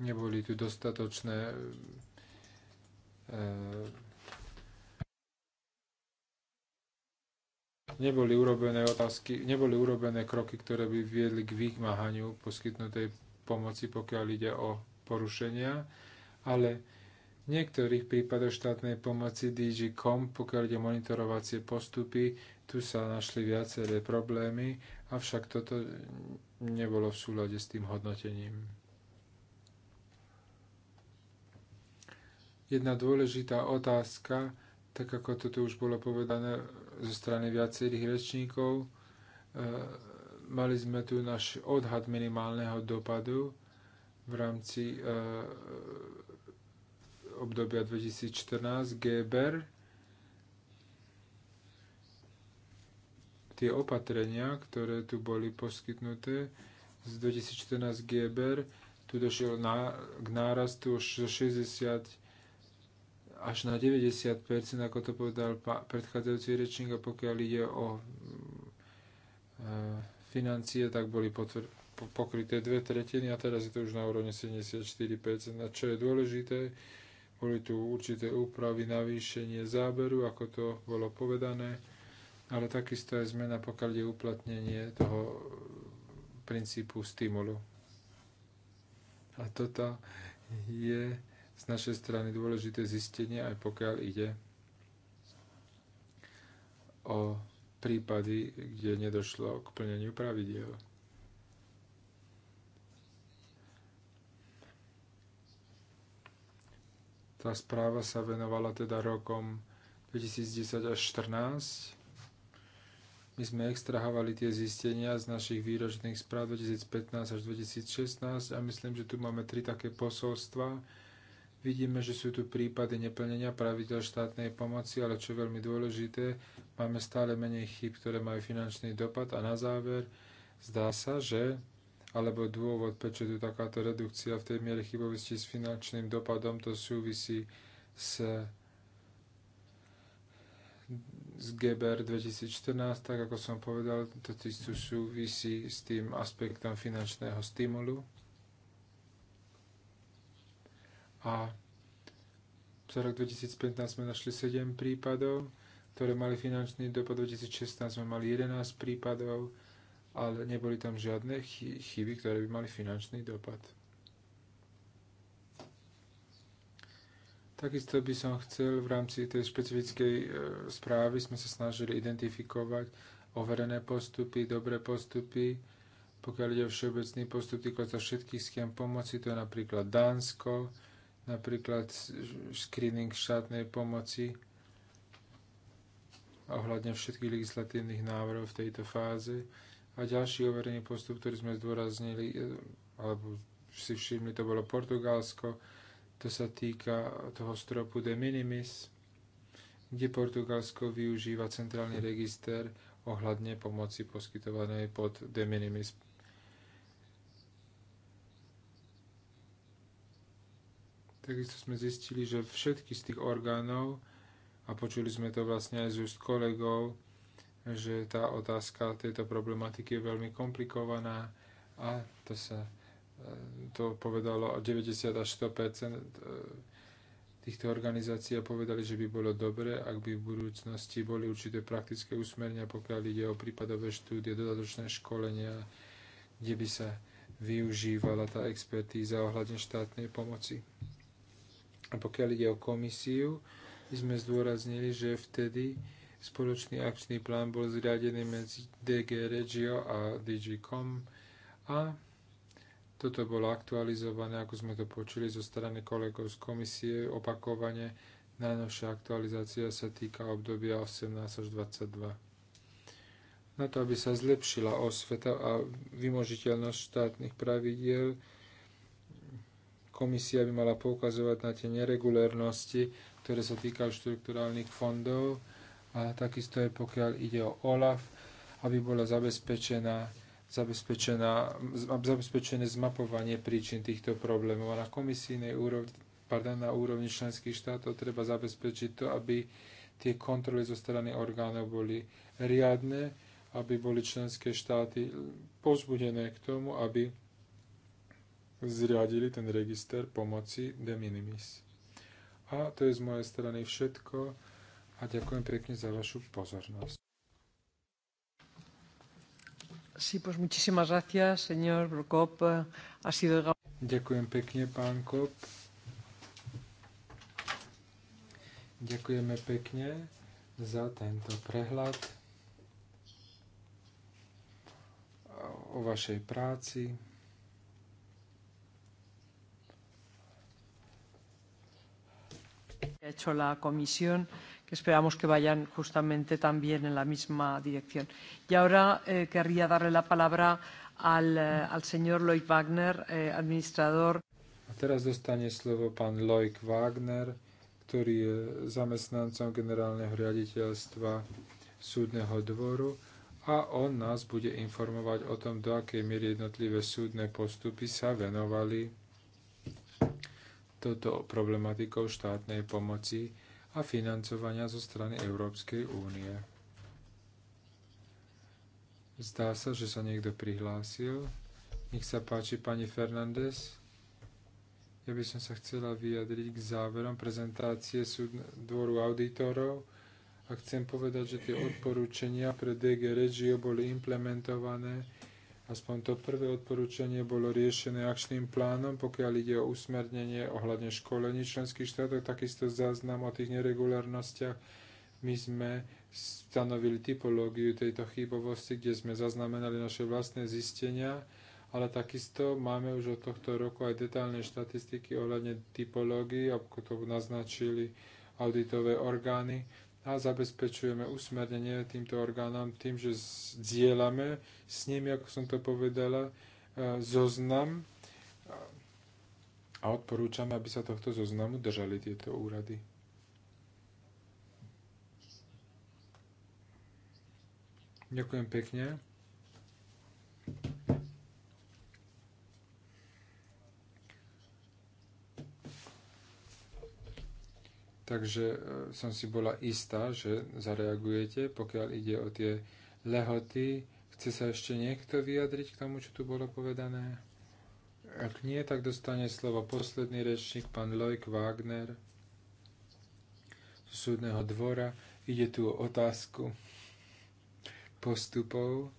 neboli tu dostatočné e, neboli urobené otázky, neboli urobené kroky, ktoré by viedli k vymáhaniu poskytnutej pomoci, pokiaľ ide o porušenia, ale v niektorých prípadoch štátnej pomoci DG.com, pokiaľ ide monitorovacie postupy, tu sa našli viaceré problémy, avšak toto nebolo v súlade s tým hodnotením. Jedna dôležitá otázka, tak ako toto už bolo povedané zo strany viacerých rečníkov, e, mali sme tu náš odhad minimálneho dopadu v rámci e, e, obdobia 2014 Geber tie opatrenia, ktoré tu boli poskytnuté z 2014 Geber, tu došiel na, k nárastu zo 60 až na 90 ako to povedal predchádzajúci rečník, a pokiaľ ide o mm, e, financie, tak boli potvr- pokryté dve tretiny a teraz je to už na úrovni 74%. A čo je dôležité, boli tu určité úpravy, navýšenie záberu, ako to bolo povedané, ale takisto aj zmena, pokiaľ je uplatnenie toho princípu stimulu. A toto je z našej strany dôležité zistenie, aj pokiaľ ide o prípady, kde nedošlo k plneniu pravidiel. Tá správa sa venovala teda rokom 2010 až 2014. My sme extrahovali tie zistenia z našich výročných správ 2015 až 2016 a myslím, že tu máme tri také posolstva. Vidíme, že sú tu prípady neplnenia pravidel štátnej pomoci, ale čo je veľmi dôležité, máme stále menej chyb, ktoré majú finančný dopad a na záver zdá sa, že alebo dôvod, prečo tu takáto redukcia v tej miere chybovosti s finančným dopadom, to súvisí s, s GBR 2014, tak ako som povedal, to tu súvisí s tým aspektom finančného stimulu. A za rok 2015 sme našli 7 prípadov, ktoré mali finančný dopad, 2016 sme mali 11 prípadov, ale neboli tam žiadne chyby, ktoré by mali finančný dopad. Takisto by som chcel v rámci tej špecifickej e, správy sme sa snažili identifikovať overené postupy, dobré postupy, pokiaľ ide o všeobecný postup týka sa všetkých schém pomoci, to je napríklad Dánsko, napríklad screening štátnej pomoci ohľadne všetkých legislatívnych návrhov v tejto fáze. A ďalší overený postup, ktorý sme zdôraznili, e, alebo si všimli, to bolo Portugalsko, to sa týka toho stropu de minimis, kde Portugalsko využíva centrálny register ohľadne pomoci poskytovanej pod de minimis takisto sme zistili, že všetky z tých orgánov, a počuli sme to vlastne aj z úst kolegov, že tá otázka tejto problematiky je veľmi komplikovaná a to sa e, to povedalo 90 až 100 e, týchto organizácií a povedali, že by bolo dobre, ak by v budúcnosti boli určité praktické usmernia, pokiaľ ide o prípadové štúdie, dodatočné školenia, kde by sa využívala tá expertíza ohľadne štátnej pomoci. A pokiaľ ide o komisiu, my sme zdôraznili, že vtedy Spoločný akčný plán bol zriadený medzi DG Regio a DG.com a toto bolo aktualizované, ako sme to počuli zo strany kolegov z komisie, opakovane. Najnovšia aktualizácia sa týka obdobia 18 až 22. Na to, aby sa zlepšila osveta a vymožiteľnosť štátnych pravidiel, komisia by mala poukazovať na tie neregulérnosti, ktoré sa týkajú štrukturálnych fondov a takisto je pokiaľ ide o OLAF, aby bola zabezpečená, zabezpečená, zabezpečené zmapovanie príčin týchto problémov. A na komisijnej úrovni, pardon, na úrovni členských štátov treba zabezpečiť to, aby tie kontroly zo strany orgánov boli riadne, aby boli členské štáty pozbudené k tomu, aby zriadili ten register pomoci de minimis. A to je z mojej strany všetko a ďakujem pekne za vašu pozornosť. Sí, pues muchísimas gracias, señor Brokop. Ha sido... Ďakujem pekne, pán Kop. Ďakujeme pekne za tento prehľad o vašej práci. hecho la comisión que esperamos que vayan justamente también en la misma dirección. Y ahora eh, querría darle la palabra al, eh, al señor Loic Wagner, eh, administrador. A teraz dostane slovo pán Loic Wagner, ktorý je zamestnancom generálneho riaditeľstva súdneho dvoru a on nás bude informovať o tom, do akej miery jednotlivé súdne postupy sa venovali toto problematikou štátnej pomoci a financovania zo strany Európskej únie. Zdá sa, že sa niekto prihlásil. Nech sa páči, pani Fernández. Ja by som sa chcela vyjadriť k záverom prezentácie súd dvoru auditorov a chcem povedať, že tie odporúčania pre DG Regio boli implementované Aspoň to prvé odporúčanie bolo riešené akčným plánom, pokiaľ ide o usmernenie ohľadne školení členských štátov, takisto záznam o tých neregulárnostiach. My sme stanovili typológiu tejto chybovosti, kde sme zaznamenali naše vlastné zistenia, ale takisto máme už od tohto roku aj detálne štatistiky ohľadne typológii, ako to naznačili auditové orgány a zabezpečujeme usmernenie týmto orgánom tým, že zdieľame s nimi, ako som to povedala, e, zoznam a odporúčame, aby sa tohto zoznamu držali tieto úrady. Ďakujem pekne. takže e, som si bola istá, že zareagujete, pokiaľ ide o tie lehoty. Chce sa ešte niekto vyjadriť k tomu, čo tu bolo povedané? Ak nie, tak dostane slovo posledný rečník, pán Lojk Wagner z súdneho dvora. Ide tu o otázku postupov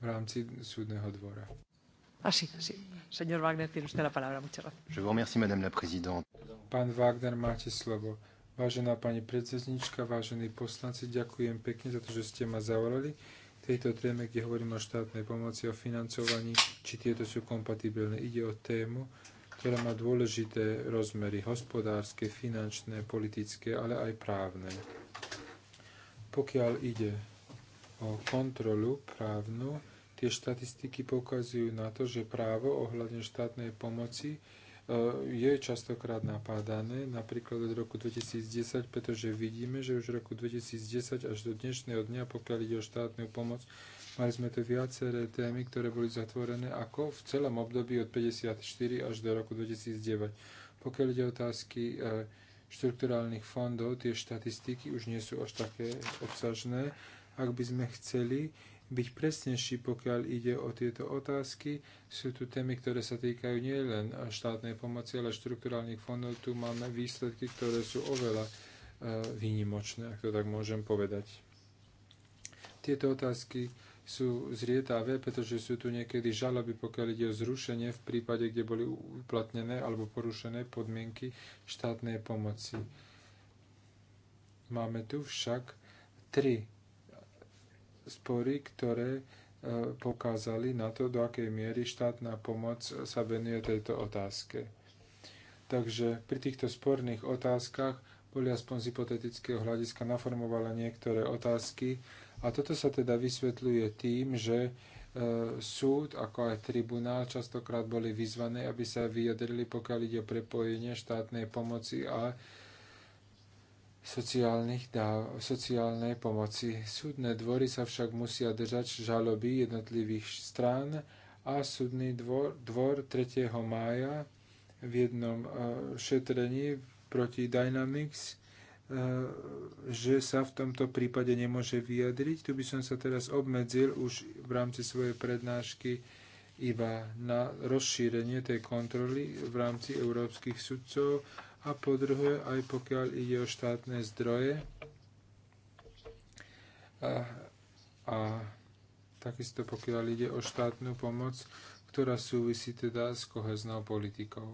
v rámci súdneho dvora. Asi, ah, Señor Wagner, tiene usted la palabra. Muchas gracias. Je vous remercie, madame la présidente. Pán Wagner, máte slovo. Vážená pani predsednička, vážení poslanci, ďakujem pekne za to, že ste ma zavolali tejto téme, kde hovorím o štátnej pomoci, o financovaní, či tieto sú kompatibilné. Ide o tému, ktorá má dôležité rozmery hospodárske, finančné, politické, ale aj právne. Pokiaľ ide o kontrolu právnu, Tie štatistiky poukazujú na to, že právo ohľadne štátnej pomoci e, je častokrát napádané, napríklad od roku 2010, pretože vidíme, že už v roku 2010 až do dnešného dňa, pokiaľ ide o štátnu pomoc, mali sme tu viaceré témy, ktoré boli zatvorené ako v celom období od 54 až do roku 2009. Pokiaľ ide o otázky e, štrukturálnych fondov, tie štatistiky už nie sú až také obsažné. Ak by sme chceli byť presnejší, pokiaľ ide o tieto otázky. Sú tu témy, ktoré sa týkajú nielen štátnej pomoci, ale štrukturálnych fondov. Tu máme výsledky, ktoré sú oveľa e, výnimočné, ak to tak môžem povedať. Tieto otázky sú zrietavé, pretože sú tu niekedy žaloby, pokiaľ ide o zrušenie v prípade, kde boli uplatnené alebo porušené podmienky štátnej pomoci. Máme tu však tri spory, ktoré e, pokázali na to, do akej miery štátna pomoc sa venuje tejto otázke. Takže pri týchto sporných otázkach boli aspoň z hypotetického hľadiska naformovala niektoré otázky a toto sa teda vysvetľuje tým, že e, súd, ako aj tribunál častokrát boli vyzvané, aby sa vyjadrili, pokiaľ ide o prepojenie štátnej pomoci a sociálnych dáv, sociálnej pomoci. Súdne dvory sa však musia držať žaloby jednotlivých strán a súdny dvor, dvor 3. mája v jednom e, šetrení proti Dynamics, e, že sa v tomto prípade nemôže vyjadriť. Tu by som sa teraz obmedzil už v rámci svojej prednášky iba na rozšírenie tej kontroly v rámci európskych sudcov a po druhé aj pokiaľ ide o štátne zdroje a, a takisto pokiaľ ide o štátnu pomoc, ktorá súvisí teda s koheznou politikou.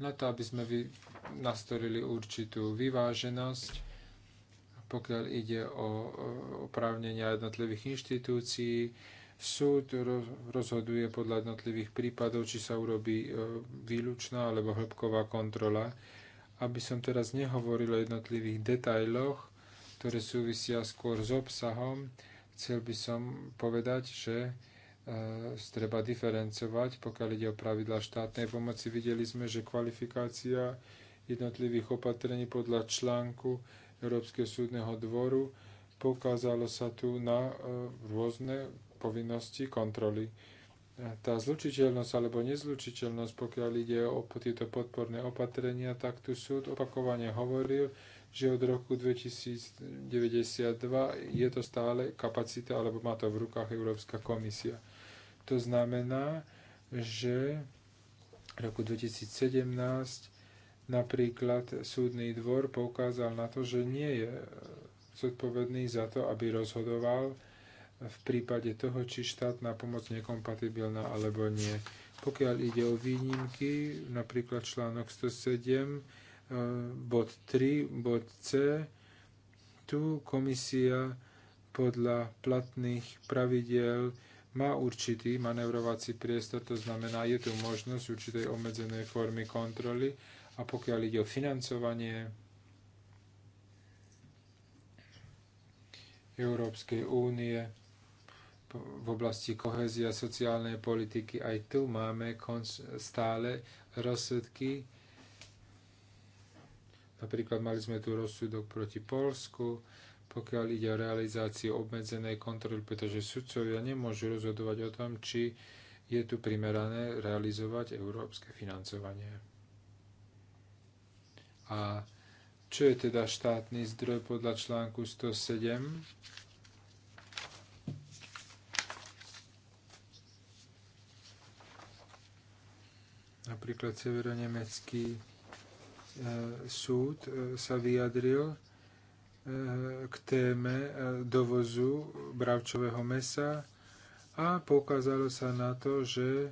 Na to, aby sme vy, nastorili určitú vyváženosť, pokiaľ ide o oprávnenia jednotlivých inštitúcií, Súd rozhoduje podľa jednotlivých prípadov, či sa urobí e, výlučná alebo hĺbková kontrola. Aby som teraz nehovoril o jednotlivých detailoch, ktoré súvisia skôr s obsahom, chcel by som povedať, že e, treba diferencovať, pokiaľ ide o pravidla štátnej pomoci. Videli sme, že kvalifikácia jednotlivých opatrení podľa článku Európskeho súdneho dvoru pokázalo sa tu na e, rôzne povinnosti kontroly. Tá zlučiteľnosť alebo nezlučiteľnosť, pokiaľ ide o tieto podporné opatrenia, tak tu súd opakovane hovoril, že od roku 2092 je to stále kapacita, alebo má to v rukách Európska komisia. To znamená, že v roku 2017 napríklad súdny dvor poukázal na to, že nie je zodpovedný za to, aby rozhodoval v prípade toho, či štátna pomoc nekompatibilná alebo nie. Pokiaľ ide o výnimky, napríklad článok 107, e, bod 3, bod C, tu komisia podľa platných pravidiel má určitý manevrovací priestor, to znamená, je tu možnosť určitej obmedzenej formy kontroly a pokiaľ ide o financovanie Európskej únie, v oblasti kohezie a sociálnej politiky. Aj tu máme stále rozsudky. Napríklad mali sme tu rozsudok proti Polsku, pokiaľ ide o realizáciu obmedzenej kontroly, pretože sudcovia nemôžu rozhodovať o tom, či je tu primerané realizovať európske financovanie. A čo je teda štátny zdroj podľa článku 107? Napríklad severonemecký e, súd e, sa vyjadril e, k téme e, dovozu bravčového mesa a poukázalo sa na to, že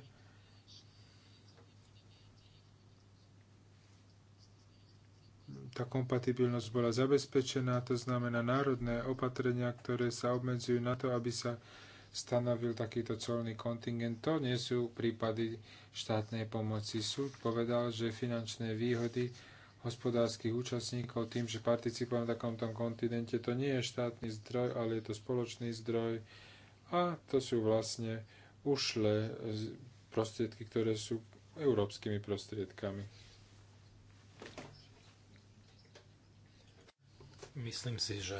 tá kompatibilnosť bola zabezpečená, to znamená národné opatrenia, ktoré sa obmedzujú na to, aby sa stanovil takýto colný kontingent. To nie sú prípady štátnej pomoci. Súd povedal, že finančné výhody hospodárskych účastníkov tým, že participujem v takomto kontinente, to nie je štátny zdroj, ale je to spoločný zdroj a to sú vlastne ušlé prostriedky, ktoré sú európskymi prostriedkami. Myslím si, že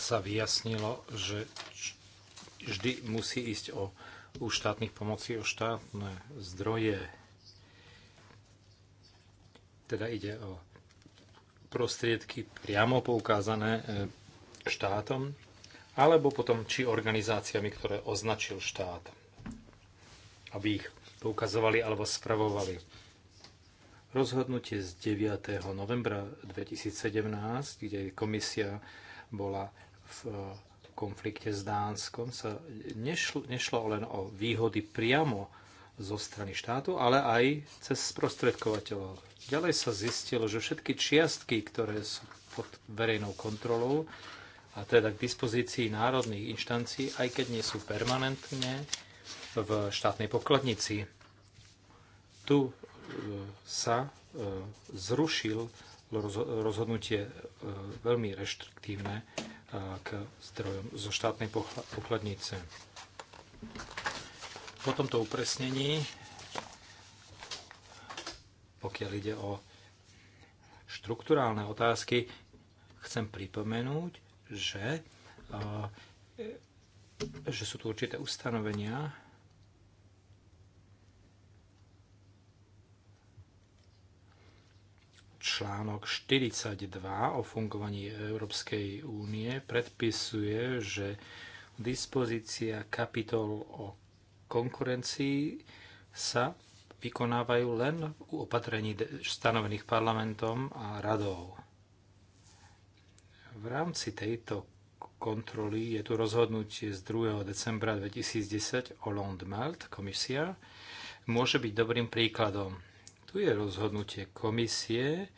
sa vyjasnilo, že vždy musí ísť o, u štátnych pomoci o štátne zdroje. Teda ide o prostriedky priamo poukázané e, štátom, alebo potom či organizáciami, ktoré označil štát, aby ich poukazovali alebo spravovali. Rozhodnutie z 9. novembra 2017, kde komisia bola v konflikte s Dánskom sa nešlo, nešlo len o výhody priamo zo strany štátu, ale aj cez sprostredkovateľov. Ďalej sa zistilo, že všetky čiastky, ktoré sú pod verejnou kontrolou, a teda k dispozícii národných inštancií, aj keď nie sú permanentne v štátnej pokladnici. Tu e, sa e, zrušil rozhodnutie e, veľmi reštriktívne e, k zdrojom zo štátnej pokladnice. Po tomto upresnení, pokiaľ ide o štruktúrálne otázky, chcem pripomenúť, že, e, že sú tu určité ustanovenia, článok 42 o fungovaní Európskej únie predpisuje, že dispozícia kapitol o konkurencii sa vykonávajú len u opatrení stanovených parlamentom a radou. V rámci tejto kontroly je tu rozhodnutie z 2. decembra 2010 o Malt komisia, môže byť dobrým príkladom tu je rozhodnutie komisie,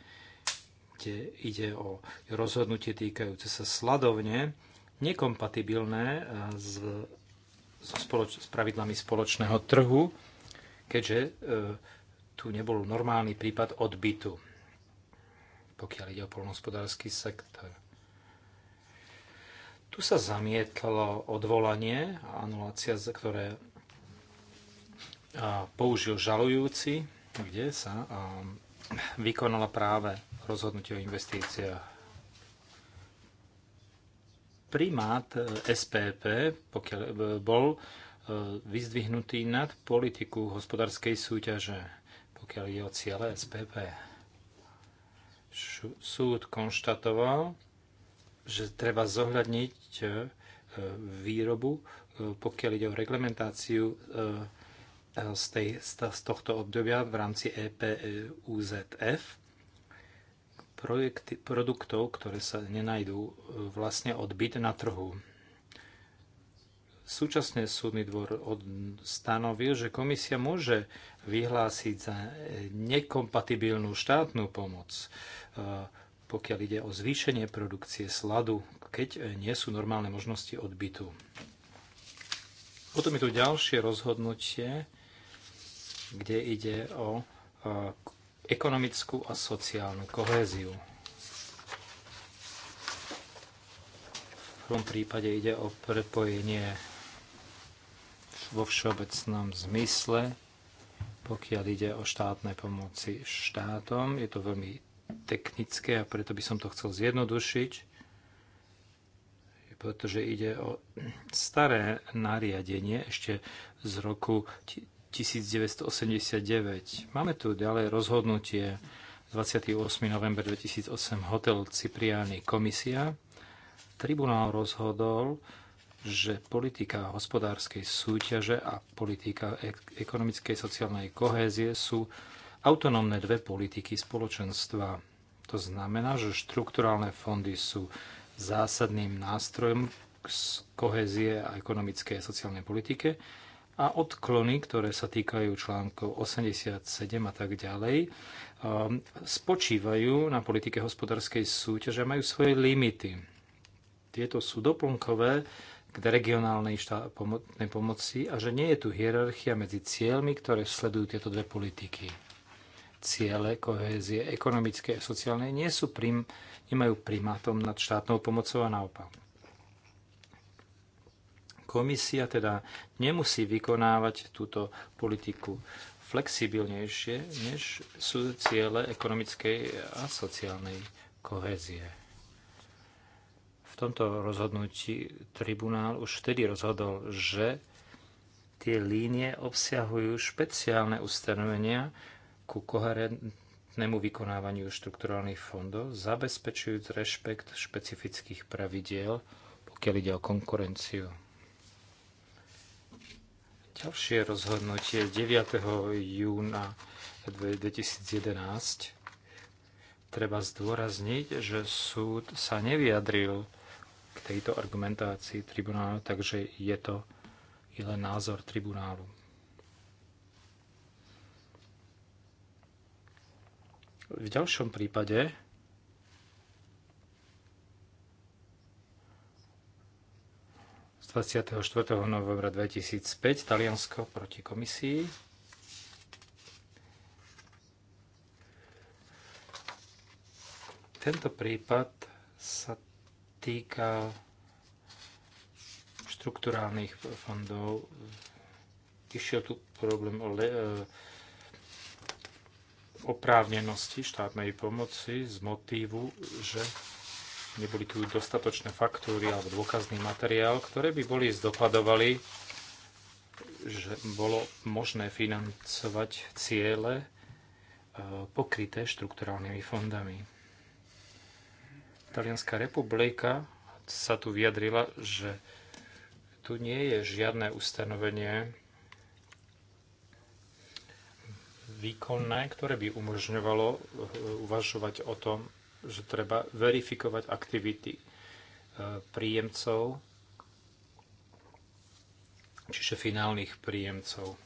kde ide o rozhodnutie týkajúce sa sladovne, nekompatibilné e, s, so spoloč- s pravidlami spoločného trhu, keďže e, tu nebol normálny prípad odbytu, pokiaľ ide o polnohospodársky sektor. Tu sa zamietlo odvolanie, a anulácia, ktoré použil žalujúci kde sa um, vykonala práve rozhodnutie o investíciách. Primát e, SPP pokiaľ, e, bol e, vyzdvihnutý nad politiku hospodárskej súťaže, pokiaľ je o ciele SPP. Súd konštatoval, že treba zohľadniť výrobu, pokiaľ ide o reglementáciu z, tej, z tohto obdobia v rámci EPUZF e, projekty, produktov, ktoré sa nenajdú e, vlastne odbyt na trhu. Súčasne súdny dvor stanovil, že komisia môže vyhlásiť za e, nekompatibilnú štátnu pomoc, pokiaľ ide o zvýšenie produkcie sladu, keď nie sú normálne možnosti odbytu. Potom je tu ďalšie rozhodnutie, kde ide o ekonomickú a sociálnu kohéziu. V prvom prípade ide o prepojenie vo všeobecnom zmysle, pokiaľ ide o štátne pomoci štátom. Je to veľmi technické a preto by som to chcel zjednodušiť, pretože ide o staré nariadenie ešte z roku 1989. Máme tu ďalej rozhodnutie 28. november 2008 Hotel Cipriani komisia. Tribunál rozhodol, že politika hospodárskej súťaže a politika ekonomickej sociálnej kohézie sú autonómne dve politiky spoločenstva. To znamená, že štrukturálne fondy sú zásadným nástrojom k kohézie a ekonomickej a sociálnej politike, a odklony, ktoré sa týkajú článkov 87 a tak ďalej, um, spočívajú na politike hospodárskej súťaže a majú svoje limity. Tieto sú doplnkové k regionálnej štátnej pomoci a že nie je tu hierarchia medzi cieľmi, ktoré sledujú tieto dve politiky. Ciele kohézie ekonomické a sociálne nie sú prim, nemajú primátom nad štátnou pomocou a naopak Komisia teda nemusí vykonávať túto politiku flexibilnejšie, než sú ciele ekonomickej a sociálnej kohézie. V tomto rozhodnutí tribunál už vtedy rozhodol, že tie línie obsahujú špeciálne ustanovenia ku koherentnému vykonávaniu štrukturálnych fondov, zabezpečujúc rešpekt špecifických pravidiel, pokiaľ ide o konkurenciu Ďalšie rozhodnutie 9. júna 2011 treba zdôrazniť, že súd sa nevyjadril k tejto argumentácii tribunálu, takže je to i len názor tribunálu. V ďalšom prípade 24. novembra 2005 Taliansko proti komisii. Tento prípad sa týka štruktúrálnych fondov. Išiel tu problém o le- e, oprávnenosti štátnej pomoci z motívu, že neboli tu dostatočné faktúry alebo dôkazný materiál, ktoré by boli zdokladovali, že bolo možné financovať ciele e, pokryté štrukturálnymi fondami. Talianská republika sa tu vyjadrila, že tu nie je žiadne ustanovenie výkonné, ktoré by umožňovalo e, uvažovať o tom, že treba verifikovať aktivity e, príjemcov, čiže finálnych príjemcov.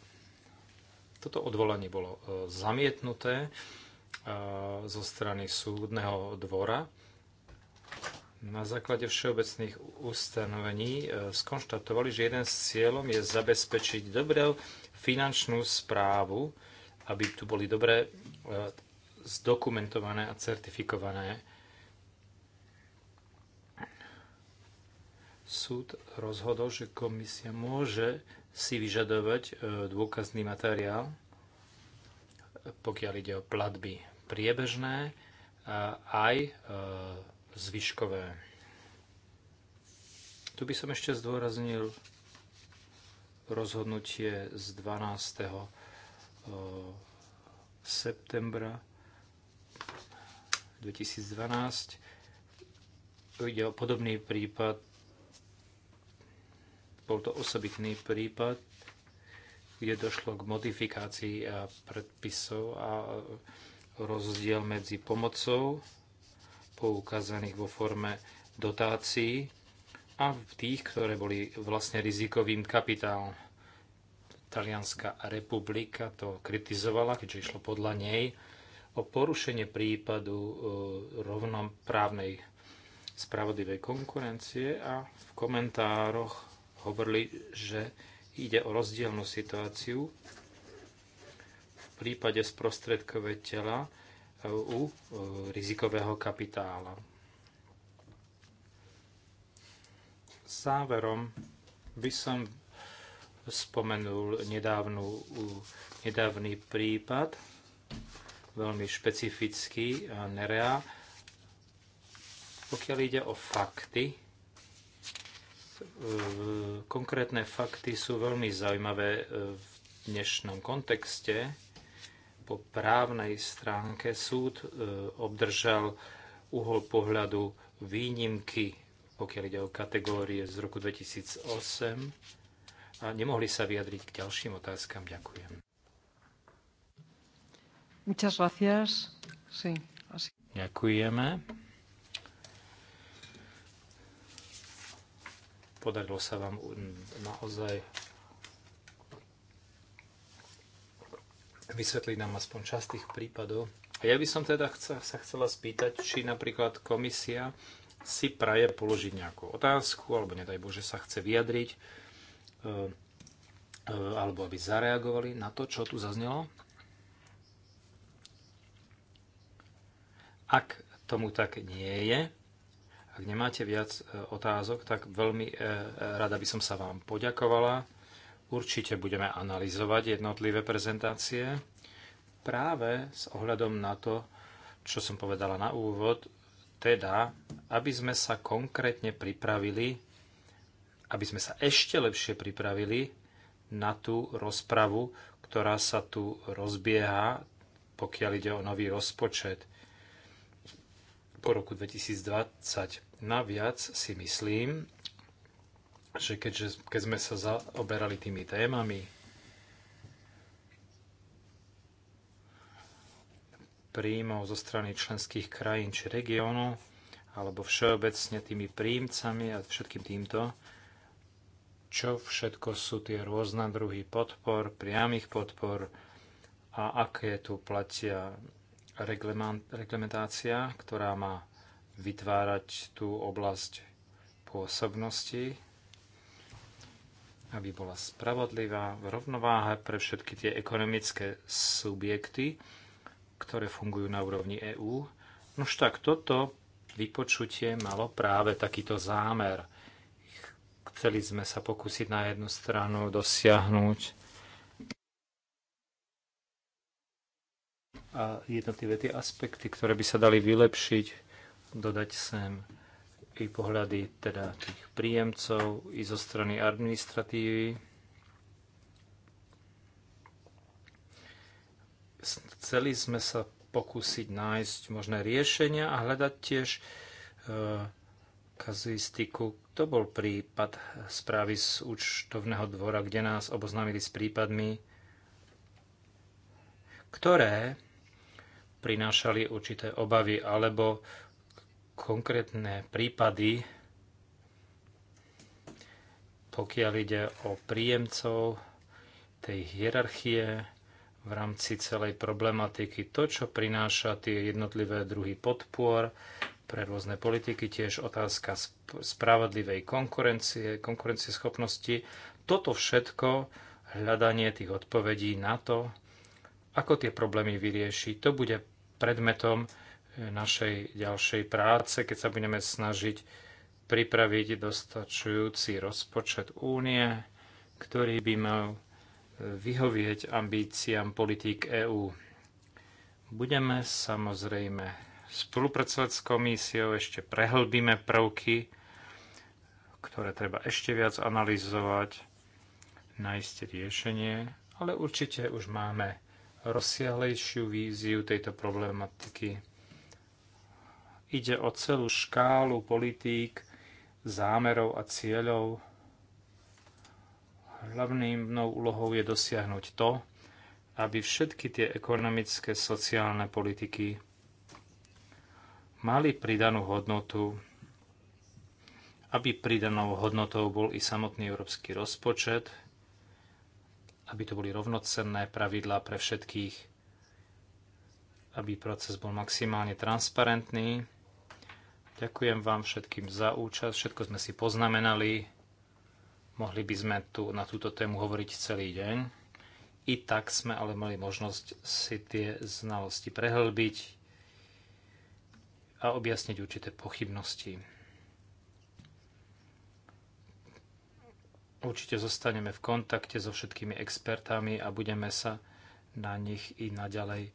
Toto odvolanie bolo e, zamietnuté e, zo strany súdneho dvora. Na základe všeobecných ustanovení skonštatovali, že jeden z cieľom je zabezpečiť dobrú finančnú správu, aby tu boli dobré zdokumentované a certifikované. Súd rozhodol, že komisia môže si vyžadovať e, dôkazný materiál, pokiaľ ide o platby priebežné a e, aj e, zvyškové. Tu by som ešte zdôraznil rozhodnutie z 12. septembra 2012. Ide o podobný prípad. Bol to osobitný prípad, kde došlo k modifikácii a predpisov a rozdiel medzi pomocou poukázaných vo forme dotácií a v tých, ktoré boli vlastne rizikovým kapitálom. Talianská republika to kritizovala, keďže išlo podľa nej o porušenie prípadu rovnoprávnej spravodlivej konkurencie a v komentároch hovorili, že ide o rozdielnú situáciu v prípade sprostredkovateľa u rizikového kapitála. Záverom by som spomenul nedávnu, nedávny prípad veľmi špecifický Nerea. Pokiaľ ide o fakty, konkrétne fakty sú veľmi zaujímavé e, v dnešnom kontexte. Po právnej stránke súd e, obdržal uhol pohľadu výnimky, pokiaľ ide o kategórie z roku 2008 a nemohli sa vyjadriť k ďalším otázkam. Ďakujem. Muchas gracias. Sí, Ďakujeme. Podarilo sa vám naozaj vysvetliť nám aspoň časť tých prípadov. A ja by som teda chcel, sa chcela spýtať, či napríklad komisia si praje položiť nejakú otázku, alebo nedaj Bože sa chce vyjadriť, e, e, alebo aby zareagovali na to, čo tu zaznelo. Ak tomu tak nie je, ak nemáte viac e, otázok, tak veľmi e, e, rada by som sa vám poďakovala. Určite budeme analyzovať jednotlivé prezentácie práve s ohľadom na to, čo som povedala na úvod, teda, aby sme sa konkrétne pripravili, aby sme sa ešte lepšie pripravili na tú rozpravu, ktorá sa tu rozbieha, pokiaľ ide o nový rozpočet – po roku 2020. Naviac si myslím, že keďže, keď sme sa zaoberali tými témami, príjmov zo strany členských krajín či regiónov, alebo všeobecne tými príjmcami a všetkým týmto, čo všetko sú tie rôzne druhy podpor, priamých podpor a aké tu platia reglementácia, ktorá má vytvárať tú oblasť pôsobnosti, aby bola spravodlivá, v rovnováhe pre všetky tie ekonomické subjekty, ktoré fungujú na úrovni EÚ. Nož tak toto vypočutie malo práve takýto zámer. Chceli sme sa pokúsiť na jednu stranu dosiahnuť a jednotlivé tie aspekty, ktoré by sa dali vylepšiť, dodať sem i pohľady teda tých príjemcov, i zo strany administratívy. Chceli sme sa pokúsiť nájsť možné riešenia a hľadať tiež e, kazuistiku. To bol prípad správy z účtovného dvora, kde nás oboznámili s prípadmi, ktoré prinášali určité obavy alebo konkrétne prípady, pokiaľ ide o príjemcov tej hierarchie v rámci celej problematiky, to, čo prináša tie jednotlivé druhy podpor pre rôzne politiky, tiež otázka spravodlivej konkurencie, konkurencieschopnosti. Toto všetko, hľadanie tých odpovedí na to, ako tie problémy vyriešiť, to bude predmetom e, našej ďalšej práce, keď sa budeme snažiť pripraviť dostačujúci rozpočet únie, ktorý by mal e, vyhovieť ambíciám politík EÚ. Budeme samozrejme spolupracovať s komisiou, ešte prehlbíme prvky, ktoré treba ešte viac analyzovať, nájsť riešenie, ale určite už máme rozsiahlejšiu víziu tejto problematiky. Ide o celú škálu politík, zámerov a cieľov. Hlavným mnou úlohou je dosiahnuť to, aby všetky tie ekonomické, sociálne politiky mali pridanú hodnotu, aby pridanou hodnotou bol i samotný európsky rozpočet, aby to boli rovnocenné pravidlá pre všetkých, aby proces bol maximálne transparentný. Ďakujem vám všetkým za účasť, všetko sme si poznamenali. Mohli by sme tu na túto tému hovoriť celý deň. I tak sme ale mali možnosť si tie znalosti prehlbiť a objasniť určité pochybnosti. Určite zostaneme v kontakte so všetkými expertami a budeme sa na nich i naďalej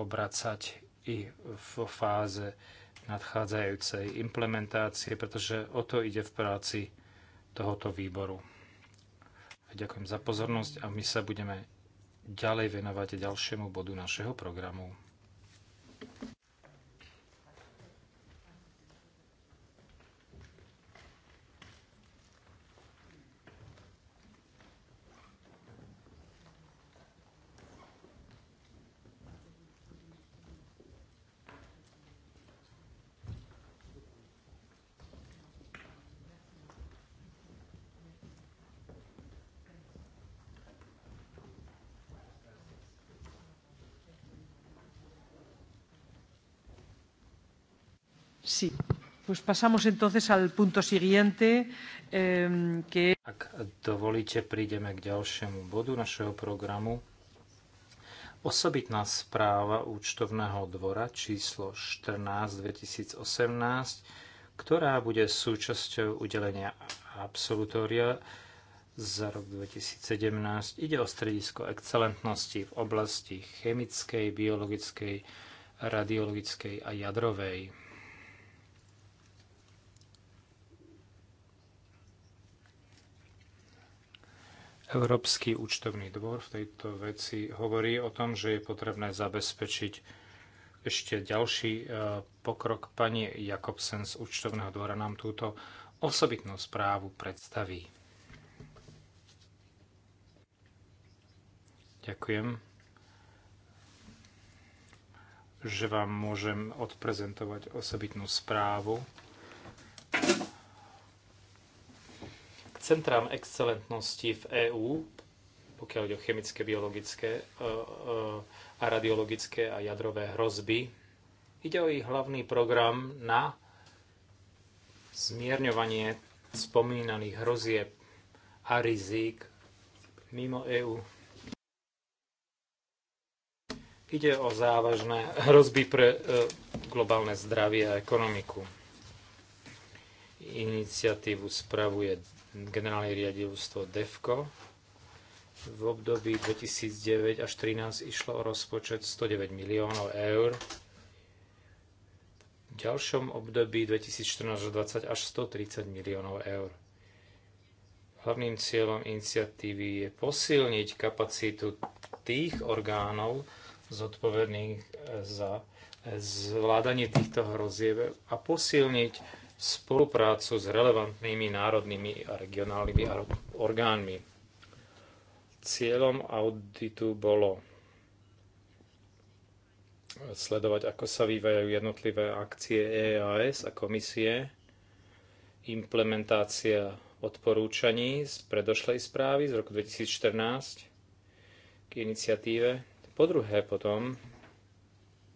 obracať i v fáze nadchádzajúcej implementácie, pretože o to ide v práci tohoto výboru. Ďakujem za pozornosť a my sa budeme ďalej venovať ďalšiemu bodu našeho programu. Sí. Pues pasamos entonces al punto siguiente, eh, que... Ak dovolíte, prídeme k ďalšiemu bodu našeho programu. Osobitná správa účtovného dvora číslo 14 2018, ktorá bude súčasťou udelenia absolutória za rok 2017. Ide o stredisko excelentnosti v oblasti chemickej, biologickej, radiologickej a jadrovej. Európsky účtovný dvor v tejto veci hovorí o tom, že je potrebné zabezpečiť ešte ďalší e, pokrok. Pani Jakobsen z účtovného dvora nám túto osobitnú správu predstaví. Ďakujem, že vám môžem odprezentovať osobitnú správu centrám excelentnosti v EÚ, pokiaľ ide o chemické, biologické e, e, a radiologické a jadrové hrozby. Ide o ich hlavný program na zmierňovanie spomínaných hrozieb a rizík mimo EÚ. Ide o závažné hrozby pre e, globálne zdravie a ekonomiku. Iniciatívu spravuje generálne riadivstvo DEFCO. V období 2009 až 2013 išlo o rozpočet 109 miliónov eur. V ďalšom období 2014-2020 až 130 miliónov eur. Hlavným cieľom iniciatívy je posilniť kapacitu tých orgánov zodpovedných eh, za eh, zvládanie týchto hrozieb a posilniť spoluprácu s relevantnými národnými a regionálnymi orgánmi. Cieľom auditu bolo sledovať, ako sa vyvíjajú jednotlivé akcie EAS a komisie, implementácia odporúčaní z predošlej správy z roku 2014 k iniciatíve. Po druhé potom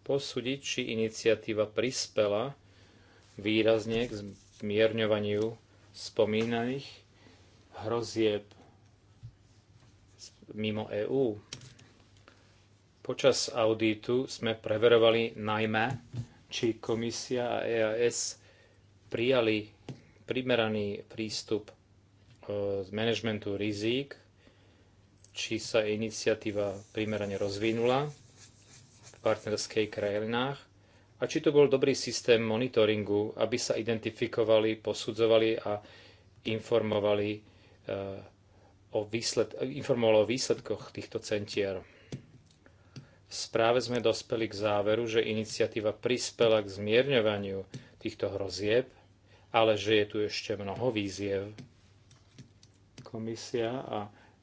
posúdiť, či iniciatíva prispela výrazne k zmierňovaniu spomínaných hrozieb mimo EÚ. Počas auditu sme preverovali najmä, či komisia a EAS prijali primeraný prístup e, z manažmentu rizík, či sa iniciatíva primerane rozvinula v partnerských krajinách a či to bol dobrý systém monitoringu, aby sa identifikovali, posudzovali a informovali e, o, výsled, informovalo o výsledkoch týchto centier. V správe sme dospeli k záveru, že iniciatíva prispela k zmierňovaniu týchto hrozieb, ale že je tu ešte mnoho výziev. Komisia a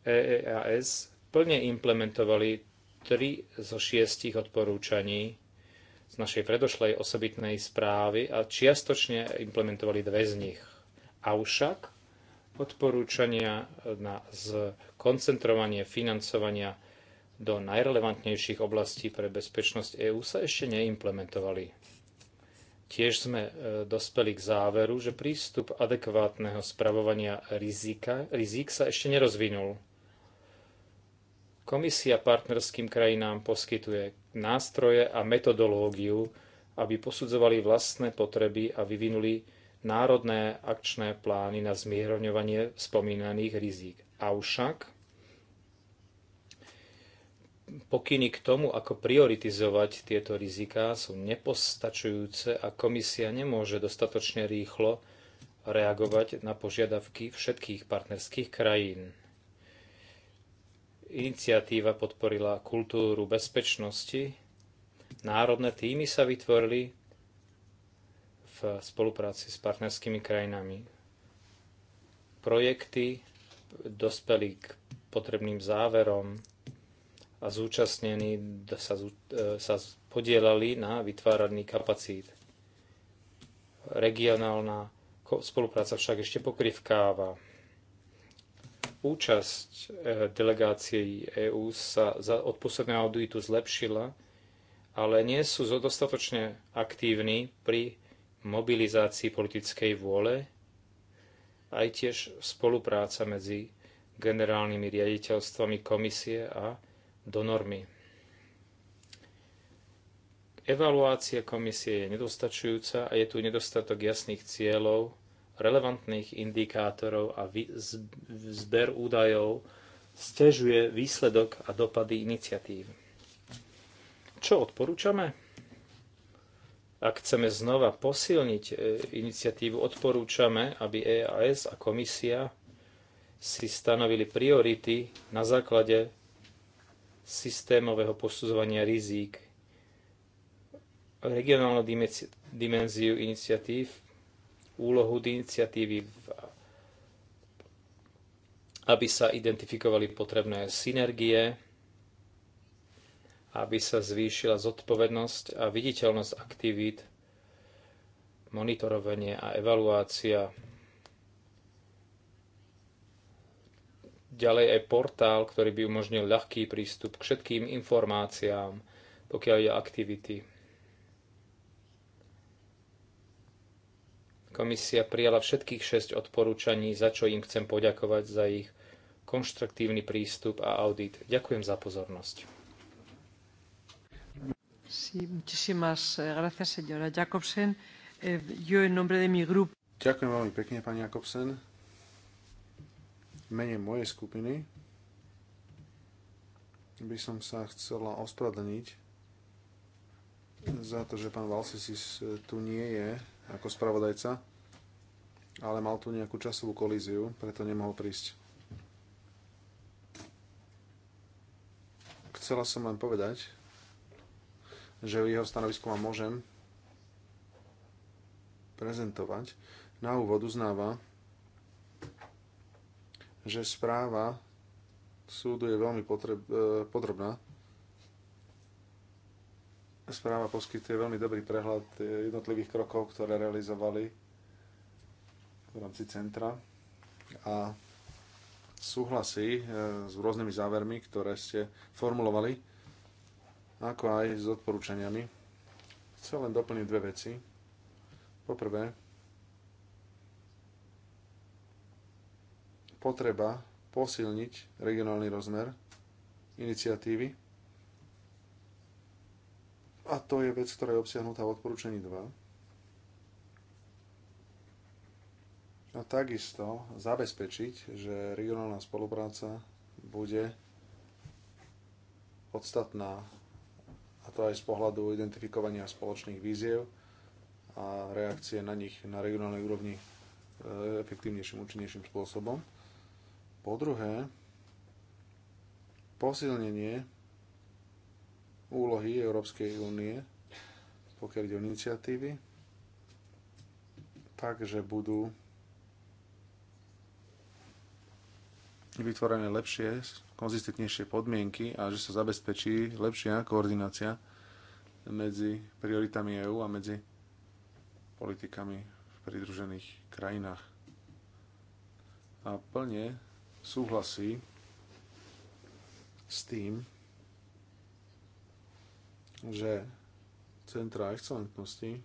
EEAS plne implementovali tri zo šiestich odporúčaní z našej predošlej osobitnej správy a čiastočne implementovali dve z nich. Avšak odporúčania na skoncentrovanie financovania do najrelevantnejších oblastí pre bezpečnosť EÚ sa ešte neimplementovali. Tiež sme e, dospeli k záveru, že prístup adekvátneho spravovania rizika, rizik sa ešte nerozvinul. Komisia partnerským krajinám poskytuje nástroje a metodológiu, aby posudzovali vlastné potreby a vyvinuli národné akčné plány na zmierňovanie spomínaných rizík. Avšak pokyny k tomu, ako prioritizovať tieto riziká, sú nepostačujúce a komisia nemôže dostatočne rýchlo reagovať na požiadavky všetkých partnerských krajín. Iniciatíva podporila kultúru bezpečnosti. Národné týmy sa vytvorili v spolupráci s partnerskými krajinami. Projekty dospeli k potrebným záverom a zúčastnení sa, e, sa podielali na vytváraní kapacít. Regionálna spolupráca však ešte pokrivkáva účasť e, delegácií EÚ sa od posledného auditu zlepšila, ale nie sú dostatočne aktívni pri mobilizácii politickej vôle, aj tiež spolupráca medzi generálnymi riaditeľstvami komisie a donormi. Evaluácia komisie je nedostačujúca a je tu nedostatok jasných cieľov relevantných indikátorov a zber údajov stežuje výsledok a dopady iniciatív. Čo odporúčame? Ak chceme znova posilniť e, iniciatívu, odporúčame, aby EAS a komisia si stanovili priority na základe systémového posudzovania rizík. Regionálnu dimenziu iniciatív úlohu iniciatívy, aby sa identifikovali potrebné synergie, aby sa zvýšila zodpovednosť a viditeľnosť aktivít, monitorovanie a evaluácia. Ďalej aj portál, ktorý by umožnil ľahký prístup k všetkým informáciám, pokiaľ je aktivity Komisia prijala všetkých šesť odporúčaní, za čo im chcem poďakovať za ich konštruktívny prístup a audit. Ďakujem za pozornosť. Eh, eh, Ďakujem veľmi pekne, pani Jakobsen. V mene mojej skupiny by som sa chcela ospravedlniť za to, že pán Valsisis eh, tu nie je ako spravodajca, ale mal tu nejakú časovú kolíziu, preto nemohol prísť. Chcela som len povedať, že jeho stanovisko vám môžem prezentovať. Na úvod uznáva, že správa súdu je veľmi potreb, eh, podrobná Správa poskytuje veľmi dobrý prehľad jednotlivých krokov, ktoré realizovali v rámci centra a súhlasí e, s rôznymi závermi, ktoré ste formulovali, ako aj s odporúčaniami. Chcem len doplniť dve veci. Poprvé, potreba posilniť regionálny rozmer iniciatívy a to je vec, ktorá je obsiahnutá v odporúčaní 2. A takisto zabezpečiť, že regionálna spolupráca bude podstatná, a to aj z pohľadu identifikovania spoločných víziev a reakcie na nich na regionálnej úrovni e, efektívnejším, účinnejším spôsobom. Po druhé, posilnenie úlohy Európskej únie, pokiaľ ide o iniciatívy, takže budú vytvorené lepšie, konzistentnejšie podmienky a že sa zabezpečí lepšia koordinácia medzi prioritami EÚ a medzi politikami v pridružených krajinách. A plne súhlasí s tým, že centra excelentnosti,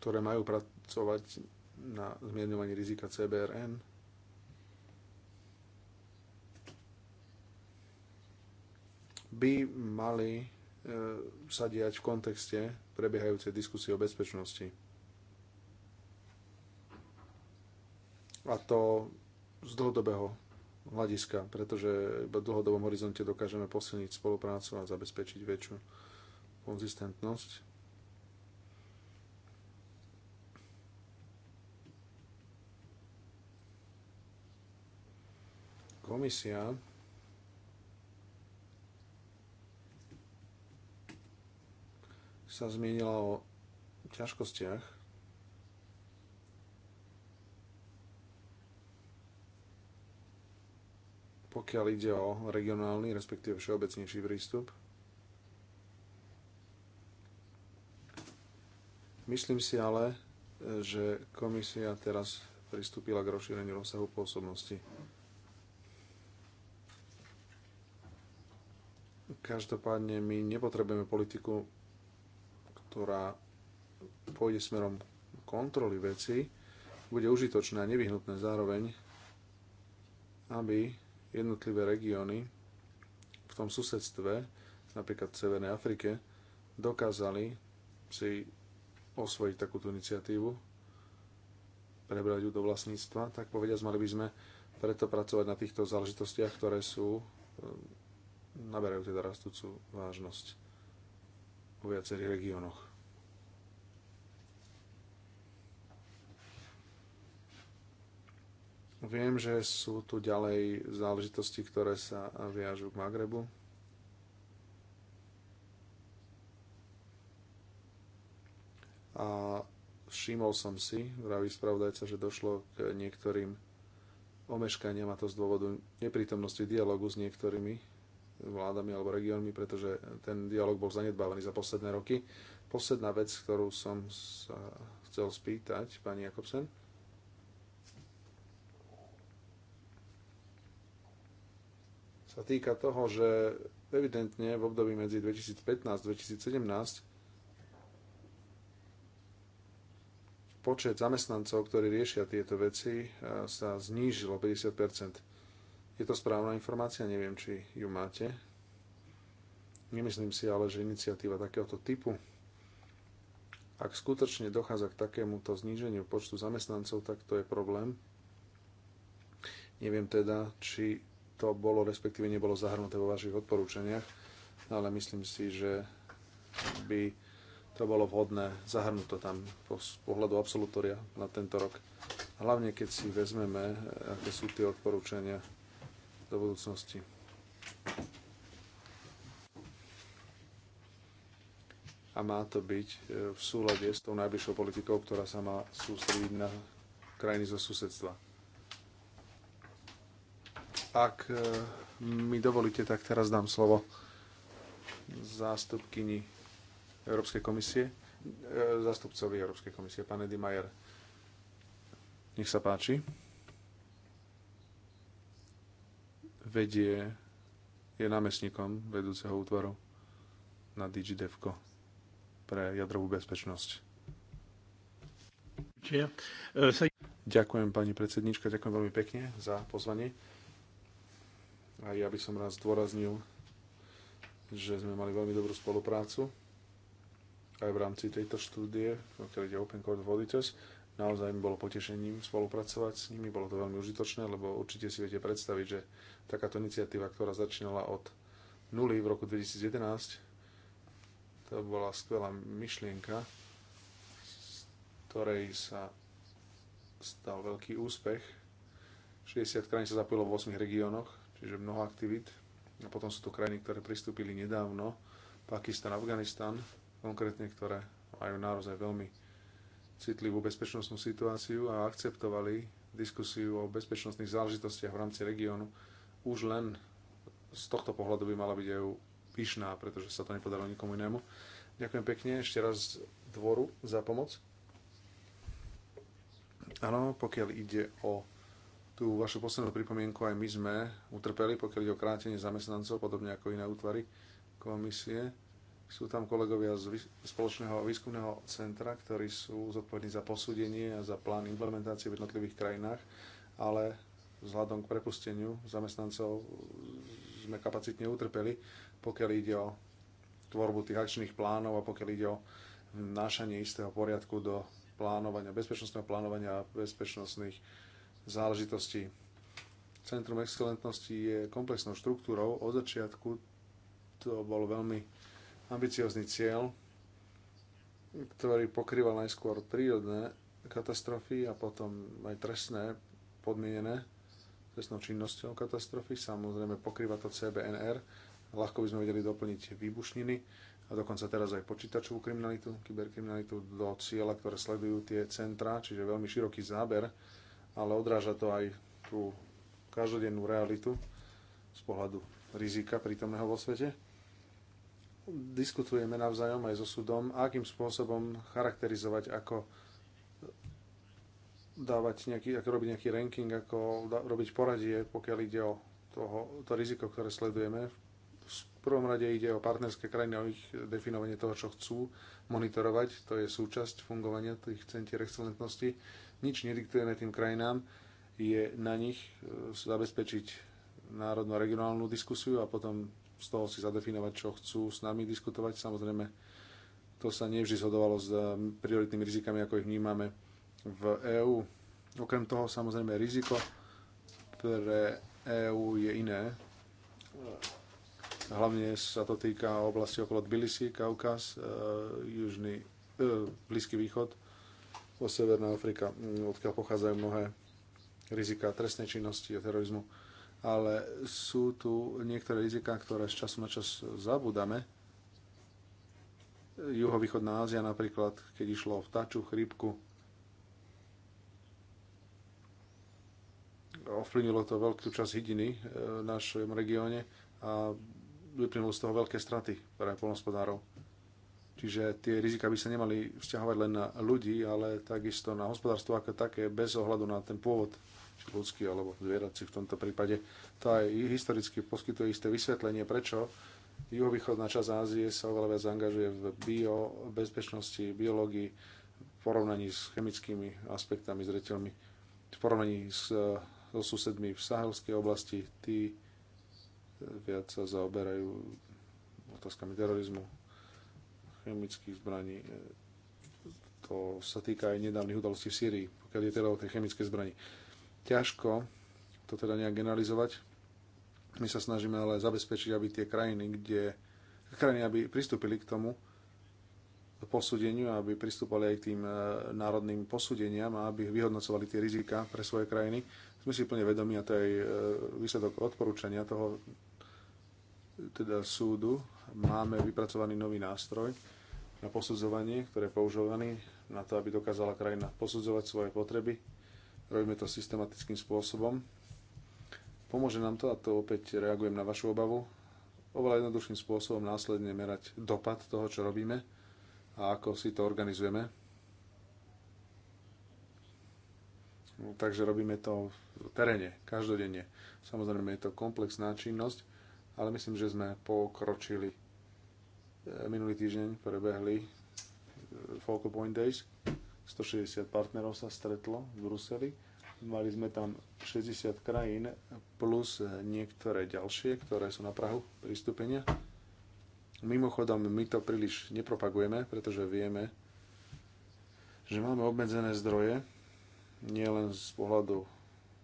ktoré majú pracovať na zmierňovaní rizika CBRN, by mali e, sa diať v kontexte prebiehajúcej diskusie o bezpečnosti. A to z dlhodobého hľadiska, pretože v dlhodobom horizonte dokážeme posilniť spoluprácu a zabezpečiť väčšiu konzistentnosť. Komisia sa zmienila o ťažkostiach pokiaľ ide o regionálny, respektíve všeobecnejší prístup. Myslím si ale, že komisia teraz pristúpila k rozšíreniu rozsahu pôsobnosti. Každopádne my nepotrebujeme politiku, ktorá pôjde smerom kontroly veci, bude užitočná a nevyhnutné zároveň, aby jednotlivé regióny v tom susedstve, napríklad v Severnej Afrike, dokázali si osvojiť takúto iniciatívu, prebrať ju do vlastníctva, tak povediať, mali by sme preto pracovať na týchto záležitostiach, ktoré sú, ehm, naberajú teda rastúcu vážnosť vo viacerých regiónoch. Viem, že sú tu ďalej záležitosti, ktoré sa viažú k Magrebu. A všimol som si, vraví spravodajca, že došlo k niektorým omeškaniam a to z dôvodu neprítomnosti dialogu s niektorými vládami alebo regiónmi, pretože ten dialog bol zanedbávaný za posledné roky. Posledná vec, ktorú som sa chcel spýtať, pani Jakobsen, sa týka toho, že evidentne v období medzi 2015 a 2017 počet zamestnancov, ktorí riešia tieto veci, e, sa znížilo 50 Je to správna informácia, neviem, či ju máte. Nemyslím si ale, že iniciatíva takéhoto typu, ak skutočne dochádza k takémuto zníženiu počtu zamestnancov, tak to je problém. Neviem teda, či to bolo, respektíve nebolo zahrnuté vo vašich odporúčaniach, ale myslím si, že by to bolo vhodné zahrnúť to tam z pohľadu absolutória na tento rok. Hlavne keď si vezmeme, aké sú tie odporúčania do budúcnosti. A má to byť e, v súlade s tou najbližšou politikou, ktorá sa má sústrediť na krajiny zo susedstva. Ak e, mi dovolíte, tak teraz dám slovo zástupkyni Európskej komisie, e, zástupcovi Európskej komisie, pán Edy Majer. Nech sa páči. Vedie, je námestníkom vedúceho útvaru na DigiDevco pre jadrovú bezpečnosť. E, ďakujem pani predsednička, ďakujem veľmi pekne za pozvanie. A ja by som raz zdôraznil, že sme mali veľmi dobrú spoluprácu aj v rámci tejto štúdie, pokiaľ je Open Court of Naozaj mi bolo potešením spolupracovať s nimi, bolo to veľmi užitočné, lebo určite si viete predstaviť, že takáto iniciatíva, ktorá začínala od nuly v roku 2011, to bola skvelá myšlienka, z ktorej sa stal veľký úspech. 60 krajín sa zapojilo v 8 regiónoch čiže mnoho aktivít. A potom sú to krajiny, ktoré pristúpili nedávno, Pakistan, Afganistan, konkrétne, ktoré majú naozaj veľmi citlivú bezpečnostnú situáciu a akceptovali diskusiu o bezpečnostných záležitostiach v rámci regiónu. Už len z tohto pohľadu by mala byť EU pyšná, pretože sa to nepodarilo nikomu inému. Ďakujem pekne ešte raz dvoru za pomoc. Áno, pokiaľ ide o tú vašu poslednú pripomienku aj my sme utrpeli, pokiaľ ide o krátenie zamestnancov, podobne ako iné útvary komisie. Sú tam kolegovia z spoločného výskumného centra, ktorí sú zodpovední za posúdenie a za plán implementácie v jednotlivých krajinách, ale vzhľadom k prepusteniu zamestnancov sme kapacitne utrpeli, pokiaľ ide o tvorbu tých akčných plánov a pokiaľ ide o nášanie istého poriadku do plánovania, bezpečnostného plánovania a bezpečnostných záležitosti. Centrum excelentnosti je komplexnou štruktúrou. Od začiatku to bol veľmi ambiciózny cieľ, ktorý pokrýval najskôr prírodné katastrofy a potom aj trestné, podmienené trestnou činnosťou katastrofy. Samozrejme pokrýva to CBNR. Ľahko by sme vedeli doplniť výbušniny a dokonca teraz aj počítačovú kriminalitu, kyberkriminalitu do cieľa, ktoré sledujú tie centrá, čiže veľmi široký záber ale odráža to aj tú každodennú realitu z pohľadu rizika prítomného vo svete. Diskutujeme navzájom aj so súdom, akým spôsobom charakterizovať, ako dávať nejaký, ako robiť nejaký ranking, ako da, robiť poradie, pokiaľ ide o toho, to riziko, ktoré sledujeme. V prvom rade ide o partnerské krajiny, o ich definovanie toho, čo chcú monitorovať. To je súčasť fungovania tých centier excelentnosti nič nediktujeme tým krajinám, je na nich e, zabezpečiť národno regionálnu diskusiu a potom z toho si zadefinovať, čo chcú s nami diskutovať. Samozrejme, to sa nevždy zhodovalo s e, prioritnými rizikami, ako ich vnímame v EÚ. Okrem toho, samozrejme, riziko pre EÚ je iné. E, hlavne sa to týka oblasti okolo Tbilisi, Kaukaz, Južný, eh, Blízky východ, zo Severná Afrika, mm, odkiaľ pochádzajú mnohé rizika trestnej činnosti a terorizmu. Ale sú tu niektoré rizika, ktoré z času na čas zabúdame. Juhovýchodná Ázia napríklad, keď išlo o vtáču chrípku, ovplyvnilo to veľkú časť hydiny e, v našom regióne a vyplynulo z toho veľké straty pre polnospodárov Čiže tie rizika by sa nemali vzťahovať len na ľudí, ale takisto na hospodárstvo ako také, bez ohľadu na ten pôvod, či ľudský alebo zvierací v tomto prípade. To aj historicky poskytuje isté vysvetlenie, prečo juhovýchodná časť Ázie sa oveľa viac angažuje v bio, bezpečnosti, biológii, v porovnaní s chemickými aspektami, zreteľmi, v porovnaní s, e, so susedmi v sahelskej oblasti, tí e, viac sa zaoberajú otázkami terorizmu, chemických zbraní. E, to sa týka aj nedávnych udalostí v Sýrii, pokiaľ je teda o tej chemické zbraní. Ťažko to teda nejak generalizovať. My sa snažíme ale zabezpečiť, aby tie krajiny, kde krajiny, aby pristúpili k tomu posúdeniu, aby pristúpali aj k tým e, národným posúdeniam a aby vyhodnocovali tie rizika pre svoje krajiny. Sme si plne vedomi a to je e, výsledok odporúčania toho teda súdu máme vypracovaný nový nástroj na posudzovanie, ktorý je používaný na to, aby dokázala krajina posudzovať svoje potreby. Robíme to systematickým spôsobom. Pomôže nám to, a to opäť reagujem na vašu obavu, oveľa jednoduchším spôsobom následne merať dopad toho, čo robíme a ako si to organizujeme. Takže robíme to v teréne, každodenne. Samozrejme je to komplexná činnosť, ale myslím, že sme pokročili. E, minulý týždeň prebehli e, Focal Point Days, 160 partnerov sa stretlo v Bruseli, mali sme tam 60 krajín plus e, niektoré ďalšie, ktoré sú na Prahu pristúpenia. Mimochodom, my to príliš nepropagujeme, pretože vieme, že máme obmedzené zdroje, nielen z pohľadu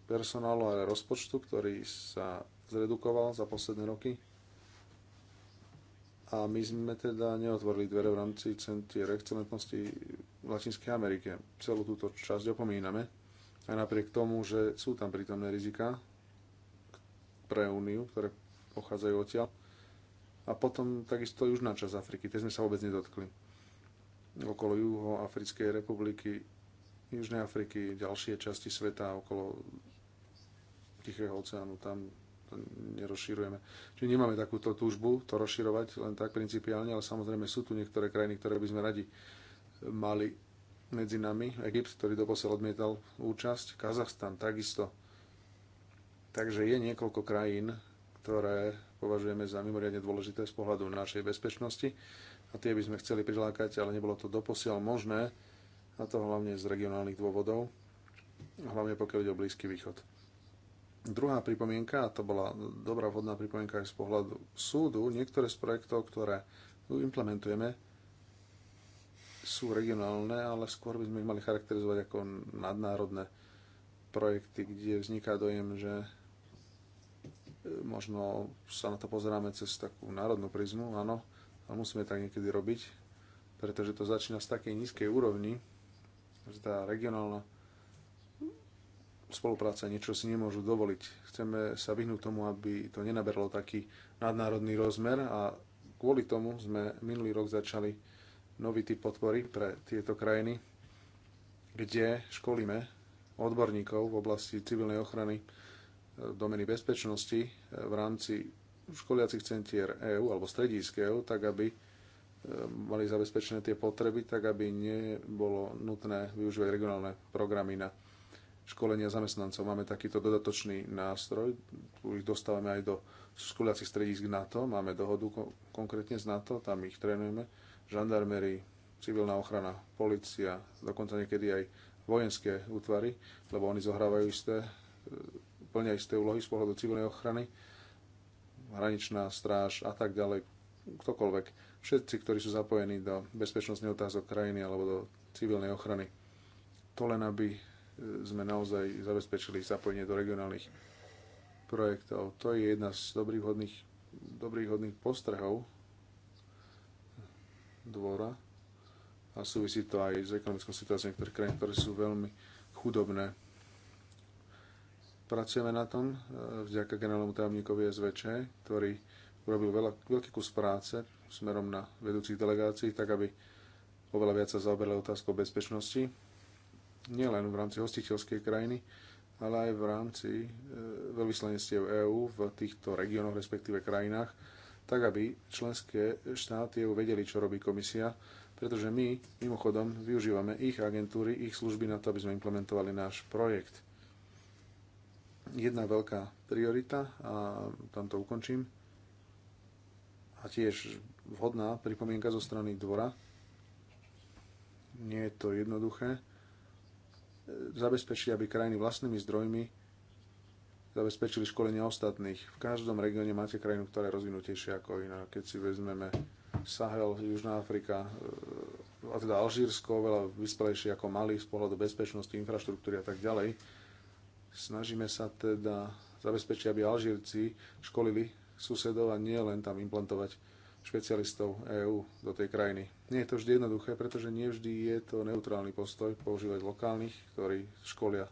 personálu, ale rozpočtu, ktorý sa zredukoval za posledné roky. A my sme teda neotvorili dvere v rámci centier excelentnosti v Latinskej Amerike. Celú túto časť opomíname. A napriek tomu, že sú tam prítomné rizika pre Úniu, ktoré pochádzajú odtiaľ. A potom takisto južná časť Afriky, tie sme sa vôbec nedotkli. Okolo Juhoafrickej republiky, Južnej Afriky, ďalšie časti sveta, okolo Tichého oceánu, tam nerozširujeme. Čiže nemáme takúto túžbu to rozširovať len tak principiálne, ale samozrejme sú tu niektoré krajiny, ktoré by sme radi mali medzi nami. Egypt, ktorý doposiaľ odmietal účasť, Kazachstan takisto. Takže je niekoľko krajín, ktoré považujeme za mimoriadne dôležité z pohľadu našej bezpečnosti a tie by sme chceli prilákať, ale nebolo to doposiaľ možné, a to hlavne z regionálnych dôvodov, hlavne pokiaľ ide o Blízky východ. Druhá pripomienka, a to bola dobrá vhodná pripomienka aj z pohľadu súdu, niektoré z projektov, ktoré tu implementujeme, sú regionálne, ale skôr by sme ich mali charakterizovať ako nadnárodné projekty, kde vzniká dojem, že e, možno sa na to pozeráme cez takú národnú prizmu, áno, ale musíme tak niekedy robiť, pretože to začína z takej nízkej úrovni, že tá regionálna spolupráca niečo si nemôžu dovoliť. Chceme sa vyhnúť tomu, aby to nenaberalo taký nadnárodný rozmer a kvôli tomu sme minulý rok začali nový typ podpory pre tieto krajiny, kde školíme odborníkov v oblasti civilnej ochrany e, domeny bezpečnosti e, v rámci školiacich centier EÚ alebo stredísk EÚ, tak aby e, mali zabezpečené tie potreby, tak aby nebolo nutné využívať regionálne programy na školenia zamestnancov. Máme takýto dodatočný nástroj, ktorý dostávame aj do školiacich stredísk NATO. Máme dohodu konkrétne z NATO, tam ich trénujeme. Žandarmery, civilná ochrana, policia, dokonca niekedy aj vojenské útvary, lebo oni zohrávajú isté, e, plnia isté úlohy z pohľadu civilnej ochrany, hraničná stráž a tak ďalej, ktokoľvek. Všetci, ktorí sú zapojení do bezpečnostných otázok krajiny alebo do civilnej ochrany. To len, aby sme naozaj zabezpečili zapojenie do regionálnych projektov. To je jedna z dobrých hodných, dobrých hodných postrehov dvora a súvisí to aj s ekonomickou situáciou niektorých krajín, ktoré sú veľmi chudobné. Pracujeme na tom e, vďaka generálnemu tajomníkovi SVČ, ktorý urobil veľa, veľký kus práce smerom na vedúcich delegácií, tak aby oveľa viac sa zaoberali otázkou bezpečnosti nielen v rámci hostiteľskej krajiny, ale aj v rámci e, veľvyslanectiev EÚ v týchto regiónoch, respektíve krajinách, tak aby členské štáty EU vedeli, čo robí komisia, pretože my mimochodom využívame ich agentúry, ich služby na to, aby sme implementovali náš projekt. Jedna veľká priorita, a tam to ukončím, a tiež vhodná pripomienka zo strany dvora. Nie je to jednoduché zabezpečí, aby krajiny vlastnými zdrojmi zabezpečili školenie ostatných. V každom regióne máte krajinu, ktorá je rozvinutejšia ako iná. Keď si vezmeme Sahel, Južná Afrika, e, a teda Alžírsko, veľa vyspelejšie ako Mali z pohľadu bezpečnosti, infraštruktúry a tak ďalej. Snažíme sa teda zabezpečiť, aby Alžírci školili susedov a nie len tam implantovať špecialistov EÚ do tej krajiny. Nie je to vždy jednoduché, pretože nevždy je to neutrálny postoj používať lokálnych, ktorí školia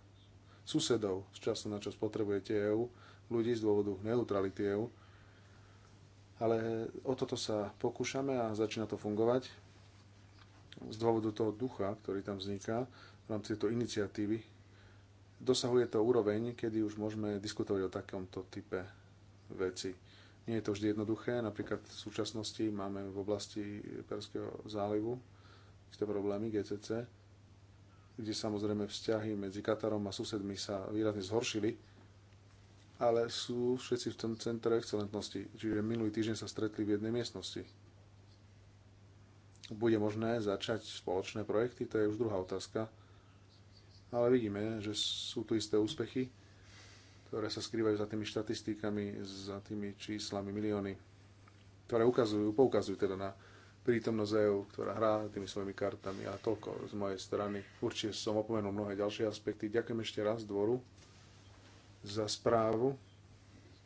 susedov z času na čas potrebujete EÚ, ľudí z dôvodu neutrality EÚ. Ale o toto sa pokúšame a začína to fungovať z dôvodu toho ducha, ktorý tam vzniká v rámci tejto iniciatívy. Dosahuje to úroveň, kedy už môžeme diskutovať o takomto type veci nie je to vždy jednoduché, napríklad v súčasnosti máme v oblasti Perského zálivu isté problémy GCC, kde samozrejme vzťahy medzi Katarom a susedmi sa výrazne zhoršili, ale sú všetci v tom centre excelentnosti, čiže minulý týždeň sa stretli v jednej miestnosti. Bude možné začať spoločné projekty, to je už druhá otázka, ale vidíme, že sú tu isté úspechy ktoré sa skrývajú za tými štatistikami, za tými číslami, milióny, ktoré ukazujú, poukazujú teda na prítomnosť EU, ktorá hrá tými svojimi kartami a toľko z mojej strany. Určite som opomenul mnohé ďalšie aspekty. Ďakujem ešte raz dvoru za správu.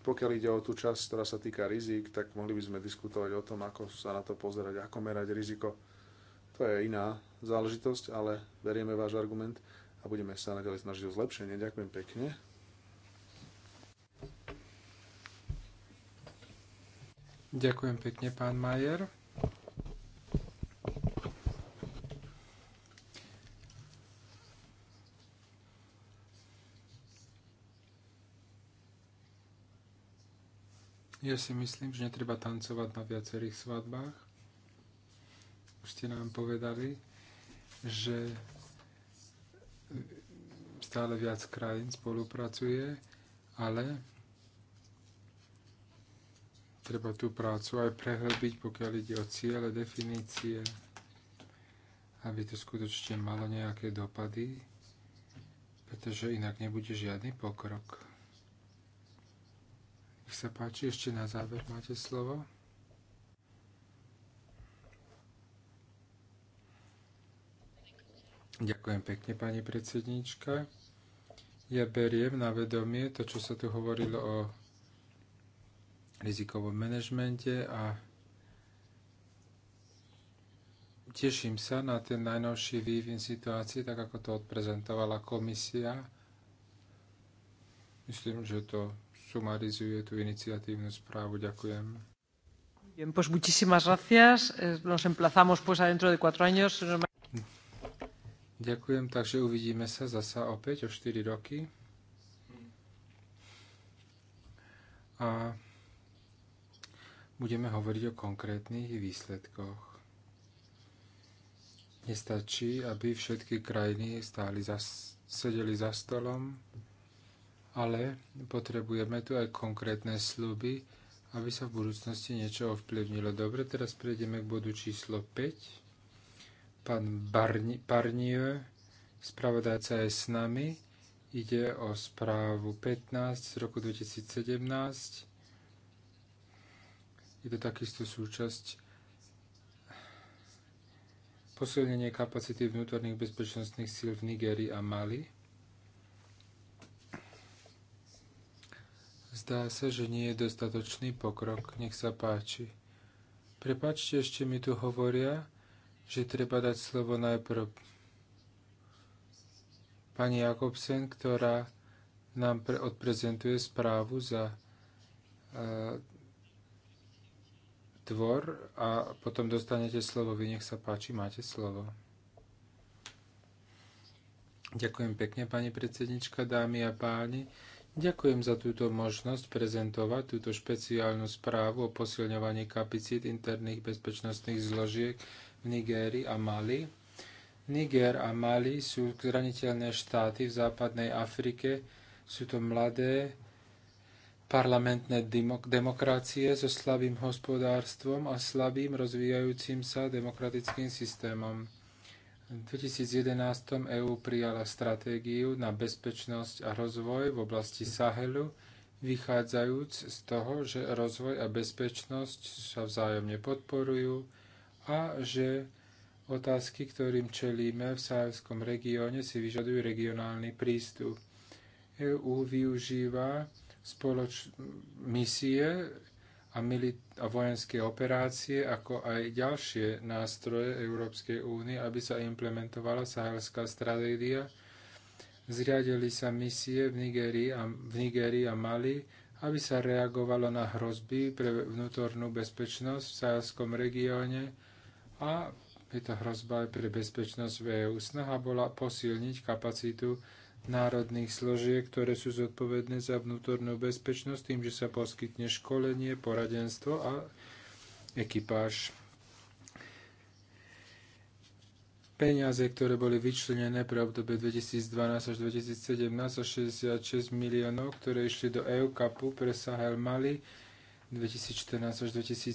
Pokiaľ ide o tú časť, ktorá sa týka rizik, tak mohli by sme diskutovať o tom, ako sa na to pozerať, ako merať riziko. To je iná záležitosť, ale verieme váš argument a budeme sa naďalej snažiť o zlepšenie. Ďakujem pekne. Ďakujem pekne, pán Majer. Ja si myslím, že netreba tancovať na viacerých svadbách. Už ste nám povedali, že stále viac krajín spolupracuje, ale treba tú prácu aj prehlbiť, pokiaľ ide o ciele, definície, aby to skutočne malo nejaké dopady, pretože inak nebude žiadny pokrok. Nech sa páči, ešte na záver máte slovo. Ďakujem pekne, pani predsedníčka. Ja beriem na vedomie to, čo sa tu hovorilo o rizikovom manažmente a teším sa na ten najnovší vývin situácie, tak ako to odprezentovala komisia. Myslím, že to sumarizuje tú iniciatívnu správu. Ďakujem. Bien, pues muchísimas gracias. Eh, nos emplazamos pues a dentro de cuatro años. Ďakujem, takže uvidíme sa zasa opäť o 4 roky. A budeme hovoriť o konkrétnych výsledkoch. Nestačí, aby všetky krajiny stáli za, sedeli za stolom, ale potrebujeme tu aj konkrétne sluby, aby sa v budúcnosti niečo ovplyvnilo. Dobre, teraz prejdeme k bodu číslo 5. Pán Barni, Barnier, spravodajca je s nami. Ide o správu 15 z roku 2017 je to takisto súčasť posilnenie kapacity vnútorných bezpečnostných síl v Nigerii a Mali. Zdá sa, že nie je dostatočný pokrok. Nech sa páči. Prepačte, ešte mi tu hovoria, že treba dať slovo najprv pani Jakobsen, ktorá nám pre, odprezentuje správu za uh, dvor a potom dostanete slovo. Vy nech sa páči, máte slovo. Ďakujem pekne, pani predsednička, dámy a páni. Ďakujem za túto možnosť prezentovať túto špeciálnu správu o posilňovaní kapacít interných bezpečnostných zložiek v Nigérii a Mali. Niger a Mali sú zraniteľné štáty v západnej Afrike. Sú to mladé, parlamentné demokracie so slabým hospodárstvom a slabým rozvíjajúcim sa demokratickým systémom. V 2011 EÚ prijala stratégiu na bezpečnosť a rozvoj v oblasti Sahelu, vychádzajúc z toho, že rozvoj a bezpečnosť sa vzájomne podporujú a že otázky, ktorým čelíme v sahelskom regióne, si vyžadujú regionálny prístup. EÚ využíva spoloč- misie a, a vojenské operácie, ako aj ďalšie nástroje Európskej únie, aby sa implementovala sahelská stratégia. Zriadili sa misie v Nigerii a, v Nigerii a Mali, aby sa reagovalo na hrozby pre vnútornú bezpečnosť v sahelskom regióne a je to hrozba aj pre bezpečnosť v EU. Snaha bola posilniť kapacitu národných složiek, ktoré sú zodpovedné za vnútornú bezpečnosť, tým, že sa poskytne školenie, poradenstvo a ekipáž. Peniaze, ktoré boli vyčlenené pre obdobie 2012 až 2017 a 66 miliónov, ktoré išli do EUCAPu pre Sahel Mali 2014 až 2017,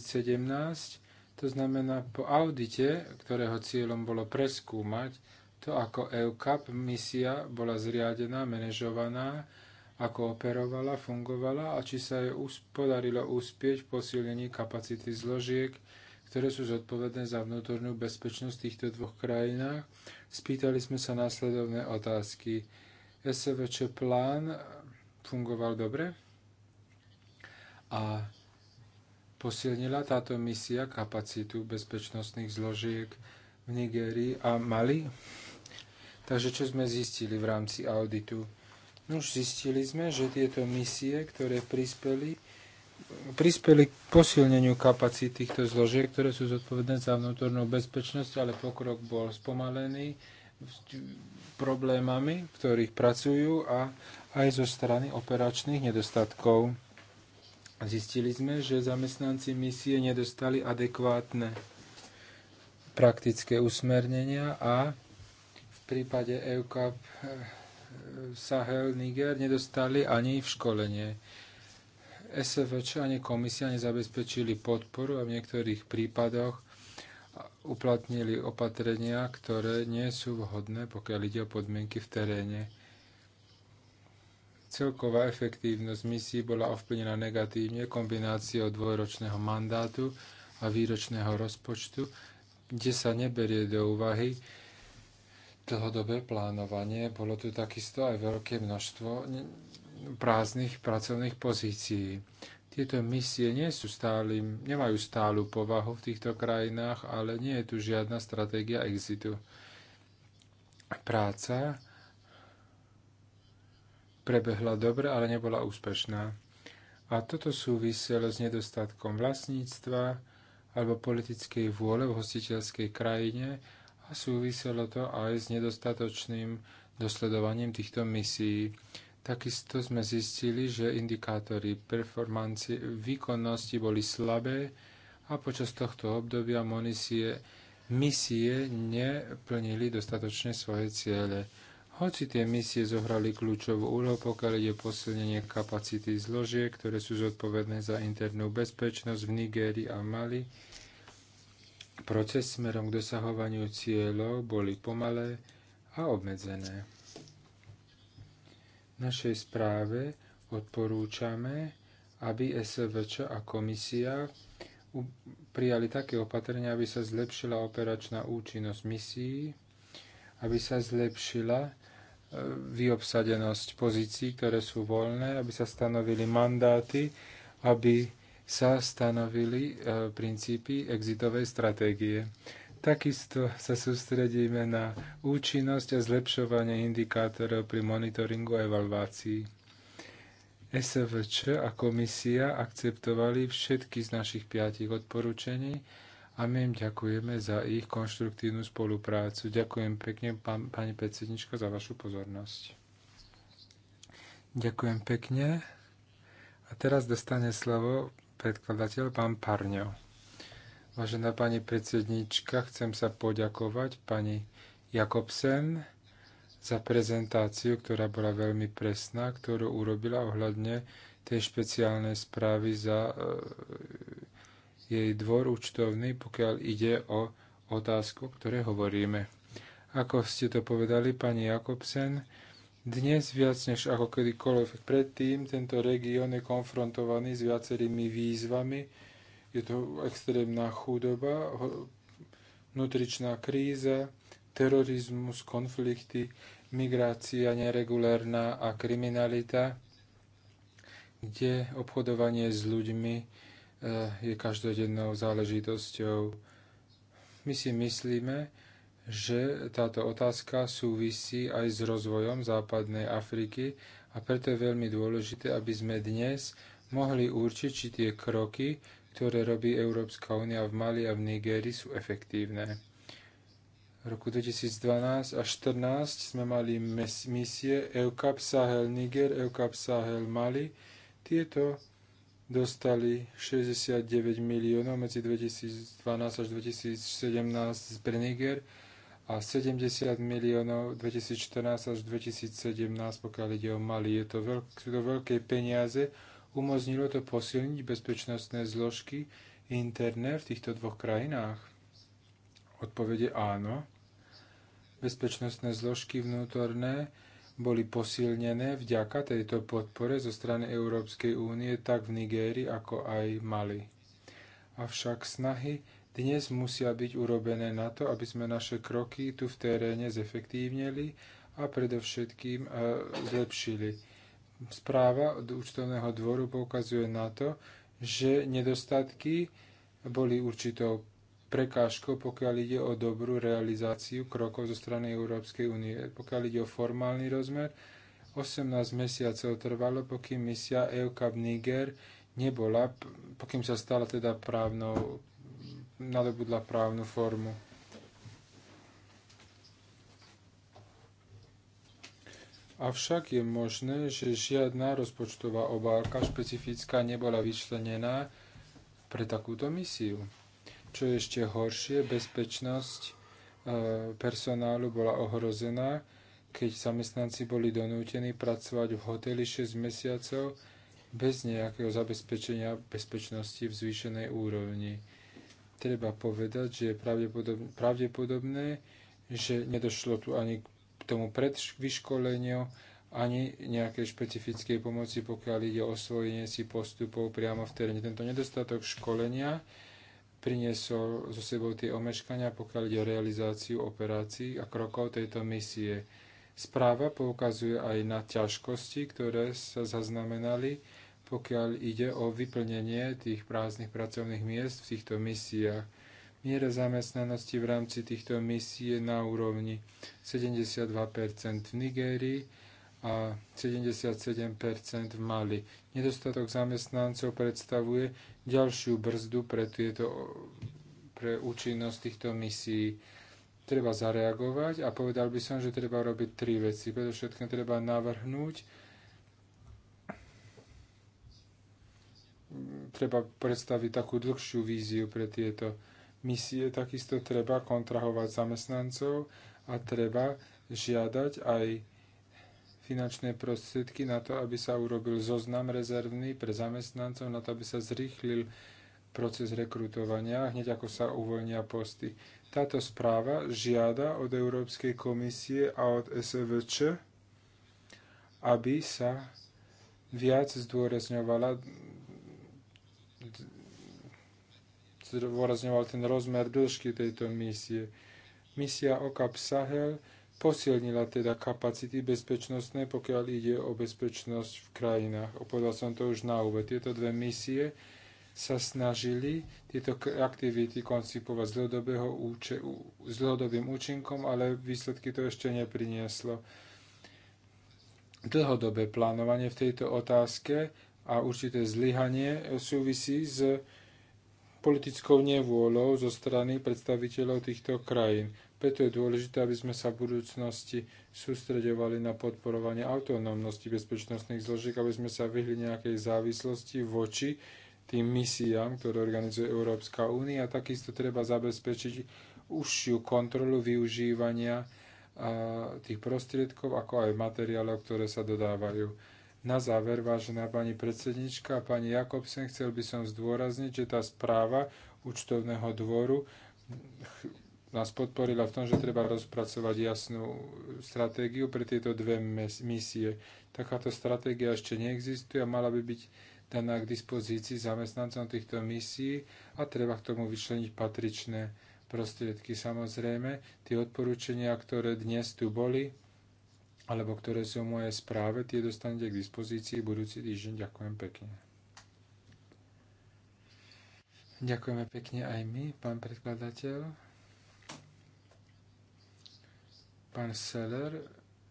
to znamená po audite, ktorého cieľom bolo preskúmať, to, ako EUCAP misia bola zriadená, manažovaná, ako operovala, fungovala a či sa jej podarilo uspieť v posilnení kapacity zložiek, ktoré sú zodpovedné za vnútornú bezpečnosť v týchto dvoch krajinách. Spýtali sme sa následovné otázky. SVČ plán fungoval dobre a posilnila táto misia kapacitu bezpečnostných zložiek v Nigérii a Mali. Takže čo sme zistili v rámci auditu? No už zistili sme, že tieto misie, ktoré prispeli, prispeli k posilneniu kapacít týchto zložiek, ktoré sú zodpovedné za vnútornú bezpečnosť, ale pokrok bol spomalený problémami, v ktorých pracujú a aj zo strany operačných nedostatkov. Zistili sme, že zamestnanci misie nedostali adekvátne praktické usmernenia a prípade EUCAP eh, Sahel Niger nedostali ani v školenie. SFČ ani komisia nezabezpečili podporu a v niektorých prípadoch uplatnili opatrenia, ktoré nie sú vhodné, pokiaľ ide o podmienky v teréne. Celková efektívnosť misií bola ovplyvnená negatívne kombináciou dvojročného mandátu a výročného rozpočtu, kde sa neberie do úvahy dlhodobé plánovanie, bolo tu takisto aj veľké množstvo prázdnych pracovných pozícií. Tieto misie nie sú stálym, nemajú stálu povahu v týchto krajinách, ale nie je tu žiadna stratégia exitu. Práca prebehla dobre, ale nebola úspešná. A toto súviselo s nedostatkom vlastníctva alebo politickej vôle v hostiteľskej krajine, a súviselo to aj s nedostatočným dosledovaním týchto misií. Takisto sme zistili, že indikátory performancie výkonnosti boli slabé a počas tohto obdobia monisie, misie neplnili dostatočne svoje ciele. Hoci tie misie zohrali kľúčovú úlohu, pokiaľ ide posilnenie kapacity zložiek, ktoré sú zodpovedné za internú bezpečnosť v Nigérii a Mali, proces smerom k dosahovaniu cieľov boli pomalé a obmedzené. V našej správe odporúčame, aby SVČ a komisia prijali také opatrenia, aby sa zlepšila operačná účinnosť misií, aby sa zlepšila e, vyobsadenosť pozícií, ktoré sú voľné, aby sa stanovili mandáty, aby sa stanovili e, princípy exitovej stratégie. Takisto sa sústredíme na účinnosť a zlepšovanie indikátorov pri monitoringu a evaluácii. SVČ a komisia akceptovali všetky z našich piatich odporúčení a my im ďakujeme za ich konštruktívnu spoluprácu. Ďakujem pekne, pán, pani predsednička, za vašu pozornosť. Ďakujem pekne. A teraz dostane slovo predkladateľ pán Parňo. Vážená pani predsednička, chcem sa poďakovať pani Jakobsen za prezentáciu, ktorá bola veľmi presná, ktorú urobila ohľadne tej špeciálnej správy za e, jej dvor účtovný, pokiaľ ide o otázku, o ktorej hovoríme. Ako ste to povedali, pani Jakobsen, dnes viac než ako kedykoľvek predtým tento región je konfrontovaný s viacerými výzvami. Je to extrémna chudoba, nutričná kríza, terorizmus, konflikty, migrácia neregulárna a kriminalita, kde obchodovanie s ľuďmi eh, je každodennou záležitosťou. My si myslíme, že táto otázka súvisí aj s rozvojom západnej Afriky a preto je veľmi dôležité, aby sme dnes mohli určiť, či tie kroky, ktoré robí Európska únia v Mali a v Nigérii, sú efektívne. V roku 2012 a 2014 sme mali misie EUCAP Sahel Niger, EUCAP Sahel Mali. Tieto dostali 69 miliónov medzi 2012 až 2017 pre Niger a 70 miliónov 2014 až 2017, pokiaľ ide o Mali. Je to veľk, sú to veľké peniaze. Umožnilo to posilniť bezpečnostné zložky interné v týchto dvoch krajinách? Odpovede áno. Bezpečnostné zložky vnútorné boli posilnené vďaka tejto podpore zo strany Európskej únie tak v Nigérii, ako aj Mali. Avšak snahy dnes musia byť urobené na to, aby sme naše kroky tu v teréne zefektívnili a predovšetkým e, zlepšili. Správa od účtovného dvoru poukazuje na to, že nedostatky boli určitou prekážkou, pokiaľ ide o dobrú realizáciu krokov zo strany Európskej únie. Pokiaľ ide o formálny rozmer, 18 mesiacov trvalo, pokým misia EUCAP Niger nebola, pokým sa stala teda právnou nadobudla právnu formu. Avšak je možné, že žiadna rozpočtová obálka špecifická nebola vyčlenená pre takúto misiu. Čo je ešte horšie, bezpečnosť e, personálu bola ohrozená, keď zamestnanci boli donútení pracovať v hoteli 6 mesiacov bez nejakého zabezpečenia bezpečnosti v zvýšenej úrovni treba povedať, že je pravdepodobné, pravdepodobné že nedošlo tu ani k tomu predvyškoleniu, ani nejakej špecifickej pomoci, pokiaľ ide o osvojenie si postupov priamo v teréne. Tento nedostatok školenia priniesol so sebou tie omeškania, pokiaľ ide o realizáciu operácií a krokov tejto misie. Správa poukazuje aj na ťažkosti, ktoré sa zaznamenali pokiaľ ide o vyplnenie tých prázdnych pracovných miest v týchto misiách. Miera zamestnanosti v rámci týchto misií je na úrovni 72% v Nigérii a 77% v Mali. Nedostatok zamestnancov predstavuje ďalšiu brzdu pre, tieto, pre účinnosť týchto misií treba zareagovať a povedal by som, že treba robiť tri veci. všetkým treba navrhnúť treba predstaviť takú dlhšiu víziu pre tieto misie. Takisto treba kontrahovať zamestnancov a treba žiadať aj finančné prostriedky na to, aby sa urobil zoznam rezervný pre zamestnancov, na to, aby sa zrýchlil proces rekrutovania, hneď ako sa uvoľnia posty. Táto správa žiada od Európskej komisie a od SVČ, aby sa viac zdôrazňovala zdôrazňoval ten rozmer dĺžky tejto misie. Misia OKAP Sahel posilnila teda kapacity bezpečnostné, pokiaľ ide o bezpečnosť v krajinách. Opovedal som to už na úvod. Tieto dve misie sa snažili tieto aktivity koncipovať s, dlhodobým účinkom, ale výsledky to ešte neprinieslo. Dlhodobé plánovanie v tejto otázke a určité zlyhanie súvisí s politickou nevôľou zo strany predstaviteľov týchto krajín. Preto je dôležité, aby sme sa v budúcnosti sústredovali na podporovanie autonómnosti bezpečnostných zložiek, aby sme sa vyhli nejakej závislosti voči tým misiám, ktoré organizuje Európska únia. A takisto treba zabezpečiť užšiu kontrolu využívania tých prostriedkov, ako aj materiálov, ktoré sa dodávajú na záver, vážená pani predsednička, pani Jakobsen, chcel by som zdôrazniť, že tá správa účtovného dvoru nás podporila v tom, že treba rozpracovať jasnú stratégiu pre tieto dve misie. Takáto stratégia ešte neexistuje a mala by byť daná k dispozícii zamestnancom týchto misií a treba k tomu vyčleniť patričné prostriedky. Samozrejme, tie odporúčania, ktoré dnes tu boli, alebo ktoré sú moje správe, tie dostanete k dispozícii budúci týždeň. Ďakujem pekne. Ďakujeme pekne aj my, pán predkladateľ. Pán Seller,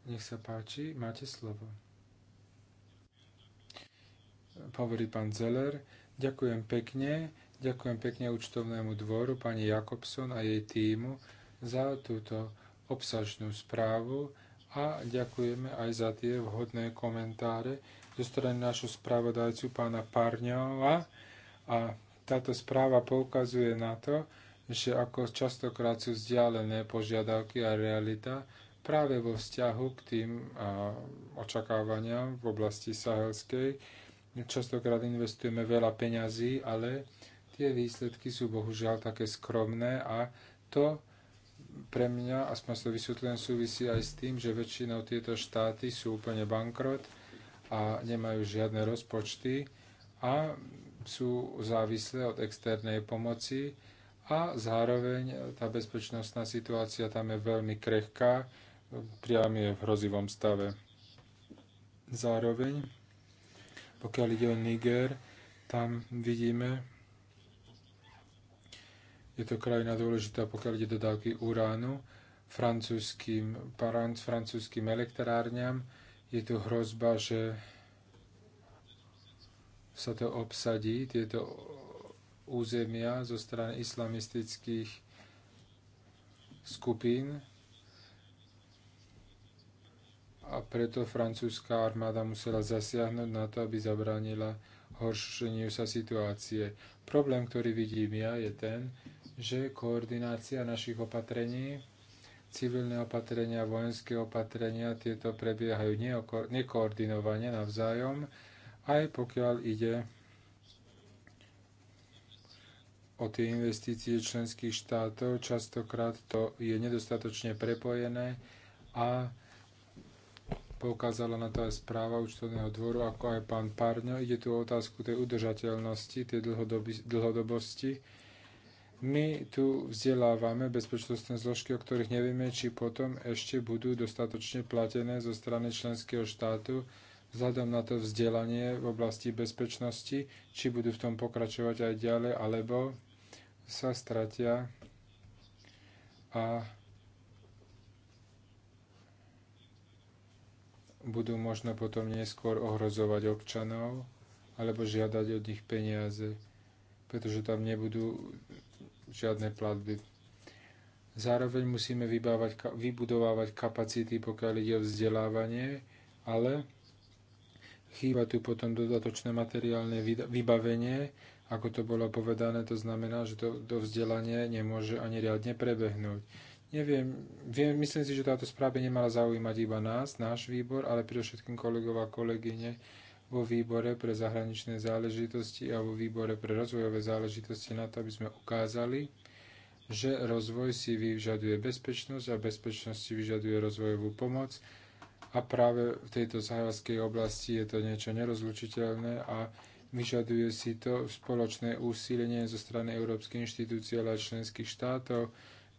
nech sa páči, máte slovo. Hovorí pán Zeller. Ďakujem pekne. Ďakujem pekne účtovnému dvoru, pani Jakobson a jej týmu za túto obsažnú správu a ďakujeme aj za tie vhodné komentáre zo strany našu spravodajcu pána Parňova a táto správa poukazuje na to, že ako častokrát sú vzdialené požiadavky a realita práve vo vzťahu k tým a, očakávaniam v oblasti sahelskej. Častokrát investujeme veľa peňazí, ale tie výsledky sú bohužiaľ také skromné a to pre mňa, aspoň to vysvetlím, súvisí aj s tým, že väčšinou tieto štáty sú úplne bankrot a nemajú žiadne rozpočty a sú závislé od externej pomoci a zároveň tá bezpečnostná situácia tam je veľmi krehká, priam je v hrozivom stave. Zároveň, pokiaľ ide o Niger, tam vidíme, je to krajina dôležitá, pokiaľ ide dodávky uránu francúzským, francúzským elektrárňam. Je tu hrozba, že sa to obsadí, tieto územia zo strany islamistických skupín a preto francúzska armáda musela zasiahnuť na to, aby zabránila horšeniu sa situácie. Problém, ktorý vidím ja, je ten, že koordinácia našich opatrení, civilné opatrenia, vojenské opatrenia, tieto prebiehajú nekoordinovane navzájom, aj pokiaľ ide o tie investície členských štátov. Častokrát to je nedostatočne prepojené a poukázala na to aj správa účtovného dvoru, ako aj pán Parňo. Ide tu o otázku tej udržateľnosti, tej dlhodobosti my tu vzdelávame bezpečnostné zložky, o ktorých nevieme, či potom ešte budú dostatočne platené zo strany členského štátu vzhľadom na to vzdelanie v oblasti bezpečnosti, či budú v tom pokračovať aj ďalej, alebo sa stratia a budú možno potom neskôr ohrozovať občanov alebo žiadať od nich peniaze, pretože tam nebudú žiadne platby. Zároveň musíme vybávať, vybudovávať kapacity, pokiaľ ide o vzdelávanie, ale chýba tu potom dodatočné materiálne vybavenie, ako to bolo povedané, to znamená, že to do vzdelanie nemôže ani riadne prebehnúť. Neviem, viem, myslím si, že táto správa nemala zaujímať iba nás, náš výbor, ale predovšetkým kolegov a kolegyne, vo výbore pre zahraničné záležitosti a vo výbore pre rozvojové záležitosti na to, aby sme ukázali, že rozvoj si vyžaduje bezpečnosť a bezpečnosť si vyžaduje rozvojovú pomoc a práve v tejto sahelskej oblasti je to niečo nerozlučiteľné a vyžaduje si to spoločné úsilenie zo strany Európskej inštitúcie, ale členských štátov.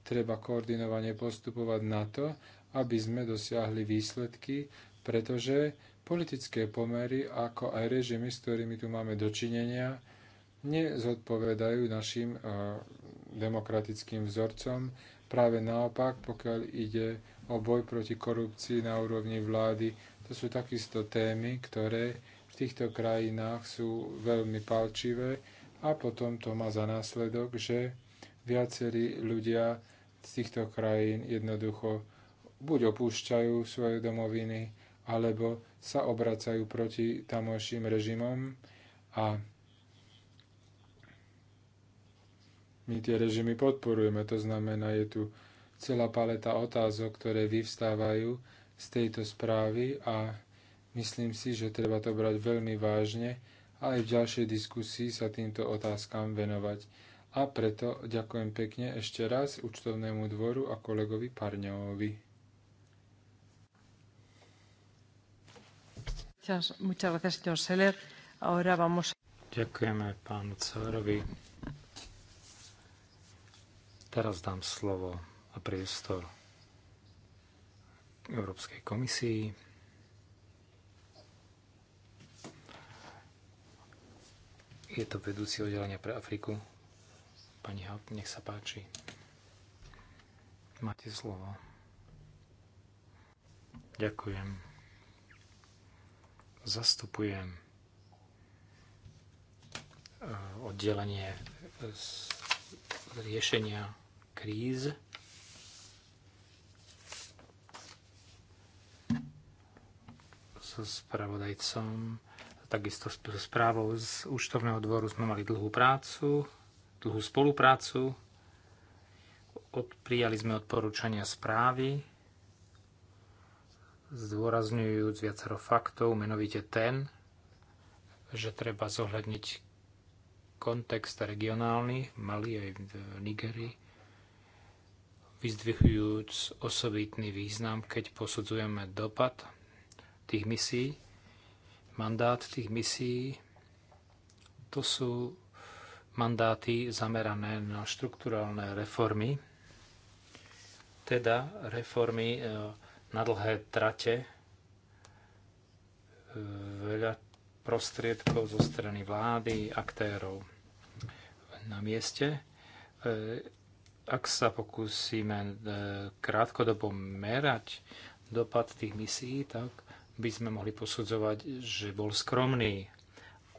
Treba koordinovane postupovať na to, aby sme dosiahli výsledky, pretože Politické pomery, ako aj režimy, s ktorými tu máme dočinenia, nezodpovedajú našim eh, demokratickým vzorcom. Práve naopak, pokiaľ ide o boj proti korupcii na úrovni vlády, to sú takisto témy, ktoré v týchto krajinách sú veľmi palčivé a potom to má za následok, že viacerí ľudia z týchto krajín jednoducho buď opúšťajú svoje domoviny, alebo sa obracajú proti tamojším režimom a my tie režimy podporujeme. To znamená, je tu celá paleta otázok, ktoré vyvstávajú z tejto správy a myslím si, že treba to brať veľmi vážne a aj v ďalšej diskusii sa týmto otázkam venovať. A preto ďakujem pekne ešte raz účtovnému dvoru a kolegovi Parňovi. Ďakujeme pánu Cárovi. Teraz dám slovo a priestor Európskej komisii. Je to vedúci oddelenia pre Afriku. Pani Haupt, nech sa páči. Máte slovo. Ďakujem zastupujem eh, oddelenie eh, riešenia kríz. So spravodajcom, takisto so správou z účtovného dvoru sme mali dlhú prácu, dlhú spoluprácu. Od, prijali sme odporúčania správy zdôrazňujúc viacero faktov, menovite ten, že treba zohľadniť kontext regionálny v Mali aj v Nigerii, vyzdvihujúc osobitný význam, keď posudzujeme dopad tých misií, mandát tých misií. To sú mandáty zamerané na štrukturálne reformy, teda reformy e, na dlhé trate e, veľa prostriedkov zo strany vlády, aktérov na mieste. E, ak sa pokúsime e, krátkodobo merať dopad tých misií, tak by sme mohli posudzovať, že bol skromný.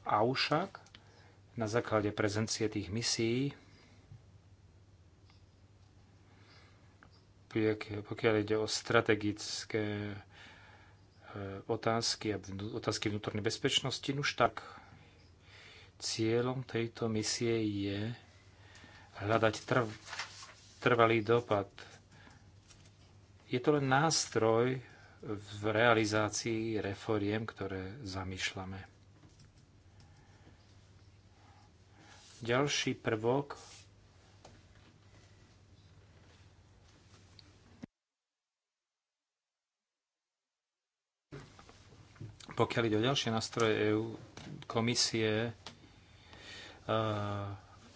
Avšak na základe prezencie tých misií pokiaľ ide o strategické e, otázky a otázky vnútornej bezpečnosti, už tak cieľom tejto misie je hľadať trv, trvalý dopad. Je to len nástroj v realizácii reforiem, ktoré zamýšľame. Ďalší prvok Pokiaľ ide o ďalšie nástroje EU, komisie, e,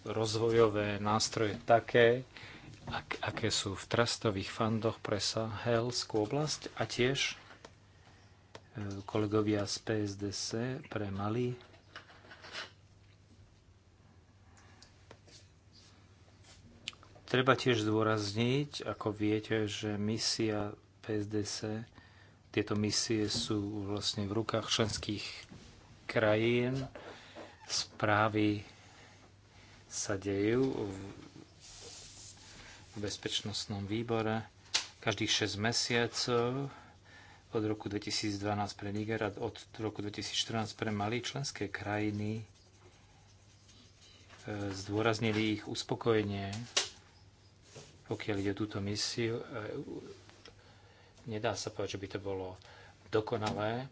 rozvojové nástroje také, ak, aké sú v trastových fandoch pre Sahelskú oblasť a tiež e, kolegovia z PSDC pre Mali. Treba tiež zdôrazniť, ako viete, že misia PSDC tieto misie sú vlastne v rukách členských krajín. Správy sa dejú v bezpečnostnom výbore každých 6 mesiacov od roku 2012 pre Niger a od roku 2014 pre malé členské krajiny e, zdôraznili ich uspokojenie, pokiaľ ide o túto misiu. E, Nedá sa povedať, že by to bolo dokonalé.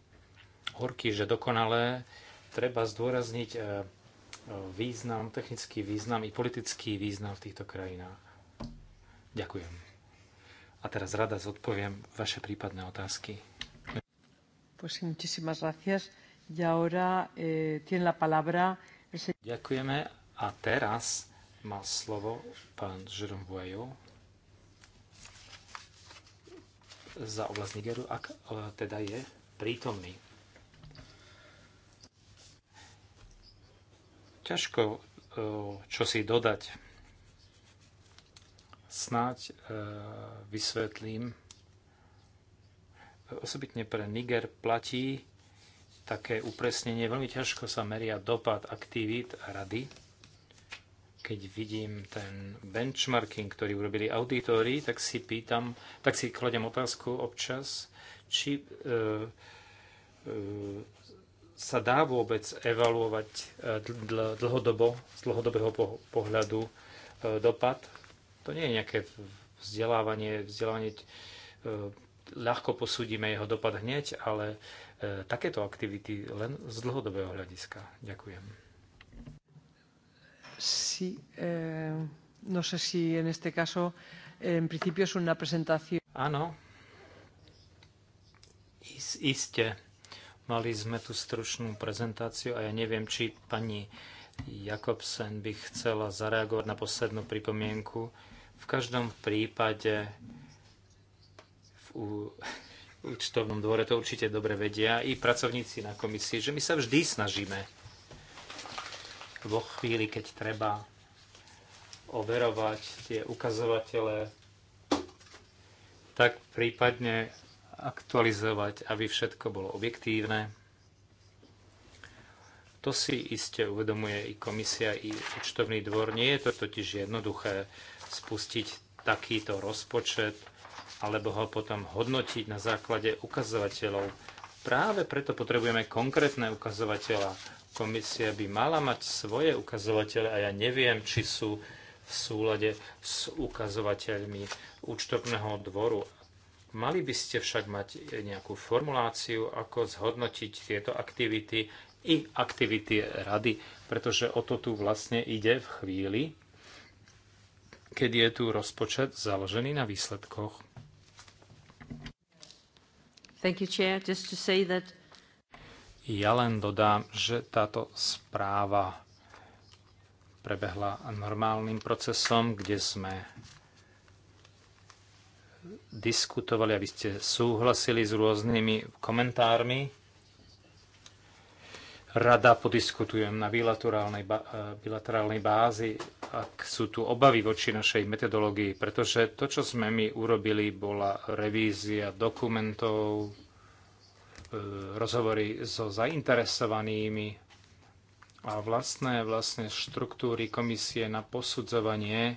Horky že dokonalé. Treba zdôrazniť e, e, význam, technický význam i politický význam v týchto krajinách. Ďakujem. A teraz rada zodpoviem vaše prípadné otázky. Eh, Ďakujeme. A teraz má slovo pán Jerome Boyot. za oblast Nigeru, ak e, teda je prítomný. Ťažko e, čo si dodať. Snáď e, vysvetlím. Osobitne pre Niger platí také upresnenie. Veľmi ťažko sa meria dopad aktivít rady keď vidím ten benchmarking, ktorý urobili auditori, tak si pýtam, tak si kladem otázku občas, či e, e, sa dá vôbec evaluovať e, dlhodobo, z dlhodobého pohľadu e, dopad. To nie je nejaké vzdelávanie, vzdelávanie e, ľahko posúdime jeho dopad hneď, ale e, takéto aktivity len z dlhodobého hľadiska. Ďakujem. Sí, eh, no sé si en este caso, en principio es una presentación. Áno. Ah, Is, iste. Mali sme tu stručnú prezentáciu a ja neviem, či pani Jakobsen by chcela zareagovať na poslednú pripomienku. V každom prípade v ú, účtovnom dvore to určite dobre vedia i pracovníci na komisii, že my sa vždy snažíme vo chvíli, keď treba overovať tie ukazovatele, tak prípadne aktualizovať, aby všetko bolo objektívne. To si iste uvedomuje i komisia, i účtovný dvor. Nie je to totiž jednoduché spustiť takýto rozpočet alebo ho potom hodnotiť na základe ukazovateľov. Práve preto potrebujeme konkrétne ukazovateľa, Komisia by mala mať svoje ukazovatele a ja neviem, či sú v súlade s ukazovateľmi účtovného dvoru. Mali by ste však mať nejakú formuláciu, ako zhodnotiť tieto aktivity i aktivity rady, pretože o to tu vlastne ide v chvíli, keď je tu rozpočet založený na výsledkoch. Thank you, Chair. Just to say that ja len dodám, že táto správa prebehla normálnym procesom, kde sme diskutovali, aby ste súhlasili s rôznymi komentármi. Rada podiskutujem na bilaterálnej, eh, bilaterálnej bázi, ak sú tu obavy voči našej metodológii, pretože to, čo sme my urobili, bola revízia dokumentov, Eh, rozhovory so zainteresovanými a vlastné, vlastne štruktúry komisie na posudzovanie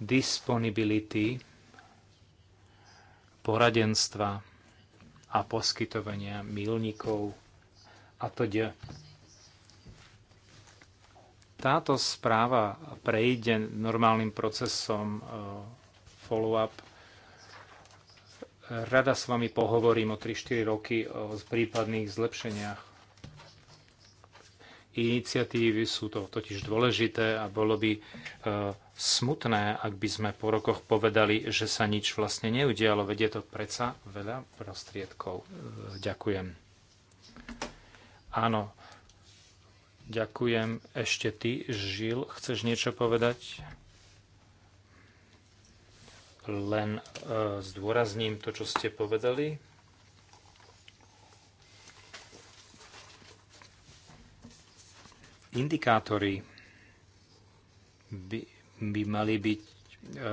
disponibility poradenstva a poskytovania milníkov a de. Táto správa prejde normálnym procesom eh, follow-up Rada s vami pohovorím o 3-4 roky o prípadných zlepšeniach. Iniciatívy sú to totiž dôležité a bolo by e, smutné, ak by sme po rokoch povedali, že sa nič vlastne neudialo, Vedie je to predsa veľa prostriedkov. E, ďakujem. Áno, ďakujem. Ešte ty, Žil, chceš niečo povedať? Len e, zdôrazním to, čo ste povedali. Indikátory by, by mali byť e, e,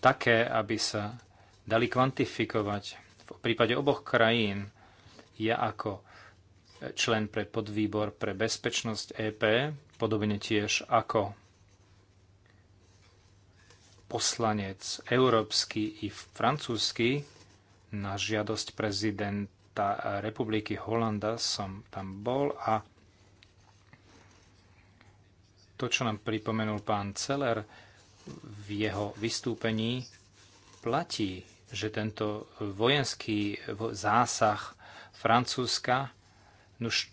také, aby sa dali kvantifikovať. V prípade oboch krajín ja ako člen pre podvýbor pre bezpečnosť EP, podobne tiež ako poslanec európsky i francúzsky. Na žiadosť prezidenta republiky Holanda som tam bol a to, čo nám pripomenul pán Celer v jeho vystúpení, platí, že tento vojenský zásah Francúzska, už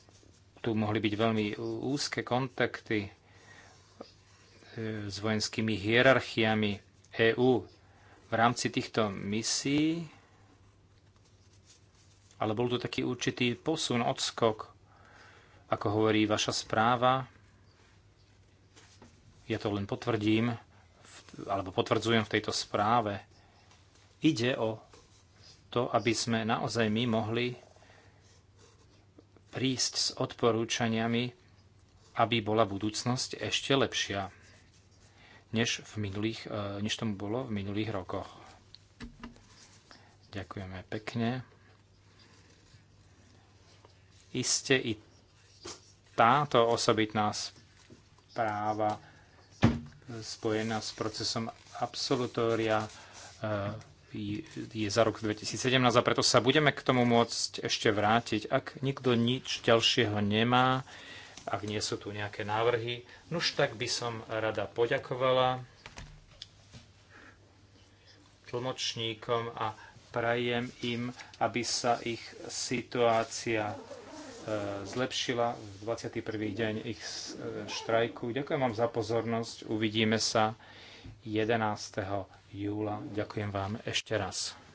tu mohli byť veľmi úzke kontakty e, s vojenskými hierarchiami, EÚ v rámci týchto misií, ale bol to taký určitý posun, odskok, ako hovorí vaša správa. Ja to len potvrdím, alebo potvrdzujem v tejto správe. Ide o to, aby sme naozaj my mohli prísť s odporúčaniami, aby bola budúcnosť ešte lepšia než, v minulých, e, než tomu bolo v minulých rokoch. Ďakujeme pekne. Iste i táto osobitná správa spojená s procesom absolutória e, je za rok 2017 a preto sa budeme k tomu môcť ešte vrátiť. Ak nikto nič ďalšieho nemá, ak nie sú tu nejaké návrhy, nuž tak by som rada poďakovala tlmočníkom a prajem im, aby sa ich situácia e, zlepšila v 21. deň ich e, štrajku. Ďakujem vám za pozornosť. Uvidíme sa 11. júla. Ďakujem vám ešte raz.